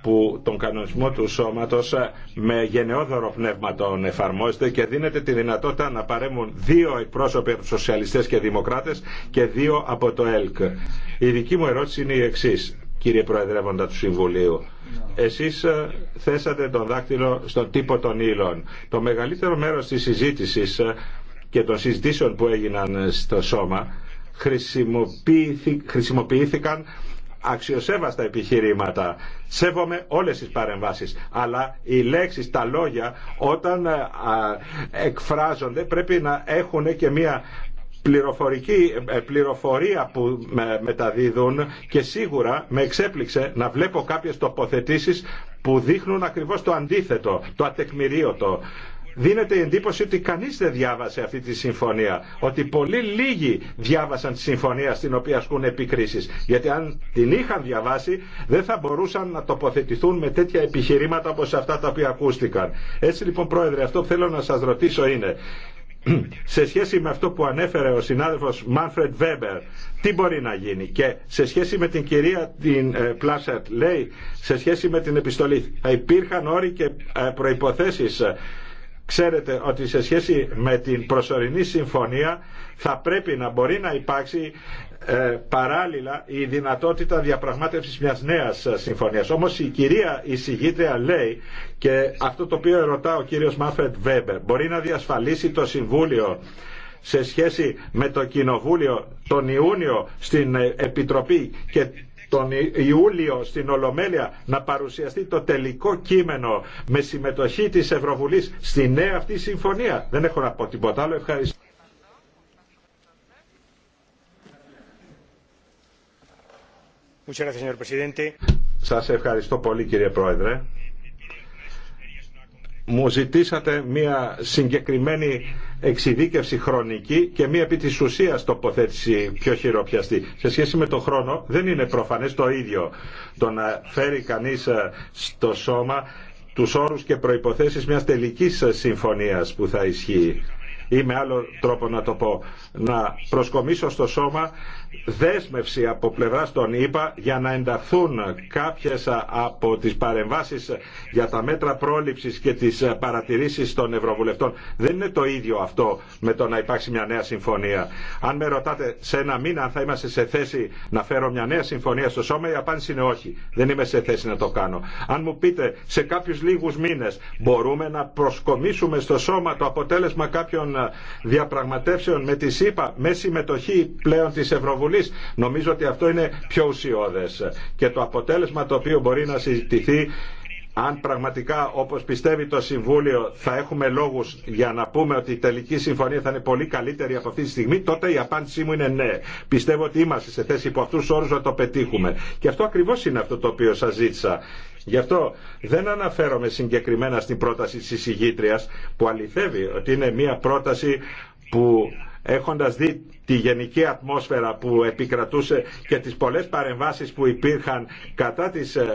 που τον κανονισμό του σώματος ε, με γενναιόδωρο πνεύμα τον εφαρμόζεται και δίνεται τη δυνατότητα να παρέμουν δύο εκπρόσωποι από τους σοσιαλιστές και δημοκράτες και δύο από το ΕΛΚ. Η δική μου ερώτηση είναι η εξής, κύριε Προεδρεύοντα του Συμβουλίου. Εσείς ε, θέσατε τον δάκτυλο στον τύπο των ύλων. Το μεγαλύτερο μέρος της συζήτησης ε, και των συζητήσεων που έγιναν στο σώμα χρησιμοποιήθηκαν αξιοσέβαστα επιχειρήματα. Σέβομαι όλες τις παρεμβάσεις, αλλά οι λέξεις, τα λόγια όταν ε, εκφράζονται πρέπει να έχουν και μία πληροφορική ε, πληροφορία που μεταδίδουν και σίγουρα με εξέπληξε να βλέπω κάποιες τοποθετήσεις που δείχνουν ακριβώς το αντίθετο, το ατεκμηρίωτο δίνεται η εντύπωση ότι κανείς δεν διάβασε αυτή τη συμφωνία. Ότι πολύ λίγοι διάβασαν τη συμφωνία στην οποία ασκούν επικρίσεις. Γιατί αν την είχαν διαβάσει δεν θα μπορούσαν να τοποθετηθούν με τέτοια επιχειρήματα όπως αυτά τα οποία ακούστηκαν. Έτσι λοιπόν πρόεδρε αυτό που θέλω να σας ρωτήσω είναι σε σχέση με αυτό που ανέφερε ο συνάδελφος Μάνφρεντ Βέμπερ τι μπορεί να γίνει και σε σχέση με την κυρία την Πλάσερτ λέει σε σχέση με την επιστολή θα υπήρχαν όροι και ε, προϋποθέσεις ε, Ξέρετε ότι σε σχέση με την προσωρινή συμφωνία θα πρέπει να μπορεί να υπάρξει ε, παράλληλα η δυνατότητα διαπραγμάτευσης μιας νέας συμφωνίας. Όμως η κυρία η λέει και αυτό το οποίο ερωτά ο κύριος Μάφρετ Βέμπερ μπορεί να διασφαλίσει το Συμβούλιο σε σχέση με το Κοινοβούλιο τον Ιούνιο στην Επιτροπή και τον Ιούλιο στην Ολομέλεια να παρουσιαστεί το τελικό κείμενο με συμμετοχή της Ευρωβουλής στη νέα αυτή συμφωνία. Δεν έχω να πω τίποτα άλλο. Ευχαριστώ. Σας ευχαριστώ πολύ κύριε Πρόεδρε μου ζητήσατε μια συγκεκριμένη εξειδίκευση χρονική και μία επί της ουσίας τοποθέτηση πιο χειροπιαστή. Σε σχέση με το χρόνο δεν είναι προφανές το ίδιο το να φέρει κανείς ε, στο σώμα τους όρους και προϋποθέσεις μιας τελικής ε, συμφωνίας που θα ισχύει ή με άλλο τρόπο να το πω, να προσκομίσω στο σώμα δέσμευση από πλευράς των ΗΠΑ για να ενταθούν κάποιες από τις παρεμβάσεις για τα μέτρα πρόληψης και τις παρατηρήσεις των Ευρωβουλευτών. Δεν είναι το ίδιο αυτό με το να υπάρξει μια νέα συμφωνία. Αν με ρωτάτε σε ένα μήνα αν θα είμαστε σε θέση να φέρω μια νέα συμφωνία στο σώμα, η απάντηση είναι όχι. Δεν είμαι σε θέση να το κάνω. Αν μου πείτε σε κάποιους λίγους μήνες μπορούμε να προσκομίσουμε στο σώμα το αποτέλεσμα κάποιων διαπραγματεύσεων με τη ΣΥΠΑ με συμμετοχή πλέον της Ευρωβουλευτών Νομίζω ότι αυτό είναι πιο ουσιώδες και το αποτέλεσμα το οποίο μπορεί να συζητηθεί αν πραγματικά όπως πιστεύει το Συμβούλιο θα έχουμε λόγους για να πούμε ότι η τελική συμφωνία θα είναι πολύ καλύτερη από αυτή τη στιγμή, τότε η απάντησή μου είναι ναι. Πιστεύω ότι είμαστε σε θέση υπό αυτούς όρους να το πετύχουμε. Και αυτό ακριβώς είναι αυτό το οποίο σας ζήτησα. Γι' αυτό δεν αναφέρομαι συγκεκριμένα στην πρόταση της εισηγήτριας, που αληθεύει ότι είναι μια πρόταση που έχοντας δει τη γενική ατμόσφαιρα που επικρατούσε και τις πολλές παρεμβάσεις που υπήρχαν κατά της ε,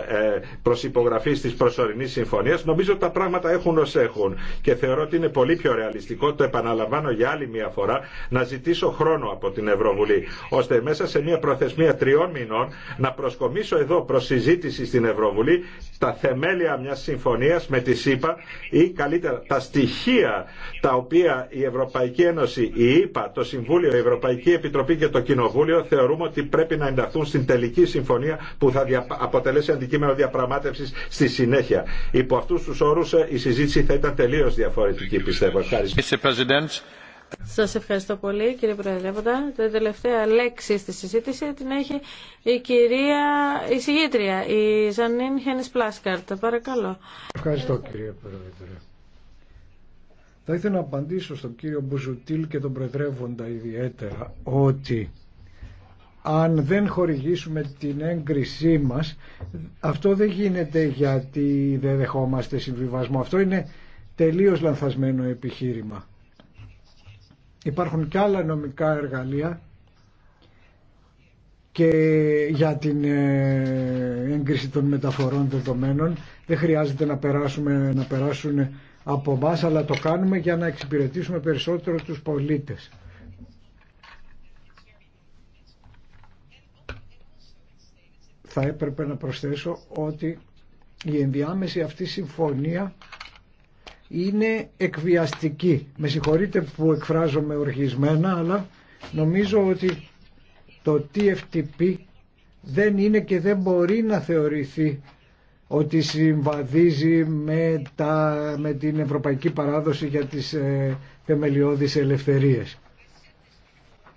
προσυπογραφής της προσωρινής συμφωνίας, νομίζω τα πράγματα έχουν ως έχουν. Και θεωρώ ότι είναι πολύ πιο ρεαλιστικό, το επαναλαμβάνω για άλλη μια φορά, να ζητήσω χρόνο από την Ευρωβουλή, ώστε μέσα σε μια προθεσμία τριών μηνών να προσκομίσω εδώ προς συζήτηση στην Ευρωβουλή τα θεμέλια μιας συμφωνίας με τη ΣΥΠΑ ή καλύτερα τα στοιχεία τα οποία η Ευρωπαϊκή Ένωση, η ΕΠΑ, ΕΕ, το Συμβούλιο Ευρωπαϊκή Επιτροπή και το Κοινοβούλιο θεωρούμε ότι πρέπει να ενταχθούν στην τελική συμφωνία που θα αποτελέσει αντικείμενο διαπραγμάτευση στη συνέχεια. Υπό αυτού του όρου ε, η συζήτηση θα ήταν τελείω διαφορετική, πιστεύω. Ευχαριστώ. Σα ευχαριστώ πολύ, κύριε Προεδρεύοντα. Την τελευταία λέξη στη συζήτηση την έχει η κυρία η η Ζανίν Χένι Πλάσκαρτ. Παρακαλώ. Ευχαριστώ, κύριε Πρόεδρε. Θα ήθελα να απαντήσω στον κύριο Μπουζουτήλ και τον Προεδρεύοντα ιδιαίτερα ότι αν δεν χορηγήσουμε την έγκρισή μας αυτό δεν γίνεται γιατί δεν δεχόμαστε συμβιβασμό. Αυτό είναι τελείως λανθασμένο επιχείρημα. Υπάρχουν και άλλα νομικά εργαλεία και για την ε, έγκριση των μεταφορών δεδομένων δεν χρειάζεται να, περάσουμε, να περάσουν από εμά, αλλά το κάνουμε για να εξυπηρετήσουμε περισσότερο τους πολίτες. Θα έπρεπε να προσθέσω ότι η ενδιάμεση αυτή συμφωνία είναι εκβιαστική. Με συγχωρείτε που εκφράζομαι οργισμένα, αλλά νομίζω ότι το TFTP δεν είναι και δεν μπορεί να θεωρηθεί ότι συμβαδίζει με, τα, με την ευρωπαϊκή παράδοση για τις ε, θεμελιώδεις ελευθερίες.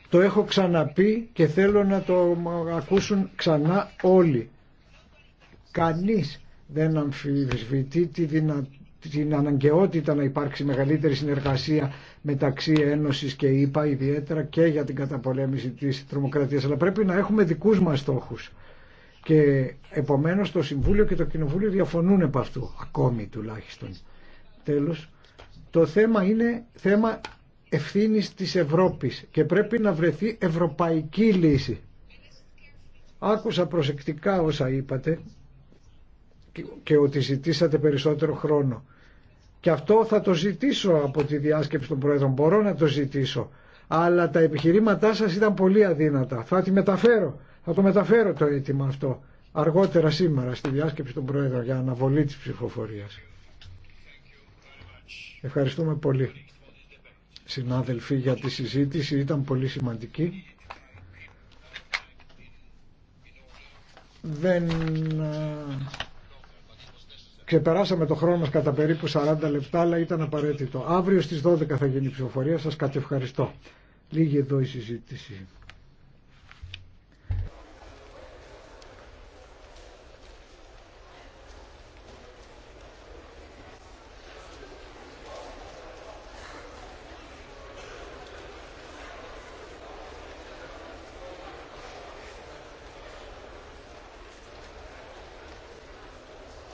Το έχω ξαναπεί και θέλω να το ακούσουν ξανά όλοι. Κανείς δεν αμφισβητεί τη την αναγκαιότητα να υπάρξει μεγαλύτερη συνεργασία μεταξύ Ένωσης και ΕΠΑ ΕΕ ιδιαίτερα και για την καταπολέμηση της τρομοκρατίας. Αλλά πρέπει να έχουμε δικούς μας στόχους. Και επομένως το Συμβούλιο και το Κοινοβούλιο διαφωνούν από αυτού, ακόμη τουλάχιστον. Τέλος, το θέμα είναι θέμα ευθύνης της Ευρώπης και πρέπει να βρεθεί ευρωπαϊκή λύση. Άκουσα προσεκτικά όσα είπατε και ότι ζητήσατε περισσότερο χρόνο. Και αυτό θα το ζητήσω από τη διάσκεψη των Πρόεδρων. Μπορώ να το ζητήσω. Αλλά τα επιχειρήματά σας ήταν πολύ αδύνατα. Θα τη μεταφέρω. Θα το μεταφέρω το αίτημα αυτό αργότερα σήμερα στη διάσκεψη των Πρόεδρων για αναβολή της ψηφοφορίας. Ευχαριστούμε πολύ συνάδελφοι για τη συζήτηση, ήταν πολύ σημαντική. Δεν ξεπεράσαμε το χρόνο μας κατά περίπου 40 λεπτά, αλλά ήταν απαραίτητο. Αύριο στις 12 θα γίνει η ψηφοφορία, σας κατευχαριστώ. Λίγη εδώ η συζήτηση.